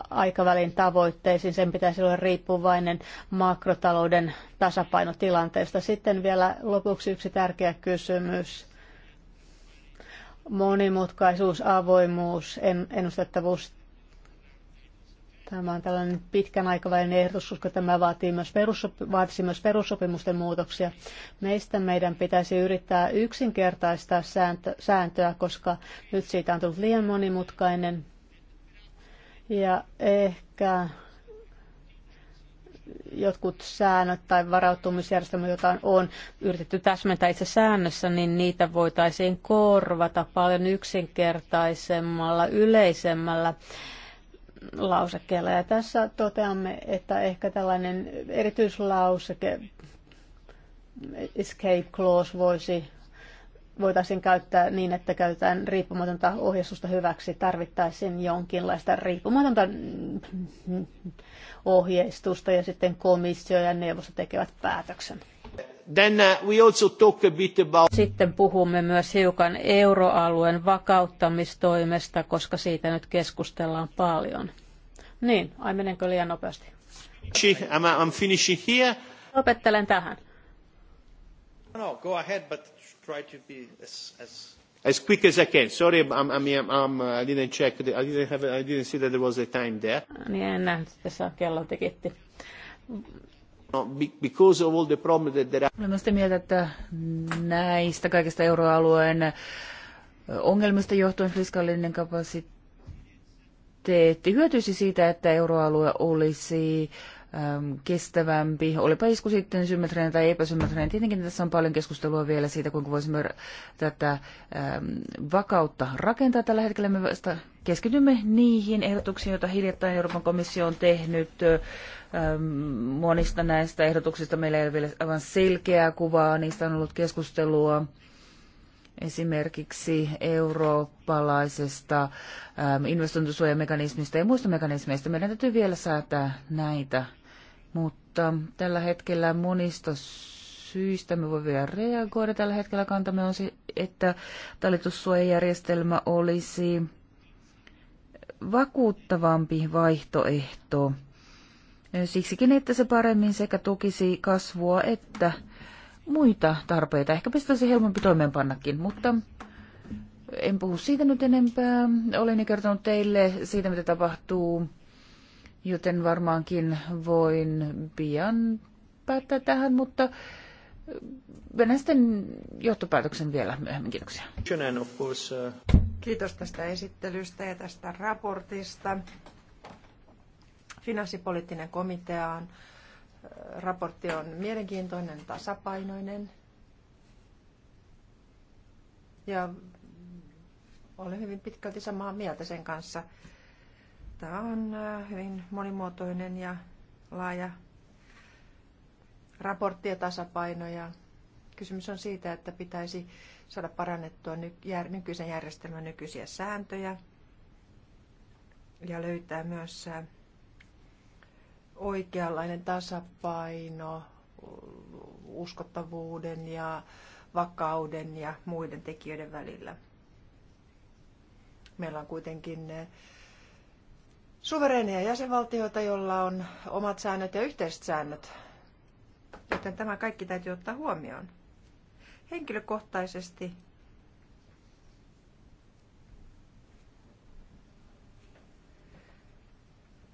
aikavälin tavoitteisiin. Sen pitäisi olla riippuvainen makrotalouden tasapainotilanteesta. Sitten vielä lopuksi yksi tärkeä kysymys monimutkaisuus, avoimuus, ennustettavuus. Tämä on tällainen pitkän aikavälin ehdotus, koska tämä vaatii myös perussop- vaatisi myös perussopimusten muutoksia. Meistä meidän pitäisi yrittää yksinkertaistaa sääntö- sääntöä, koska nyt siitä on tullut liian monimutkainen. Ja ehkä jotkut säännöt tai varautumisjärjestelmät, joita on yritetty täsmentää itse säännössä, niin niitä voitaisiin korvata paljon yksinkertaisemmalla, yleisemmällä lausekkeella. Ja tässä toteamme, että ehkä tällainen erityislauseke escape clause voisi voitaisiin käyttää niin, että käytetään riippumatonta ohjeistusta hyväksi, tarvittaisiin jonkinlaista riippumatonta ohjeistusta ja sitten komissio ja neuvosto tekevät päätöksen. Then uh, we also talk a bit about... Sitten puhumme myös hiukan euroalueen vakauttamistoimesta, koska siitä nyt keskustellaan paljon. Niin, ai menenkö liian nopeasti? I'm, I'm finishing here. Lopettelen tähän. No, go ahead, but try to be as, as... as quick as I can. Sorry, I'm, I'm, I'm, uh, I didn't check. The, I, didn't have, I didn't see that there was a time there. Niin, en tässä kello tikitti. No, because of all the problems that there are... Olemme sitä mieltä, että näistä kaikista euroalueen ongelmista johtuen fiskaalinen kapasiteetti hyötyisi siitä, että euroalue olisi Ähm, kestävämpi, olipa isku sitten symmetrinen tai epäsymmetrinen. Tietenkin tässä on paljon keskustelua vielä siitä, kuinka voisimme tätä ähm, vakautta rakentaa. Tällä hetkellä me vasta keskitymme niihin ehdotuksiin, joita hiljattain Euroopan komissio on tehnyt. Ähm, monista näistä ehdotuksista meillä ei ole vielä aivan selkeää kuvaa, niistä on ollut keskustelua esimerkiksi eurooppalaisesta investointisuojamekanismista ja muista mekanismeista. Meidän täytyy vielä säätää näitä mutta tällä hetkellä monista syistä me voi vielä reagoida. Tällä hetkellä kantamme on se, että talitussuojajärjestelmä olisi vakuuttavampi vaihtoehto. Siksikin, että se paremmin sekä tukisi kasvua että muita tarpeita. Ehkä pistäisi helpompi toimeenpannakin, mutta en puhu siitä nyt enempää. Olen kertonut teille siitä, mitä tapahtuu joten varmaankin voin pian päättää tähän, mutta mennään sitten johtopäätöksen vielä myöhemmin. Kiitoksia. Uh, Kiitos tästä esittelystä ja tästä raportista. Finanssipoliittinen komitea on, uh, raportti on mielenkiintoinen, tasapainoinen. Ja olen hyvin pitkälti samaa mieltä sen kanssa, tämä on hyvin monimuotoinen ja laaja raportti ja tasapaino. Ja kysymys on siitä, että pitäisi saada parannettua nykyisen järjestelmän nykyisiä sääntöjä ja löytää myös oikeanlainen tasapaino uskottavuuden ja vakauden ja muiden tekijöiden välillä. Meillä on kuitenkin suvereeneja jäsenvaltioita, joilla on omat säännöt ja yhteiset säännöt. Joten tämä kaikki täytyy ottaa huomioon. Henkilökohtaisesti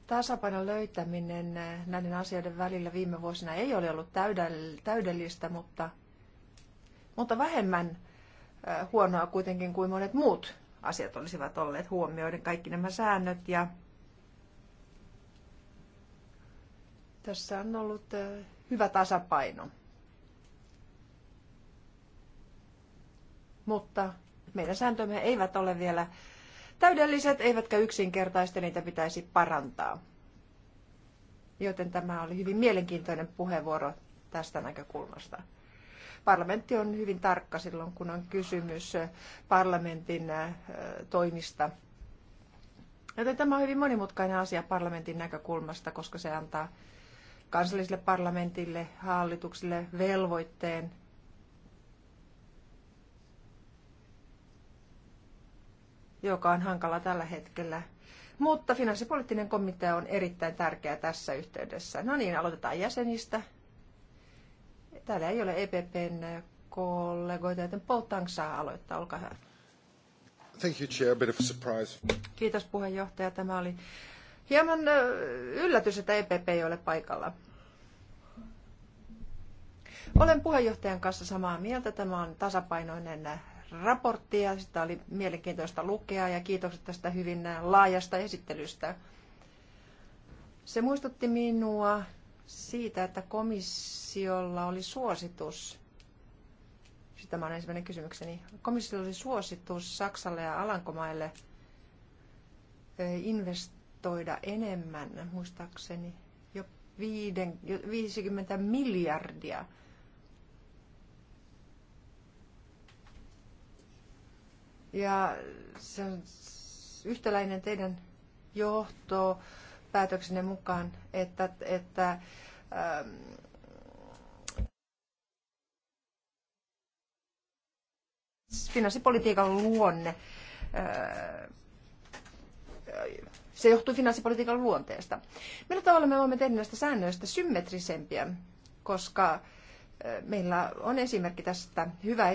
tasapainon löytäminen näiden asioiden välillä viime vuosina ei ole ollut täydellistä, mutta, mutta vähemmän huonoa kuitenkin kuin monet muut asiat olisivat olleet huomioiden kaikki nämä säännöt ja Tässä on ollut äh, hyvä tasapaino. Mutta meidän sääntömme eivät ole vielä täydelliset, eivätkä yksinkertaista, niitä pitäisi parantaa. Joten tämä oli hyvin mielenkiintoinen puheenvuoro tästä näkökulmasta. Parlamentti on hyvin tarkka silloin, kun on kysymys äh, parlamentin äh, toimista. Joten tämä on hyvin monimutkainen asia parlamentin näkökulmasta, koska se antaa kansallisille parlamentille, hallituksille velvoitteen joka on hankala tällä hetkellä. Mutta finanssipoliittinen komitea on erittäin tärkeä tässä yhteydessä. No niin, aloitetaan jäsenistä. Täällä ei ole EPPn kollegoita, joten Paul Tang saa aloittaa. Olkaa hyvä. Thank you, Chair. A bit of surprise. Kiitos puheenjohtaja. Tämä oli Hieman yllätys, että EPP ei ole paikalla. Olen puheenjohtajan kanssa samaa mieltä. Tämä on tasapainoinen raportti ja sitä oli mielenkiintoista lukea ja kiitokset tästä hyvin laajasta esittelystä. Se muistutti minua siitä, että komissiolla oli suositus, sitä siis tämä on ensimmäinen kysymykseni, komissiolla oli suositus Saksalle ja Alankomaille invest investoida enemmän, muistaakseni jo 50 miljardia. Ja se on yhtäläinen teidän johto päätöksenne mukaan, että, että ähm, finanssipolitiikan luonne äh, se johtuu finanssipolitiikan luonteesta. Millä tavalla me voimme tehdä näistä säännöistä symmetrisempiä, koska meillä on esimerkki tästä hyvä,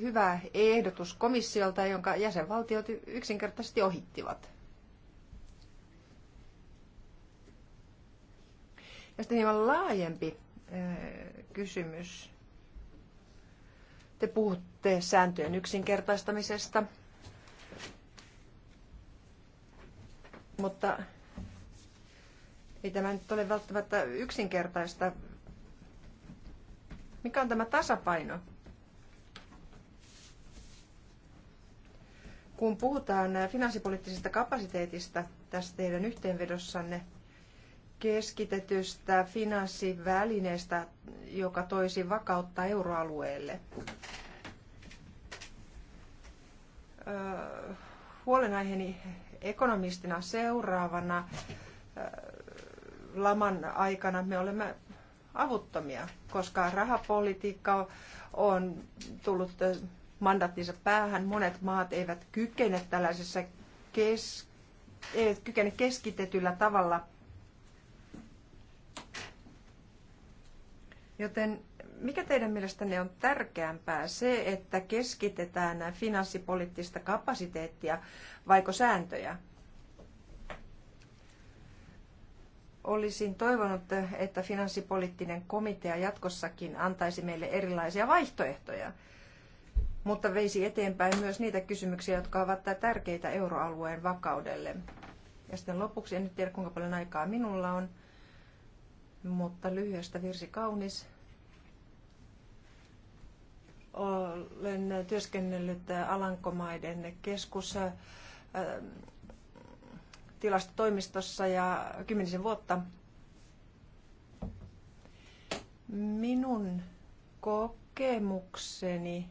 hyvä ehdotus komissiolta, jonka jäsenvaltiot yksinkertaisesti ohittivat. Ja sitten hieman laajempi kysymys. Te puhutte sääntöjen yksinkertaistamisesta – Mutta ei tämä nyt ole välttämättä yksinkertaista. Mikä on tämä tasapaino? Kun puhutaan finanssipoliittisesta kapasiteetista tässä teidän yhteenvedossanne, keskitetystä finanssivälineestä, joka toisi vakautta euroalueelle. Öö, huolenaiheeni ekonomistina seuraavana äh, laman aikana me olemme avuttomia, koska rahapolitiikka on tullut äh, mandattinsa päähän. Monet maat eivät kykene tällaisessa kes, eivät kykene keskitetyllä tavalla. Joten mikä teidän mielestänne on tärkeämpää, se, että keskitetään finanssipoliittista kapasiteettia vaiko sääntöjä? Olisin toivonut, että finanssipoliittinen komitea jatkossakin antaisi meille erilaisia vaihtoehtoja, mutta veisi eteenpäin myös niitä kysymyksiä, jotka ovat tärkeitä euroalueen vakaudelle. Ja sitten lopuksi, en nyt tiedä kuinka paljon aikaa minulla on, mutta lyhyestä virsi kaunis. Olen työskennellyt Alankomaiden keskus äh, tilastotoimistossa ja kymmenisen vuotta. Minun kokemukseni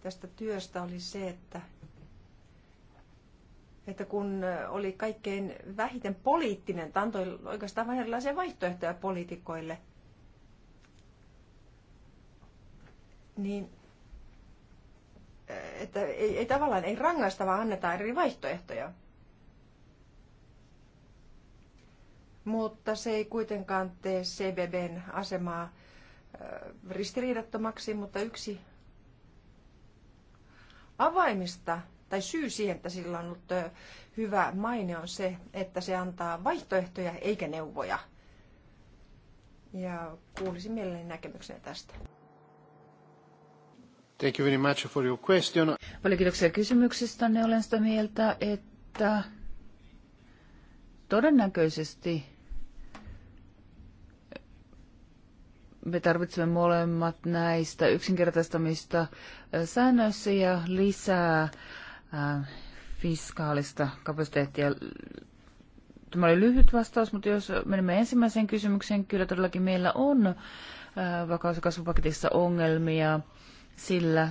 tästä työstä oli se, että, että kun oli kaikkein vähiten poliittinen, antoi oikeastaan vähän erilaisia vaihtoehtoja poliitikoille – niin että ei, ei tavallaan ei rangaista, vaan annetaan eri vaihtoehtoja. Mutta se ei kuitenkaan tee CBBn asemaa ristiriidattomaksi, mutta yksi avaimista tai syy siihen, että sillä on ollut hyvä maine, on se, että se antaa vaihtoehtoja eikä neuvoja. Ja kuulisin mielelläni näkemyksenä tästä. Thank you very much for your question. Paljon kiitoksia kysymyksestänne. Olen sitä mieltä, että todennäköisesti me tarvitsemme molemmat näistä yksinkertaistamista säännöissä ja lisää fiskaalista kapasiteettia. Tämä oli lyhyt vastaus, mutta jos menemme ensimmäiseen kysymykseen, kyllä todellakin meillä on vakaus- ja kasvupaketissa ongelmia sillä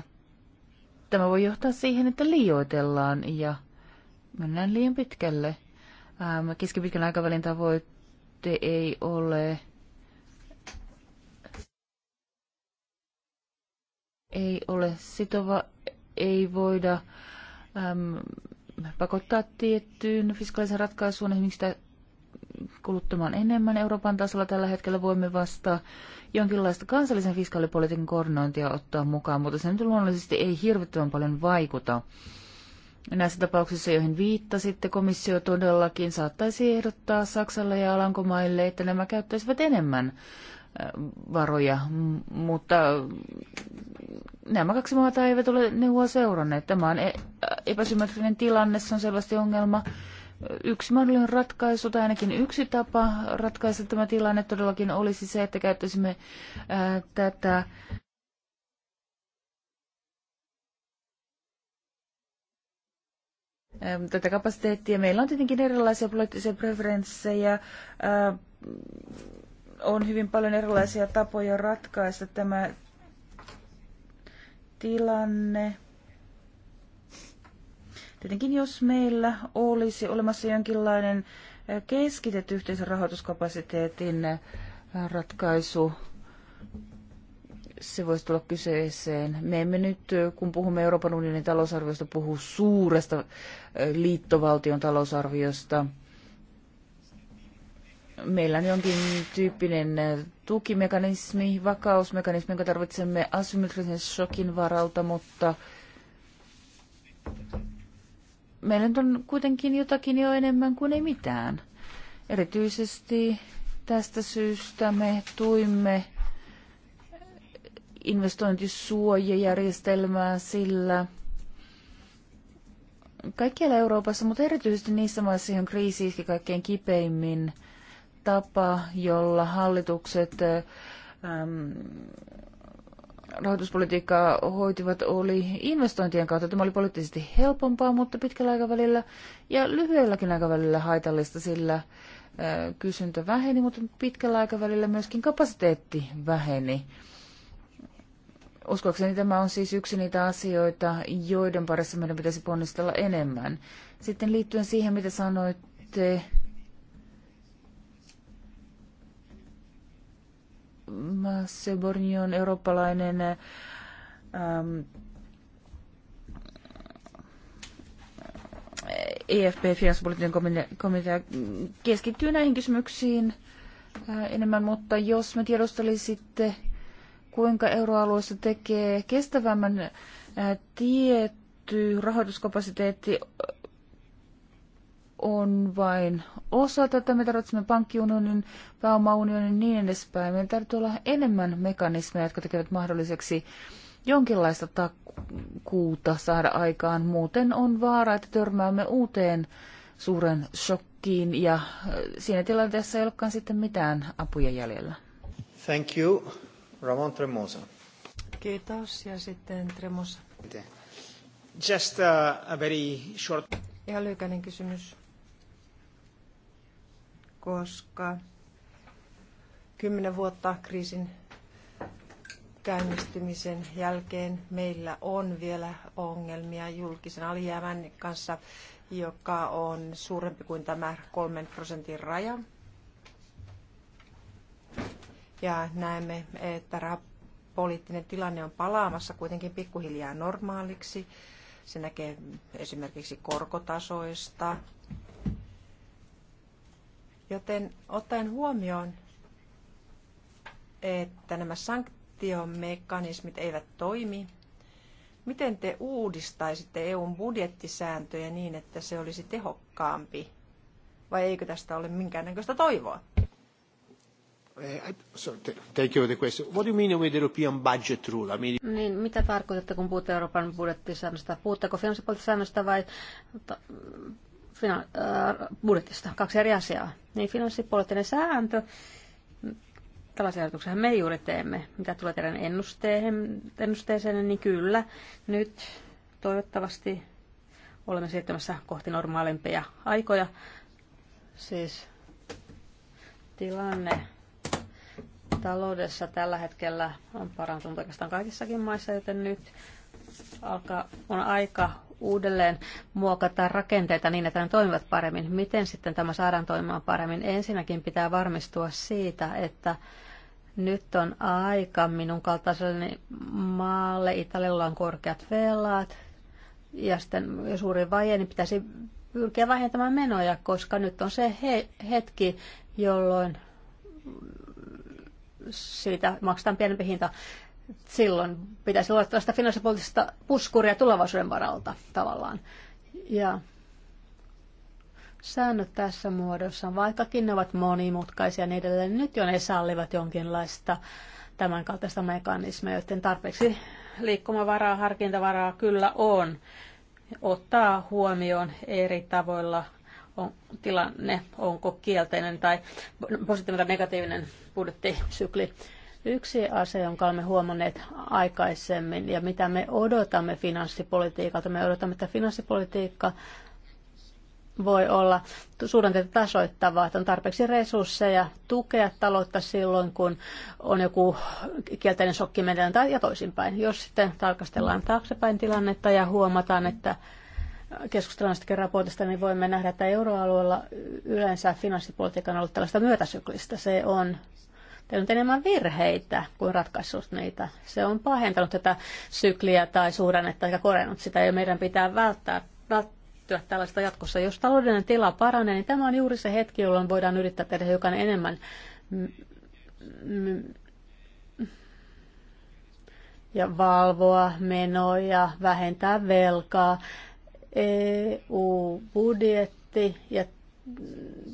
tämä voi johtaa siihen, että liioitellaan ja mennään liian pitkälle. Ähm, keskipitkän aikavälin tavoitte ei ole ei ole sitova, ei voida ähm, pakottaa tiettyyn fiskaalisen ratkaisuun, esimerkiksi kuluttamaan enemmän Euroopan tasolla tällä hetkellä voimme vastaa jonkinlaista kansallisen fiskaalipolitiikan koordinointia ottaa mukaan, mutta se nyt luonnollisesti ei hirvittävän paljon vaikuta. Näissä tapauksissa, joihin viittasitte, komissio todellakin saattaisi ehdottaa Saksalle ja Alankomaille, että nämä käyttäisivät enemmän äh, varoja, mutta äh, nämä kaksi maata eivät ole neuvoa seuranneet. Tämä on e-, äh, epäsymmetrinen tilanne, se on selvästi ongelma Yksi mahdollinen ratkaisu tai ainakin yksi tapa ratkaista tämä tilanne todellakin olisi se, että käyttäisimme ää, tätä tätä kapasiteettia. Meillä on tietenkin erilaisia poliittisia preferenssejä. On hyvin paljon erilaisia tapoja ratkaista tämä tilanne. Tietenkin jos meillä olisi olemassa jonkinlainen eh, keskitetty yhteisen rahoituskapasiteetin eh, ratkaisu, se voisi tulla kyseeseen. Me emme nyt, eh, kun puhumme Euroopan unionin talousarviosta, puhu suuresta liittovaltion talousarviosta. Meillä on jonkin tyyppinen tukimekanismi, vakausmekanismi, jonka tarvitsemme asymmetrisen shokin varalta, mutta meillä on kuitenkin jotakin jo enemmän kuin ei mitään. Erityisesti tästä syystä me tuimme investointisuojajärjestelmää sillä kaikkialla Euroopassa, mutta erityisesti niissä maissa, joihin kriisi iski kaikkein kipeimmin, tapa, jolla hallitukset ähm, rahoituspolitiikkaa hoitivat, oli investointien kautta. Tämä oli poliittisesti helpompaa, mutta pitkällä aikavälillä ja lyhyelläkin aikavälillä haitallista, sillä kysyntä väheni, mutta pitkällä aikavälillä myöskin kapasiteetti väheni. Uskoakseni tämä on siis yksi niitä asioita, joiden parissa meidän pitäisi ponnistella enemmän. Sitten liittyen siihen, mitä sanoitte Se on eurooppalainen ähm, EFP, finanssipoliittinen komitea, keskittyy näihin kysymyksiin äh, enemmän, mutta jos me tiedostelisitte kuinka euroalueessa tekee kestävämmän äh, tietty rahoituskapasiteetti on vain osa tätä. Me tarvitsemme pankkiunionin, pääomaunionin ja niin edespäin. Meillä täytyy olla enemmän mekanismeja, jotka tekevät mahdolliseksi jonkinlaista takuuta saada aikaan. Muuten on vaara, että törmäämme uuteen suuren shokkiin ja äh, siinä tilanteessa ei olekaan sitten mitään apuja jäljellä. Thank you, Ramon Tremosa. Kiitos ja sitten Tremosa. Just a, a very short... Ihan lyhykäinen kysymys koska kymmenen vuotta kriisin käynnistymisen jälkeen meillä on vielä ongelmia julkisen alijäämän kanssa, joka on suurempi kuin tämä kolmen prosentin raja. Ja näemme, että poliittinen tilanne on palaamassa kuitenkin pikkuhiljaa normaaliksi. Se näkee esimerkiksi korkotasoista, Joten ottaen huomioon, että nämä sanktiomekanismit eivät toimi, miten te uudistaisitte EUn budjettisääntöjä niin, että se olisi tehokkaampi? Vai eikö tästä ole minkäännäköistä toivoa? Eh, niin, mitä tarkoitatte, kun puhutte Euroopan budjettisäännöstä? Puhutteko finanssipoliittisesta säännöstä vai fina- äh, budjetista. Kaksi eri asiaa. Niin finanssipoliittinen sääntö, tällaisia ajatuksia me juuri teemme. Mitä tulee teidän ennusteeseen, niin kyllä nyt toivottavasti olemme siirtymässä kohti normaalimpia aikoja. Siis tilanne taloudessa tällä hetkellä on parantunut oikeastaan kaikissakin maissa, joten nyt alkaa, on aika uudelleen muokata rakenteita niin, että ne toimivat paremmin. Miten sitten tämä saadaan toimimaan paremmin? Ensinnäkin pitää varmistua siitä, että nyt on aika minun kaltaiselleni maalle. Italialla on korkeat velat ja sitten suuri vaje, niin pitäisi pyrkiä vähentämään menoja, koska nyt on se he- hetki, jolloin siitä maksetaan pienempi hinta silloin pitäisi olla tällaista finanssipoliittista puskuria tulevaisuuden varalta tavallaan. Ja säännöt tässä muodossa, vaikkakin ne ovat monimutkaisia ja niin edelleen, nyt jo ne sallivat jonkinlaista tämän kaltaista mekanismia, joten tarpeeksi liikkumavaraa, harkintavaraa kyllä on ottaa huomioon eri tavoilla on tilanne, onko kielteinen tai positiivinen tai negatiivinen budjettisykli Yksi asia, jonka olemme huomanneet aikaisemmin ja mitä me odotamme finanssipolitiikalta, me odotamme, että finanssipolitiikka voi olla suhdanteita tasoittavaa, että on tarpeeksi resursseja tukea taloutta silloin, kun on joku kielteinen shokki meidän tai ja toisinpäin. Jos sitten tarkastellaan taaksepäin tilannetta ja huomataan, että keskustellaan sitten raportista, niin voimme nähdä, että euroalueella yleensä finanssipolitiikka on ollut tällaista myötäsyklistä. Se on tehnyt enemmän virheitä kuin ratkaissut niitä. Se on pahentanut tätä sykliä tai suhdannetta eikä korjannut sitä ja meidän pitää välttää, välttää tällaista jatkossa. Jos taloudellinen tila paranee, niin tämä on juuri se hetki, jolloin voidaan yrittää tehdä jokainen enemmän. Mm, mm. Ja valvoa menoja, vähentää velkaa, EU-budjetti ja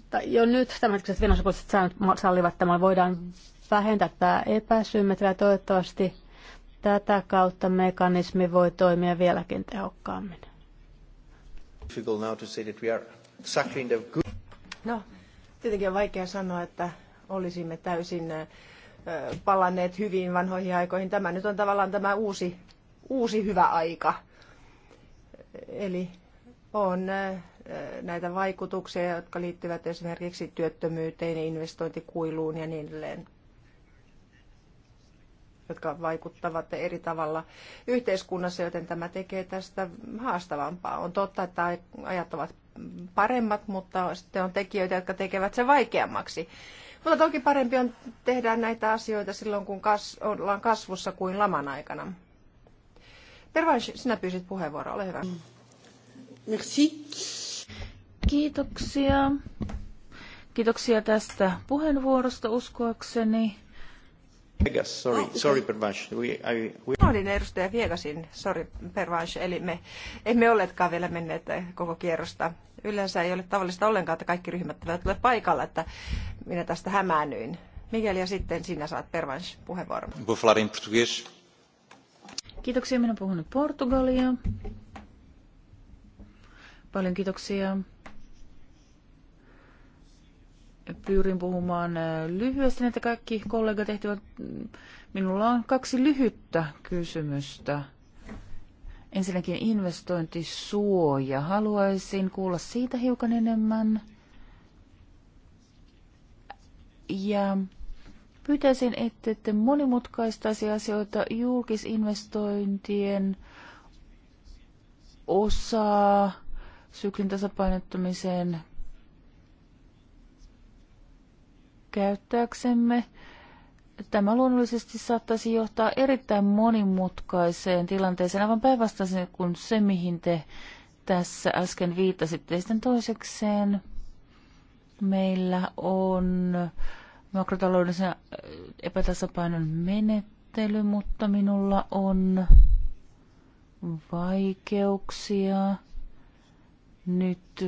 tai jo nyt tämänhetkiset finanssipoliittiset säännöt sallivat tämän, voidaan vähentää tämä epäsymmetriä. Toivottavasti tätä kautta mekanismi voi toimia vieläkin tehokkaammin. No, tietenkin on vaikea sanoa, että olisimme täysin palanneet hyvin vanhoihin aikoihin. Tämä nyt on tavallaan tämä uusi, uusi hyvä aika. Eli on Eh, näitä vaikutuksia, jotka liittyvät esimerkiksi työttömyyteen, investointikuiluun ja niin edelleen, jotka vaikuttavat eri tavalla yhteiskunnassa, joten tämä tekee tästä haastavampaa. On totta, että ajat ovat paremmat, mutta sitten on tekijöitä, jotka tekevät sen vaikeammaksi. Mutta toki parempi on tehdä näitä asioita silloin, kun kas, ollaan kasvussa kuin laman aikana. Tervain, sinä pyysit puheenvuoroa, ole hyvä. Merci. Kiitoksia. Kiitoksia tästä puheenvuorosta uskoakseni. Vegas, sorry, oh, sorry Pervanche. We, I, we... No edustaja Viegasin, sorry Pervanche, eli me emme olleetkaan vielä menneet koko kierrosta. Yleensä ei ole tavallista ollenkaan, että kaikki ryhmät eivät paikalla, että minä tästä hämäännyin. Miguel, ja sitten sinä saat Pervanche puheenvuoron. Vou falar em Kiitoksia, minä puhun portugalia. Paljon kiitoksia pyrin puhumaan äh, lyhyesti, että kaikki kollegat ehtivät. Minulla on kaksi lyhyttä kysymystä. Ensinnäkin investointisuoja. Haluaisin kuulla siitä hiukan enemmän. Ja pyytäisin, että te monimutkaistaisi asioita julkisinvestointien osaa syklin tasapainottamiseen käyttääksemme. Tämä luonnollisesti saattaisi johtaa erittäin monimutkaiseen tilanteeseen, aivan päinvastaisen kuin se, mihin te tässä äsken viittasitte. Sitten toisekseen meillä on makrotaloudellisen epätasapainon menettely, mutta minulla on vaikeuksia nyt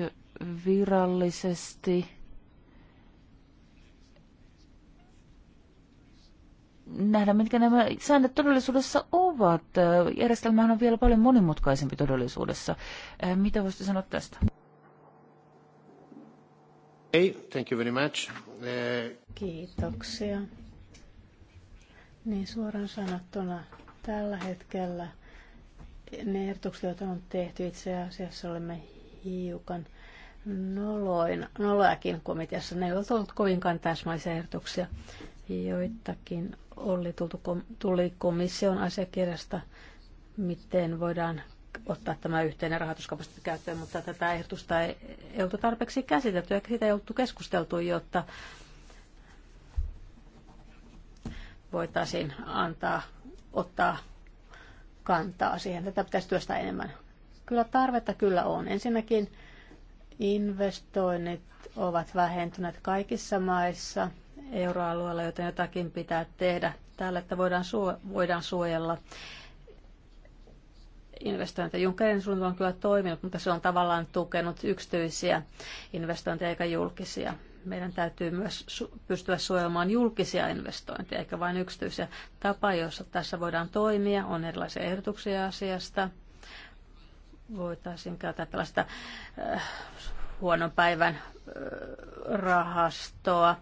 virallisesti nähdä, mitkä nämä säännöt todellisuudessa ovat. Järjestelmähän on vielä paljon monimutkaisempi todellisuudessa. Äh, mitä voisitte sanoa tästä? Hey, thank you very much. Uh... Kiitoksia. Niin suoraan sanottuna tällä hetkellä ne ehdotukset, joita on tehty, itse asiassa olemme hiukan noloin, noloakin komiteassa. Ne eivät olleet kovinkaan täsmäisiä ehdotuksia. Joitakin Olli tuli komission asiakirjasta, miten voidaan ottaa tämä yhteinen rahoituskapasiteetti käyttöön, mutta tätä ehdotusta ei, ei oltu tarpeeksi käsitelty ja siitä ei oltu keskusteltu, jotta voitaisiin antaa, ottaa kantaa siihen. Tätä pitäisi työstää enemmän. Kyllä tarvetta kyllä on. Ensinnäkin investoinnit ovat vähentyneet kaikissa maissa – euroalueella, joten jotakin pitää tehdä täällä, että voidaan, suo, voidaan suojella investointeja. Junckerin suunnitelma on kyllä toiminut, mutta se on tavallaan tukenut yksityisiä investointeja eikä julkisia. Meidän täytyy myös pystyä suojelmaan julkisia investointeja eikä vain yksityisiä. Tapa, jossa tässä voidaan toimia, on erilaisia ehdotuksia asiasta. Voitaisiin käyttää tällaista äh, huonon päivän äh, rahastoa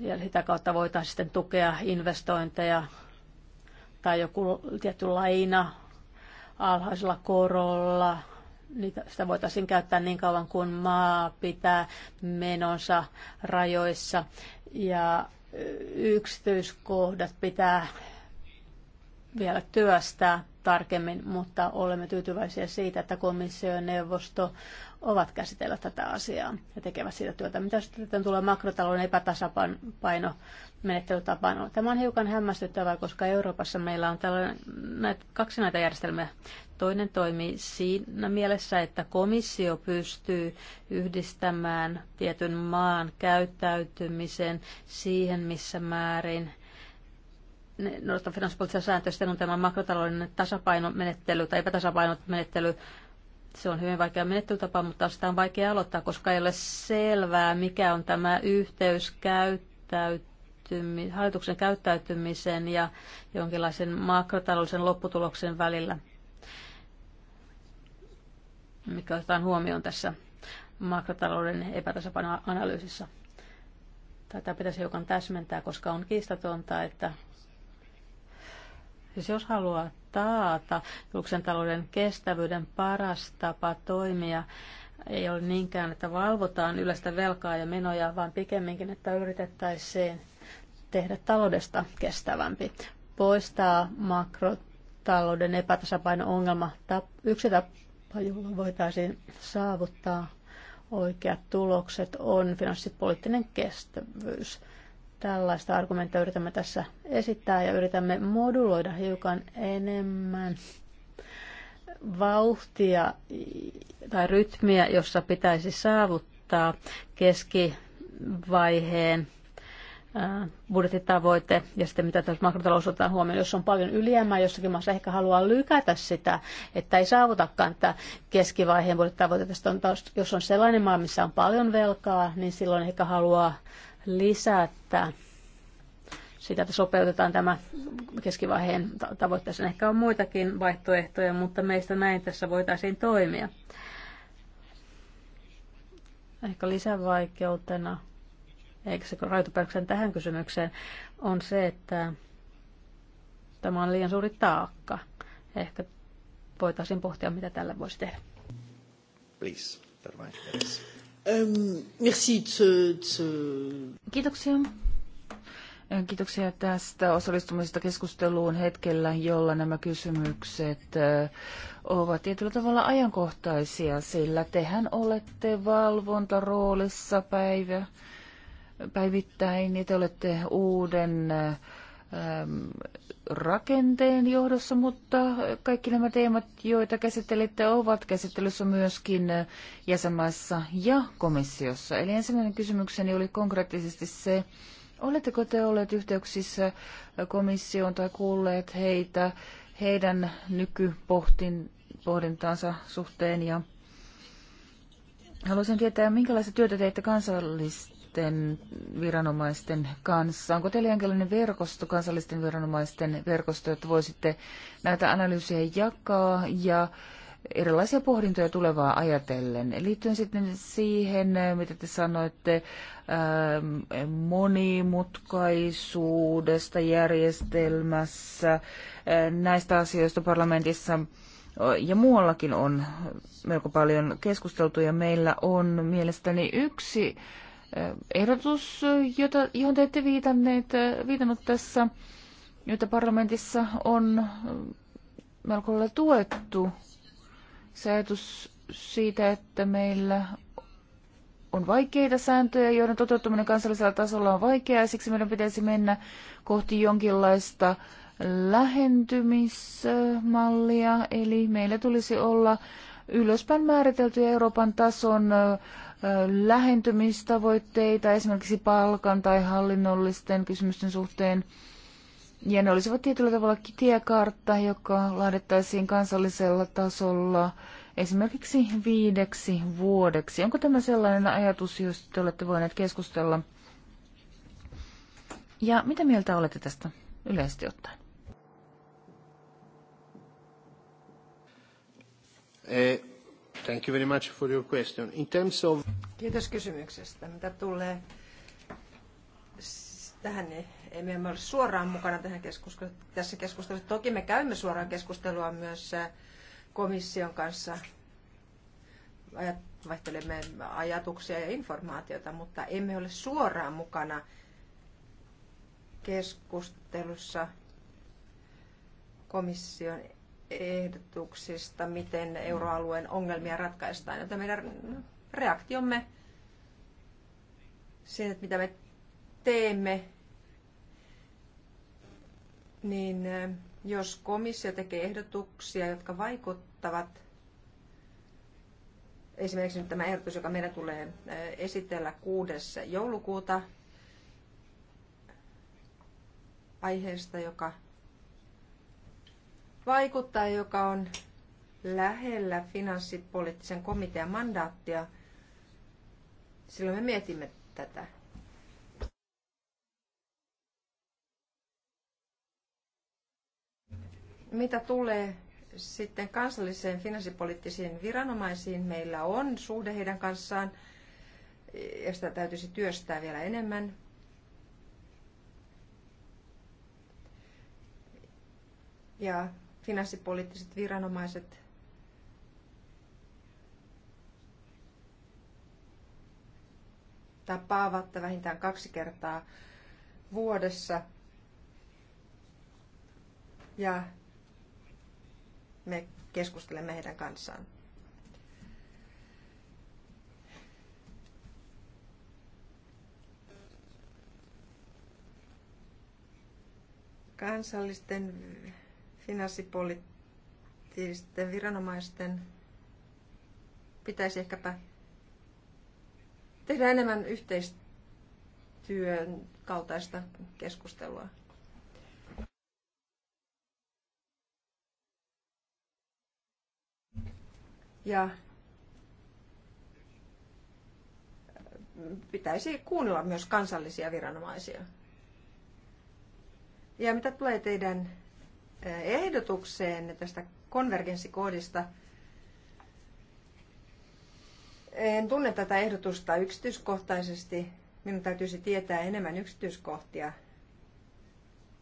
ja sitä kautta voitaisiin sitten tukea investointeja tai joku tietty laina alhaisella korolla. Niitä, sitä voitaisiin käyttää niin kauan kuin maa pitää menonsa rajoissa. Ja yksityiskohdat pitää vielä työstää tarkemmin, mutta olemme tyytyväisiä siitä, että komissio neuvosto ovat käsitellä tätä asiaa ja tekevät siitä työtä. Mitä sitten tulee makrotalouden epätasapaino menettelytapaan? No, tämä on hiukan hämmästyttävää, koska Euroopassa meillä on tällainen, näitä, kaksi näitä järjestelmiä. Toinen toimii siinä mielessä, että komissio pystyy yhdistämään tietyn maan käyttäytymisen siihen, missä määrin noudattaa finanssipoliittisia sääntöjä, sitten on tämä makrotalouden tasapainomenettely tai epätasapainomenettely, se on hyvin vaikea menettelytapa, mutta sitä on vaikea aloittaa, koska ei ole selvää, mikä on tämä yhteys käyttäytymi- hallituksen käyttäytymisen ja jonkinlaisen makrotaloudellisen lopputuloksen välillä, mikä otetaan huomioon tässä makrotalouden epätasapainoanalyysissä. Tätä pitäisi hiukan täsmentää, koska on kiistatonta, että Siis jos haluaa taata julkisen talouden kestävyyden paras tapa toimia, ei ole niinkään, että valvotaan yleistä velkaa ja menoja, vaan pikemminkin, että yritettäisiin tehdä taloudesta kestävämpi, poistaa makrotalouden epätasapaino-ongelma. Yksi tapa, jolla voitaisiin saavuttaa oikeat tulokset, on finanssipoliittinen kestävyys. Tällaista argumenttia yritämme tässä esittää ja yritämme moduloida hiukan enemmän vauhtia tai rytmiä, jossa pitäisi saavuttaa keskivaiheen budjettitavoite ja sitten mitä tässä makrotalous otetaan huomioon. Jos on paljon ylijäämää jossakin maassa, ehkä haluaa lykätä sitä, että ei saavutakaan tätä keskivaiheen budjettitavoite. on taas, jos on sellainen maa, missä on paljon velkaa, niin silloin ehkä haluaa lisätä sitä, että sopeutetaan tämä keskivaiheen tavoitteeseen. Ehkä on muitakin vaihtoehtoja, mutta meistä näin tässä voitaisiin toimia. Ehkä lisävaikeutena, eikä se raitoperksen tähän kysymykseen, on se, että tämä on liian suuri taakka. Ehkä voitaisiin pohtia, mitä tällä voisi tehdä. Please, Merci. Kiitoksia. Kiitoksia tästä osallistumisesta keskusteluun hetkellä, jolla nämä kysymykset ovat tietyllä tavalla ajankohtaisia, sillä tehän olette valvontaroolissa päivä, päivittäin ja te olette uuden äh, Ähm, rakenteen johdossa, mutta kaikki nämä teemat, joita käsittelitte, ovat käsittelyssä myöskin jäsenmaissa ja komissiossa. Eli ensimmäinen kysymykseni oli konkreettisesti se, oletteko te olleet yhteyksissä komissioon tai kuulleet heitä, heidän nykypohdintaansa suhteen ja Haluaisin tietää, minkälaista työtä teette kansallista kansallisten viranomaisten kanssa? Onko teillä jonkinlainen verkosto, kansallisten viranomaisten verkosto, että voisitte näitä analyysejä jakaa ja erilaisia pohdintoja tulevaa ajatellen. Liittyen sitten siihen, mitä te sanoitte ähm, monimutkaisuudesta järjestelmässä, äh, näistä asioista parlamentissa äh, ja muuallakin on melko paljon keskusteltu ja meillä on mielestäni yksi ehdotus, jota, johon te ette viitanneet, viitannut tässä, jota parlamentissa on melko lailla tuettu. Se ajatus siitä, että meillä on vaikeita sääntöjä, joiden toteuttaminen kansallisella tasolla on vaikeaa, ja siksi meidän pitäisi mennä kohti jonkinlaista lähentymismallia, eli meillä tulisi olla ylöspäin määriteltyjä Euroopan tason lähentymistavoitteita esimerkiksi palkan tai hallinnollisten kysymysten suhteen. Ja ne olisivat tietyllä tavalla tiekartta, joka laadittaisiin kansallisella tasolla esimerkiksi viideksi vuodeksi. Onko tämä sellainen ajatus, josta te olette voineet keskustella? Ja mitä mieltä olette tästä yleisesti ottaen? Eh, Thank you very much for your question. In terms of... Kiitos kysymyksestä. Mitä tulee tähän, niin emme ole suoraan mukana tähän keskustelu- tässä keskustelussa. Toki me käymme suoraan keskustelua myös äh, komission kanssa. Vaihtelemme ajatuksia ja informaatiota, mutta emme ole suoraan mukana keskustelussa komission ehdotuksista, miten euroalueen ongelmia ratkaistaan. Joten meidän reaktiomme siihen, mitä me teemme, niin eh, jos komissio tekee ehdotuksia, jotka vaikuttavat esimerkiksi nyt tämä ehdotus, joka meidän tulee eh, esitellä 6. joulukuuta aiheesta, joka vaikuttaa, joka on lähellä finanssipoliittisen komitean mandaattia, silloin me mietimme tätä. Mitä tulee sitten kansalliseen finanssipoliittisiin viranomaisiin, meillä on suhde heidän kanssaan, ja sitä täytyisi työstää vielä enemmän. Ja finanssipoliittiset viranomaiset tapaavat vähintään kaksi kertaa vuodessa. Ja me keskustelemme heidän kanssaan. Kansallisten finanssipoliittisten viranomaisten pitäisi ehkäpä tehdä enemmän yhteistyön kaltaista keskustelua. Ja pitäisi kuunnella myös kansallisia viranomaisia. Ja mitä tulee teidän ehdotukseen tästä konvergenssikoodista. En tunne tätä ehdotusta yksityiskohtaisesti. Minun täytyisi tietää enemmän yksityiskohtia.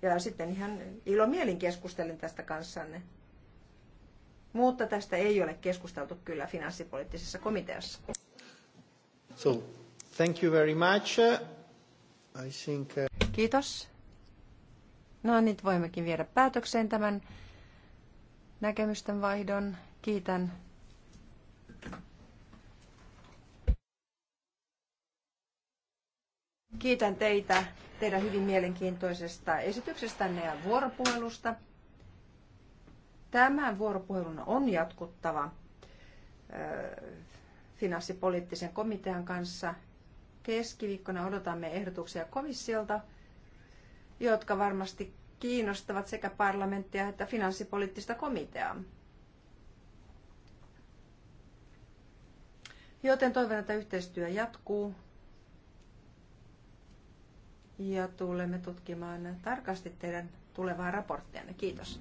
Ja sitten ihan ilomielin keskustelen tästä kanssanne. Mutta tästä ei ole keskusteltu kyllä finanssipoliittisessa komiteassa. So, thank you very much. I think, uh... Kiitos. No nyt voimmekin viedä päätökseen tämän näkemysten vaihdon. Kiitän Kiitän teitä teidän hyvin mielenkiintoisesta esityksestänne ja vuoropuhelusta. Tämän vuoropuhelun on jatkuttava finanssipoliittisen komitean kanssa. Keskiviikkona odotamme ehdotuksia komissiolta jotka varmasti kiinnostavat sekä parlamenttia että finanssipoliittista komiteaa. Joten toivon, että yhteistyö jatkuu ja tulemme tutkimaan tarkasti teidän tulevaa raporttianne. Kiitos.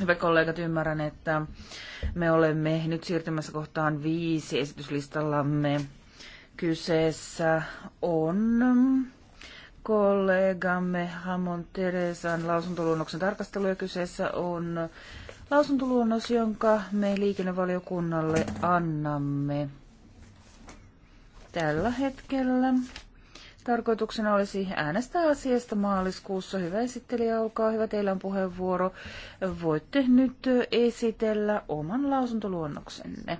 Hyvä kollegat, ymmärrän, että me olemme nyt siirtymässä kohtaan viisi esityslistallamme. Kyseessä on kollegamme Hamon Teresan lausuntoluonnoksen tarkastelu ja kyseessä on lausuntoluonnos, jonka me liikennevaliokunnalle annamme tällä hetkellä. Tarkoituksena olisi äänestää asiasta maaliskuussa. Hyvä esittelijä, olkaa hyvä, teillä on puheenvuoro. Voitte nyt esitellä oman lausuntoluonnoksenne.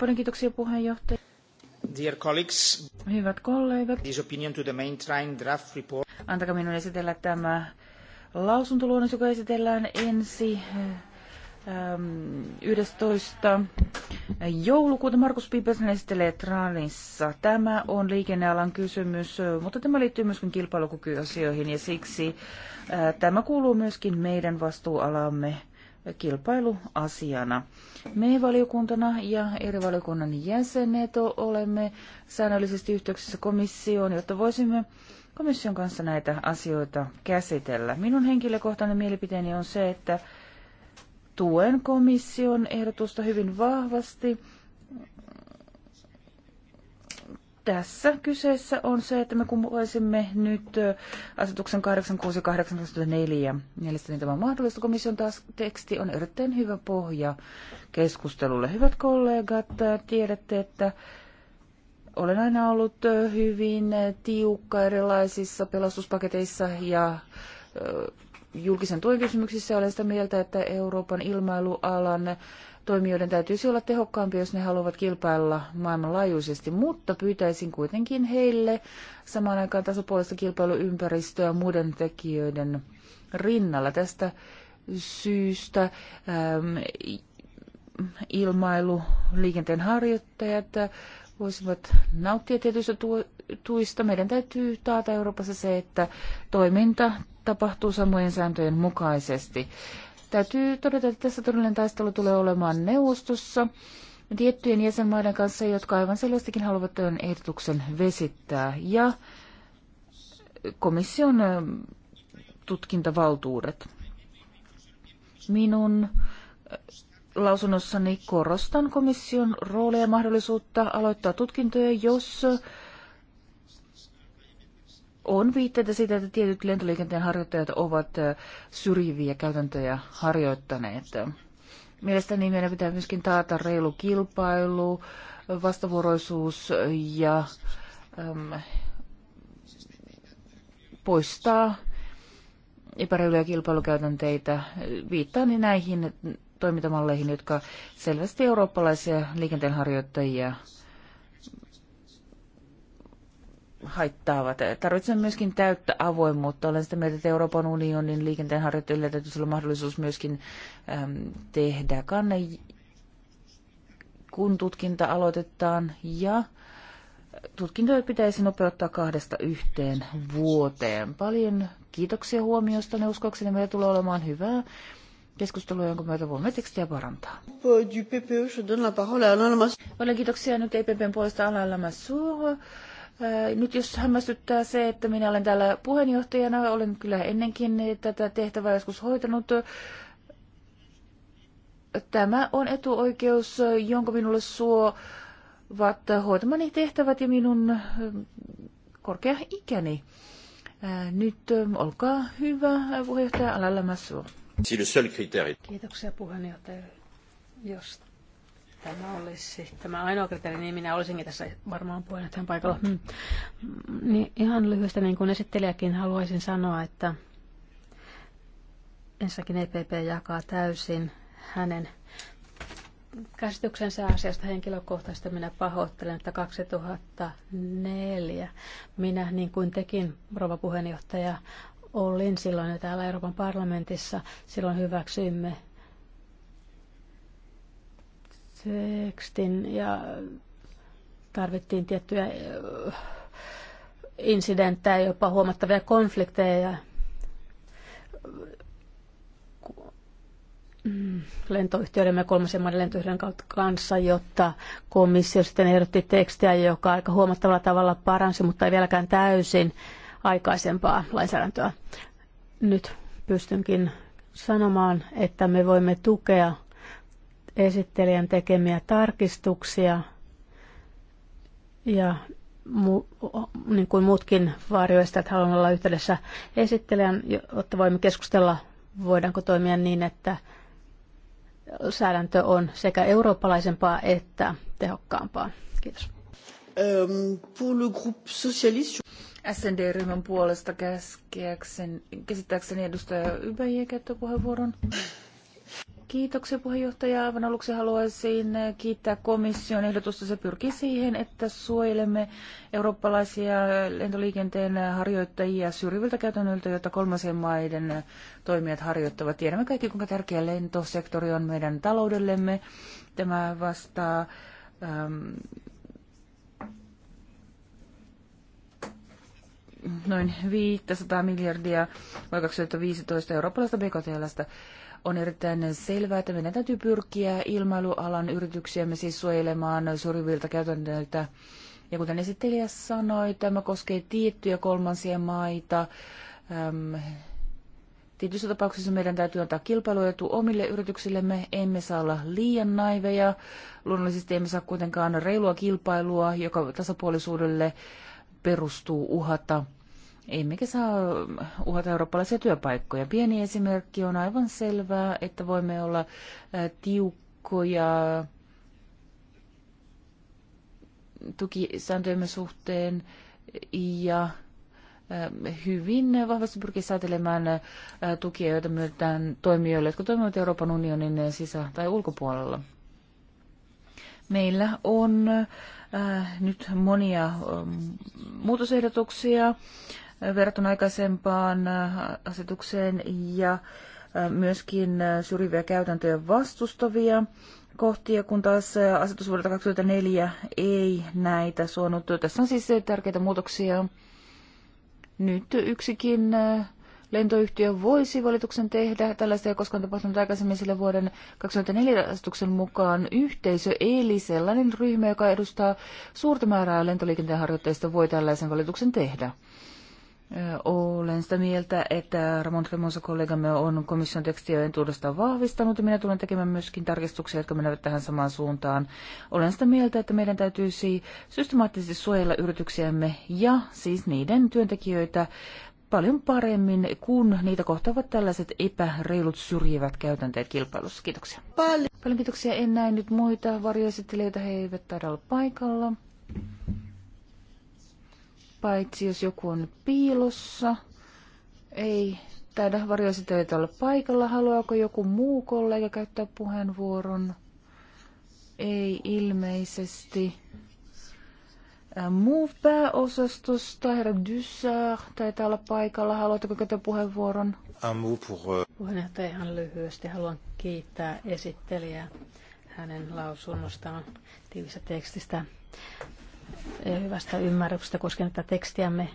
Paljon kiitoksia puheenjohtaja. Dear colleagues, Hyvät kollegat, this opinion to the main train draft report. antakaa minun esitellä tämä lausuntoluonnos, joka esitellään ensi 11. Ähm, joulukuuta Markus Piipesen esittelee Tranissa. Tämä on liikennealan kysymys, mutta tämä liittyy myöskin kilpailukykyasioihin ja siksi äh, tämä kuuluu myöskin meidän vastuualamme kilpailuasiana. Me valiokuntana ja eri valiokunnan jäsenet olemme säännöllisesti yhteyksissä komissioon, jotta voisimme komission kanssa näitä asioita käsitellä. Minun henkilökohtainen mielipiteeni on se, että tuen komission ehdotusta hyvin vahvasti. Tässä kyseessä on se, että me kumoisimme nyt asetuksen 8684. Mielestäni tämä on mahdollista. Komission taas teksti on erittäin hyvä pohja keskustelulle. Hyvät kollegat, tiedätte, että olen aina ollut hyvin tiukka erilaisissa pelastuspaketeissa ja julkisen tuen kysymyksissä olen sitä mieltä, että Euroopan ilmailualan toimijoiden täytyisi olla tehokkaampia, jos ne haluavat kilpailla maailmanlaajuisesti, mutta pyytäisin kuitenkin heille samaan aikaan tasapuolista kilpailuympäristöä muiden tekijöiden rinnalla. Tästä syystä ähm, harjoittajat voisivat nauttia tietyistä tuista. Meidän täytyy taata Euroopassa se, että toiminta tapahtuu samojen sääntöjen mukaisesti. Täytyy todeta, että tässä todellinen taistelu tulee olemaan neuvostossa tiettyjen jäsenmaiden kanssa, jotka aivan selvästikin haluavat tämän ehdotuksen vesittää, ja komission tutkintavaltuudet. Minun lausunnossani korostan komission roolia ja mahdollisuutta aloittaa tutkintoja, jos on viitteitä siitä, että tietyt lentoliikenteen harjoittajat ovat syrjiviä käytäntöjä harjoittaneet. Mielestäni meidän pitää myöskin taata reilu kilpailu, vastavuoroisuus ja äm, poistaa epäreiluja kilpailukäytänteitä. Viittaan niin näihin toimintamalleihin, jotka selvästi eurooppalaisia liikenteenharjoittajia harjoittajia haittaavat. Tarvitsemme myöskin täyttä avoimuutta. Olen sitä mieltä, että Euroopan unionin liikenteenharjoittajille täytyisi olla mahdollisuus myöskin äm, tehdä kanne, kun tutkinta aloitetaan. Ja tutkintoja pitäisi nopeuttaa kahdesta yhteen vuoteen. Paljon kiitoksia huomiosta. Ne uskoakseni meillä tulee olemaan hyvää keskustelua, jonka myötä voimme tekstiä parantaa. Olen kiitoksia nyt EPPn puolesta Alain Lamassoure. Äh, nyt jos hämmästyttää se, että minä olen täällä puheenjohtajana, olen kyllä ennenkin tätä tehtävää joskus hoitanut. Tämä on etuoikeus, jonka minulle suovat hoitamani tehtävät ja minun äh, korkea ikäni. Äh, nyt olkaa hyvä, puheenjohtaja Alalla Massua. Kiitoksia puheenjohtaja. Jos tämä olisi tämä ainoa kriteeri, niin minä olisinkin tässä varmaan tähän paikalla. Mm. Niin ihan lyhyesti niin kuin esittelijäkin haluaisin sanoa, että ensinnäkin EPP jakaa täysin hänen käsityksensä asiasta henkilökohtaisesti minä pahoittelen, että 2004 minä, niin kuin tekin, rouva puheenjohtaja, olin silloin jo täällä Euroopan parlamentissa. Silloin hyväksyimme tekstin ja tarvittiin tiettyjä äh, insidenttejä, jopa huomattavia konflikteja mm, lentoyhtiöiden ja kolmasen maiden lentoyhtiöiden kanssa, jotta komissio sitten ehdotti tekstiä, joka aika huomattavalla tavalla paransi, mutta ei vieläkään täysin aikaisempaa lainsäädäntöä. Nyt pystynkin sanomaan, että me voimme tukea esittelijän tekemiä tarkistuksia ja mu, niin kuin muutkin varjoistajat haluan olla yhteydessä esittelijän, jotta voimme keskustella, voidaanko toimia niin, että säädäntö on sekä eurooppalaisempaa että tehokkaampaa. Kiitos. Ähm, SND-ryhmän puolesta käsittääkseni edustaja Ybäjiä käyttöpuheenvuoron. puheenvuoron. Kiitoksia puheenjohtaja. Aivan aluksi haluaisin kiittää komission ehdotusta. Se pyrkii siihen, että suojelemme eurooppalaisia lentoliikenteen harjoittajia syrjiviltä käytännöiltä, joita kolmansien maiden toimijat harjoittavat. Tiedämme kaikki, kuinka tärkeä lentosektori on meidän taloudellemme. Tämä vastaa ähm, noin 500 miljardia vai 2015 eurooppalaista BKTLstä on erittäin selvää, että meidän täytyy pyrkiä ilmailualan yrityksiämme siis suojelemaan syrjiviltä käytännöiltä. Ja kuten esittelijä sanoi, tämä koskee tiettyjä kolmansia maita. Äm, tietyissä tapauksissa meidän täytyy antaa kilpailuetu omille yrityksillemme, emme saa olla liian naiveja. Luonnollisesti emme saa kuitenkaan reilua kilpailua, joka tasapuolisuudelle perustuu uhata. Emmekä saa uhata eurooppalaisia työpaikkoja. Pieni esimerkki on aivan selvää, että voimme olla tiukkoja tukisääntöjemme suhteen ja hyvin vahvasti pyrkii säätelemään tukia, joita myötään toimijoille, jotka toimivat Euroopan unionin sisä- tai ulkopuolella. Meillä on äh, nyt monia äh, muutosehdotuksia verrattuna aikaisempaan äh, asetukseen ja äh, myöskin äh, syrjiviä käytäntöjä vastustavia kohtia, kun taas asetus vuodelta 2004 ei näitä suonut. Tässä on siis tärkeitä muutoksia. Nyt yksikin lentoyhtiö voisi valituksen tehdä. Tällaista ei ole koskaan tapahtunut aikaisemmin, sillä vuoden 2004 asetuksen mukaan yhteisö eli sellainen ryhmä, joka edustaa suurta määrää lentoliikenteen harjoitteista, voi tällaisen valituksen tehdä. Olen sitä mieltä, että Ramon Tremonsa kollegamme on komission tekstiä entuudestaan vahvistanut ja minä tulen tekemään myöskin tarkistuksia, jotka menevät tähän samaan suuntaan. Olen sitä mieltä, että meidän täytyisi systemaattisesti suojella yrityksiämme ja siis niiden työntekijöitä paljon paremmin, kun niitä kohtaavat tällaiset epäreilut syrjivät käytänteet kilpailussa. Kiitoksia. Paljon, paljon kiitoksia. En näe nyt muita varjoesittelijöitä. He eivät taida olla paikalla paitsi jos joku on piilossa. Ei taida varjoisitöitä olla paikalla. Haluaako joku muu kollega käyttää puheenvuoron? Ei ilmeisesti. Äh, Move-pääosastosta, herra Dyssar, taitaa olla paikalla. Haluatteko käyttää puheenvuoron? Euh, Puheenjohtaja ihan lyhyesti. Haluan kiittää esittelijää hänen lausunnostaan tiivistä tekstistä ja eh, hyvästä ymmärryksestä koskien tätä tekstiämme.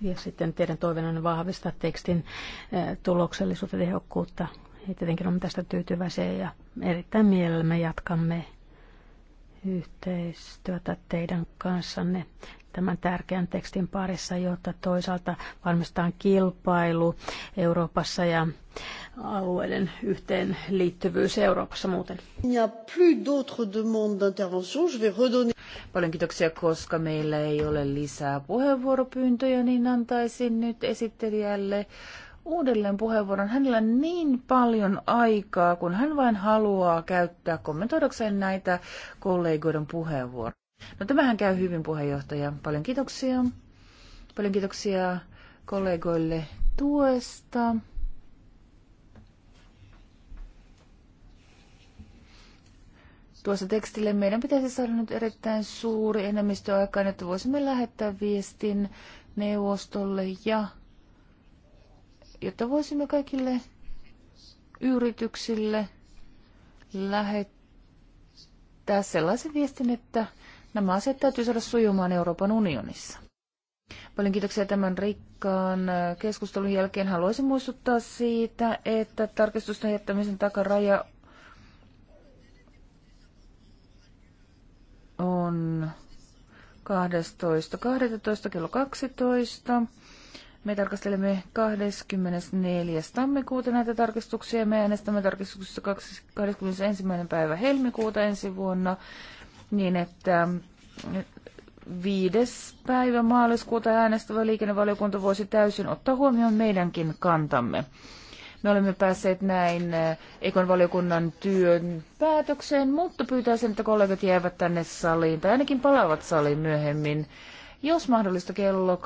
Ja sitten teidän toiveena on vahvistaa tekstin eh, tuloksellisuutta ja tehokkuutta. Ja tietenkin olemme tästä tyytyväisiä ja erittäin me jatkamme yhteistyötä teidän kanssanne tämän tärkeän tekstin parissa, jotta toisaalta varmistetaan kilpailu Euroopassa ja alueiden yhteenliittyvyys Euroopassa muuten. Paljon kiitoksia, koska meillä ei ole lisää puheenvuoropyyntöjä, niin antaisin nyt esittelijälle uudelleen puheenvuoron. Hänellä on niin paljon aikaa, kun hän vain haluaa käyttää kommentoidakseen näitä kollegoiden puheenvuoroja. No tämähän käy hyvin puheenjohtaja. Paljon kiitoksia. Paljon kiitoksia kollegoille tuesta. tuossa tekstille. Meidän pitäisi saada nyt erittäin suuri enemmistö että voisimme lähettää viestin neuvostolle ja jotta voisimme kaikille yrityksille lähettää sellaisen viestin, että nämä asiat täytyy saada sujumaan Euroopan unionissa. Paljon kiitoksia tämän rikkaan keskustelun jälkeen. Haluaisin muistuttaa siitä, että tarkistusten jättämisen takaraja on 12.12. kello 12. Me tarkastelemme 24. tammikuuta näitä tarkistuksia. Me äänestämme tarkistuksessa 21. päivä helmikuuta ensi vuonna niin, että viides päivä maaliskuuta äänestävä liikennevaliokunta voisi täysin ottaa huomioon meidänkin kantamme. Me olemme päässeet näin eh, Ekon valiokunnan työn päätökseen, mutta pyytäisin, että kollegat jäävät tänne saliin, tai ainakin palaavat saliin myöhemmin. Jos mahdollista kello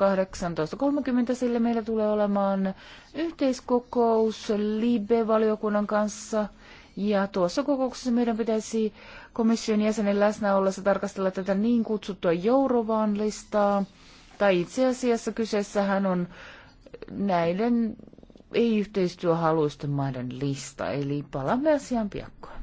18.30, sillä meillä tulee olemaan yhteiskokous LIBE-valiokunnan kanssa. Ja tuossa kokouksessa meidän pitäisi komission jäsenen läsnä ollessa tarkastella tätä niin kutsuttua Jourovaan listaa. Tai itse asiassa kyseessähän on näiden ei-yhteistyöhaluisten maiden lista, eli palaamme asiaan piakkoon.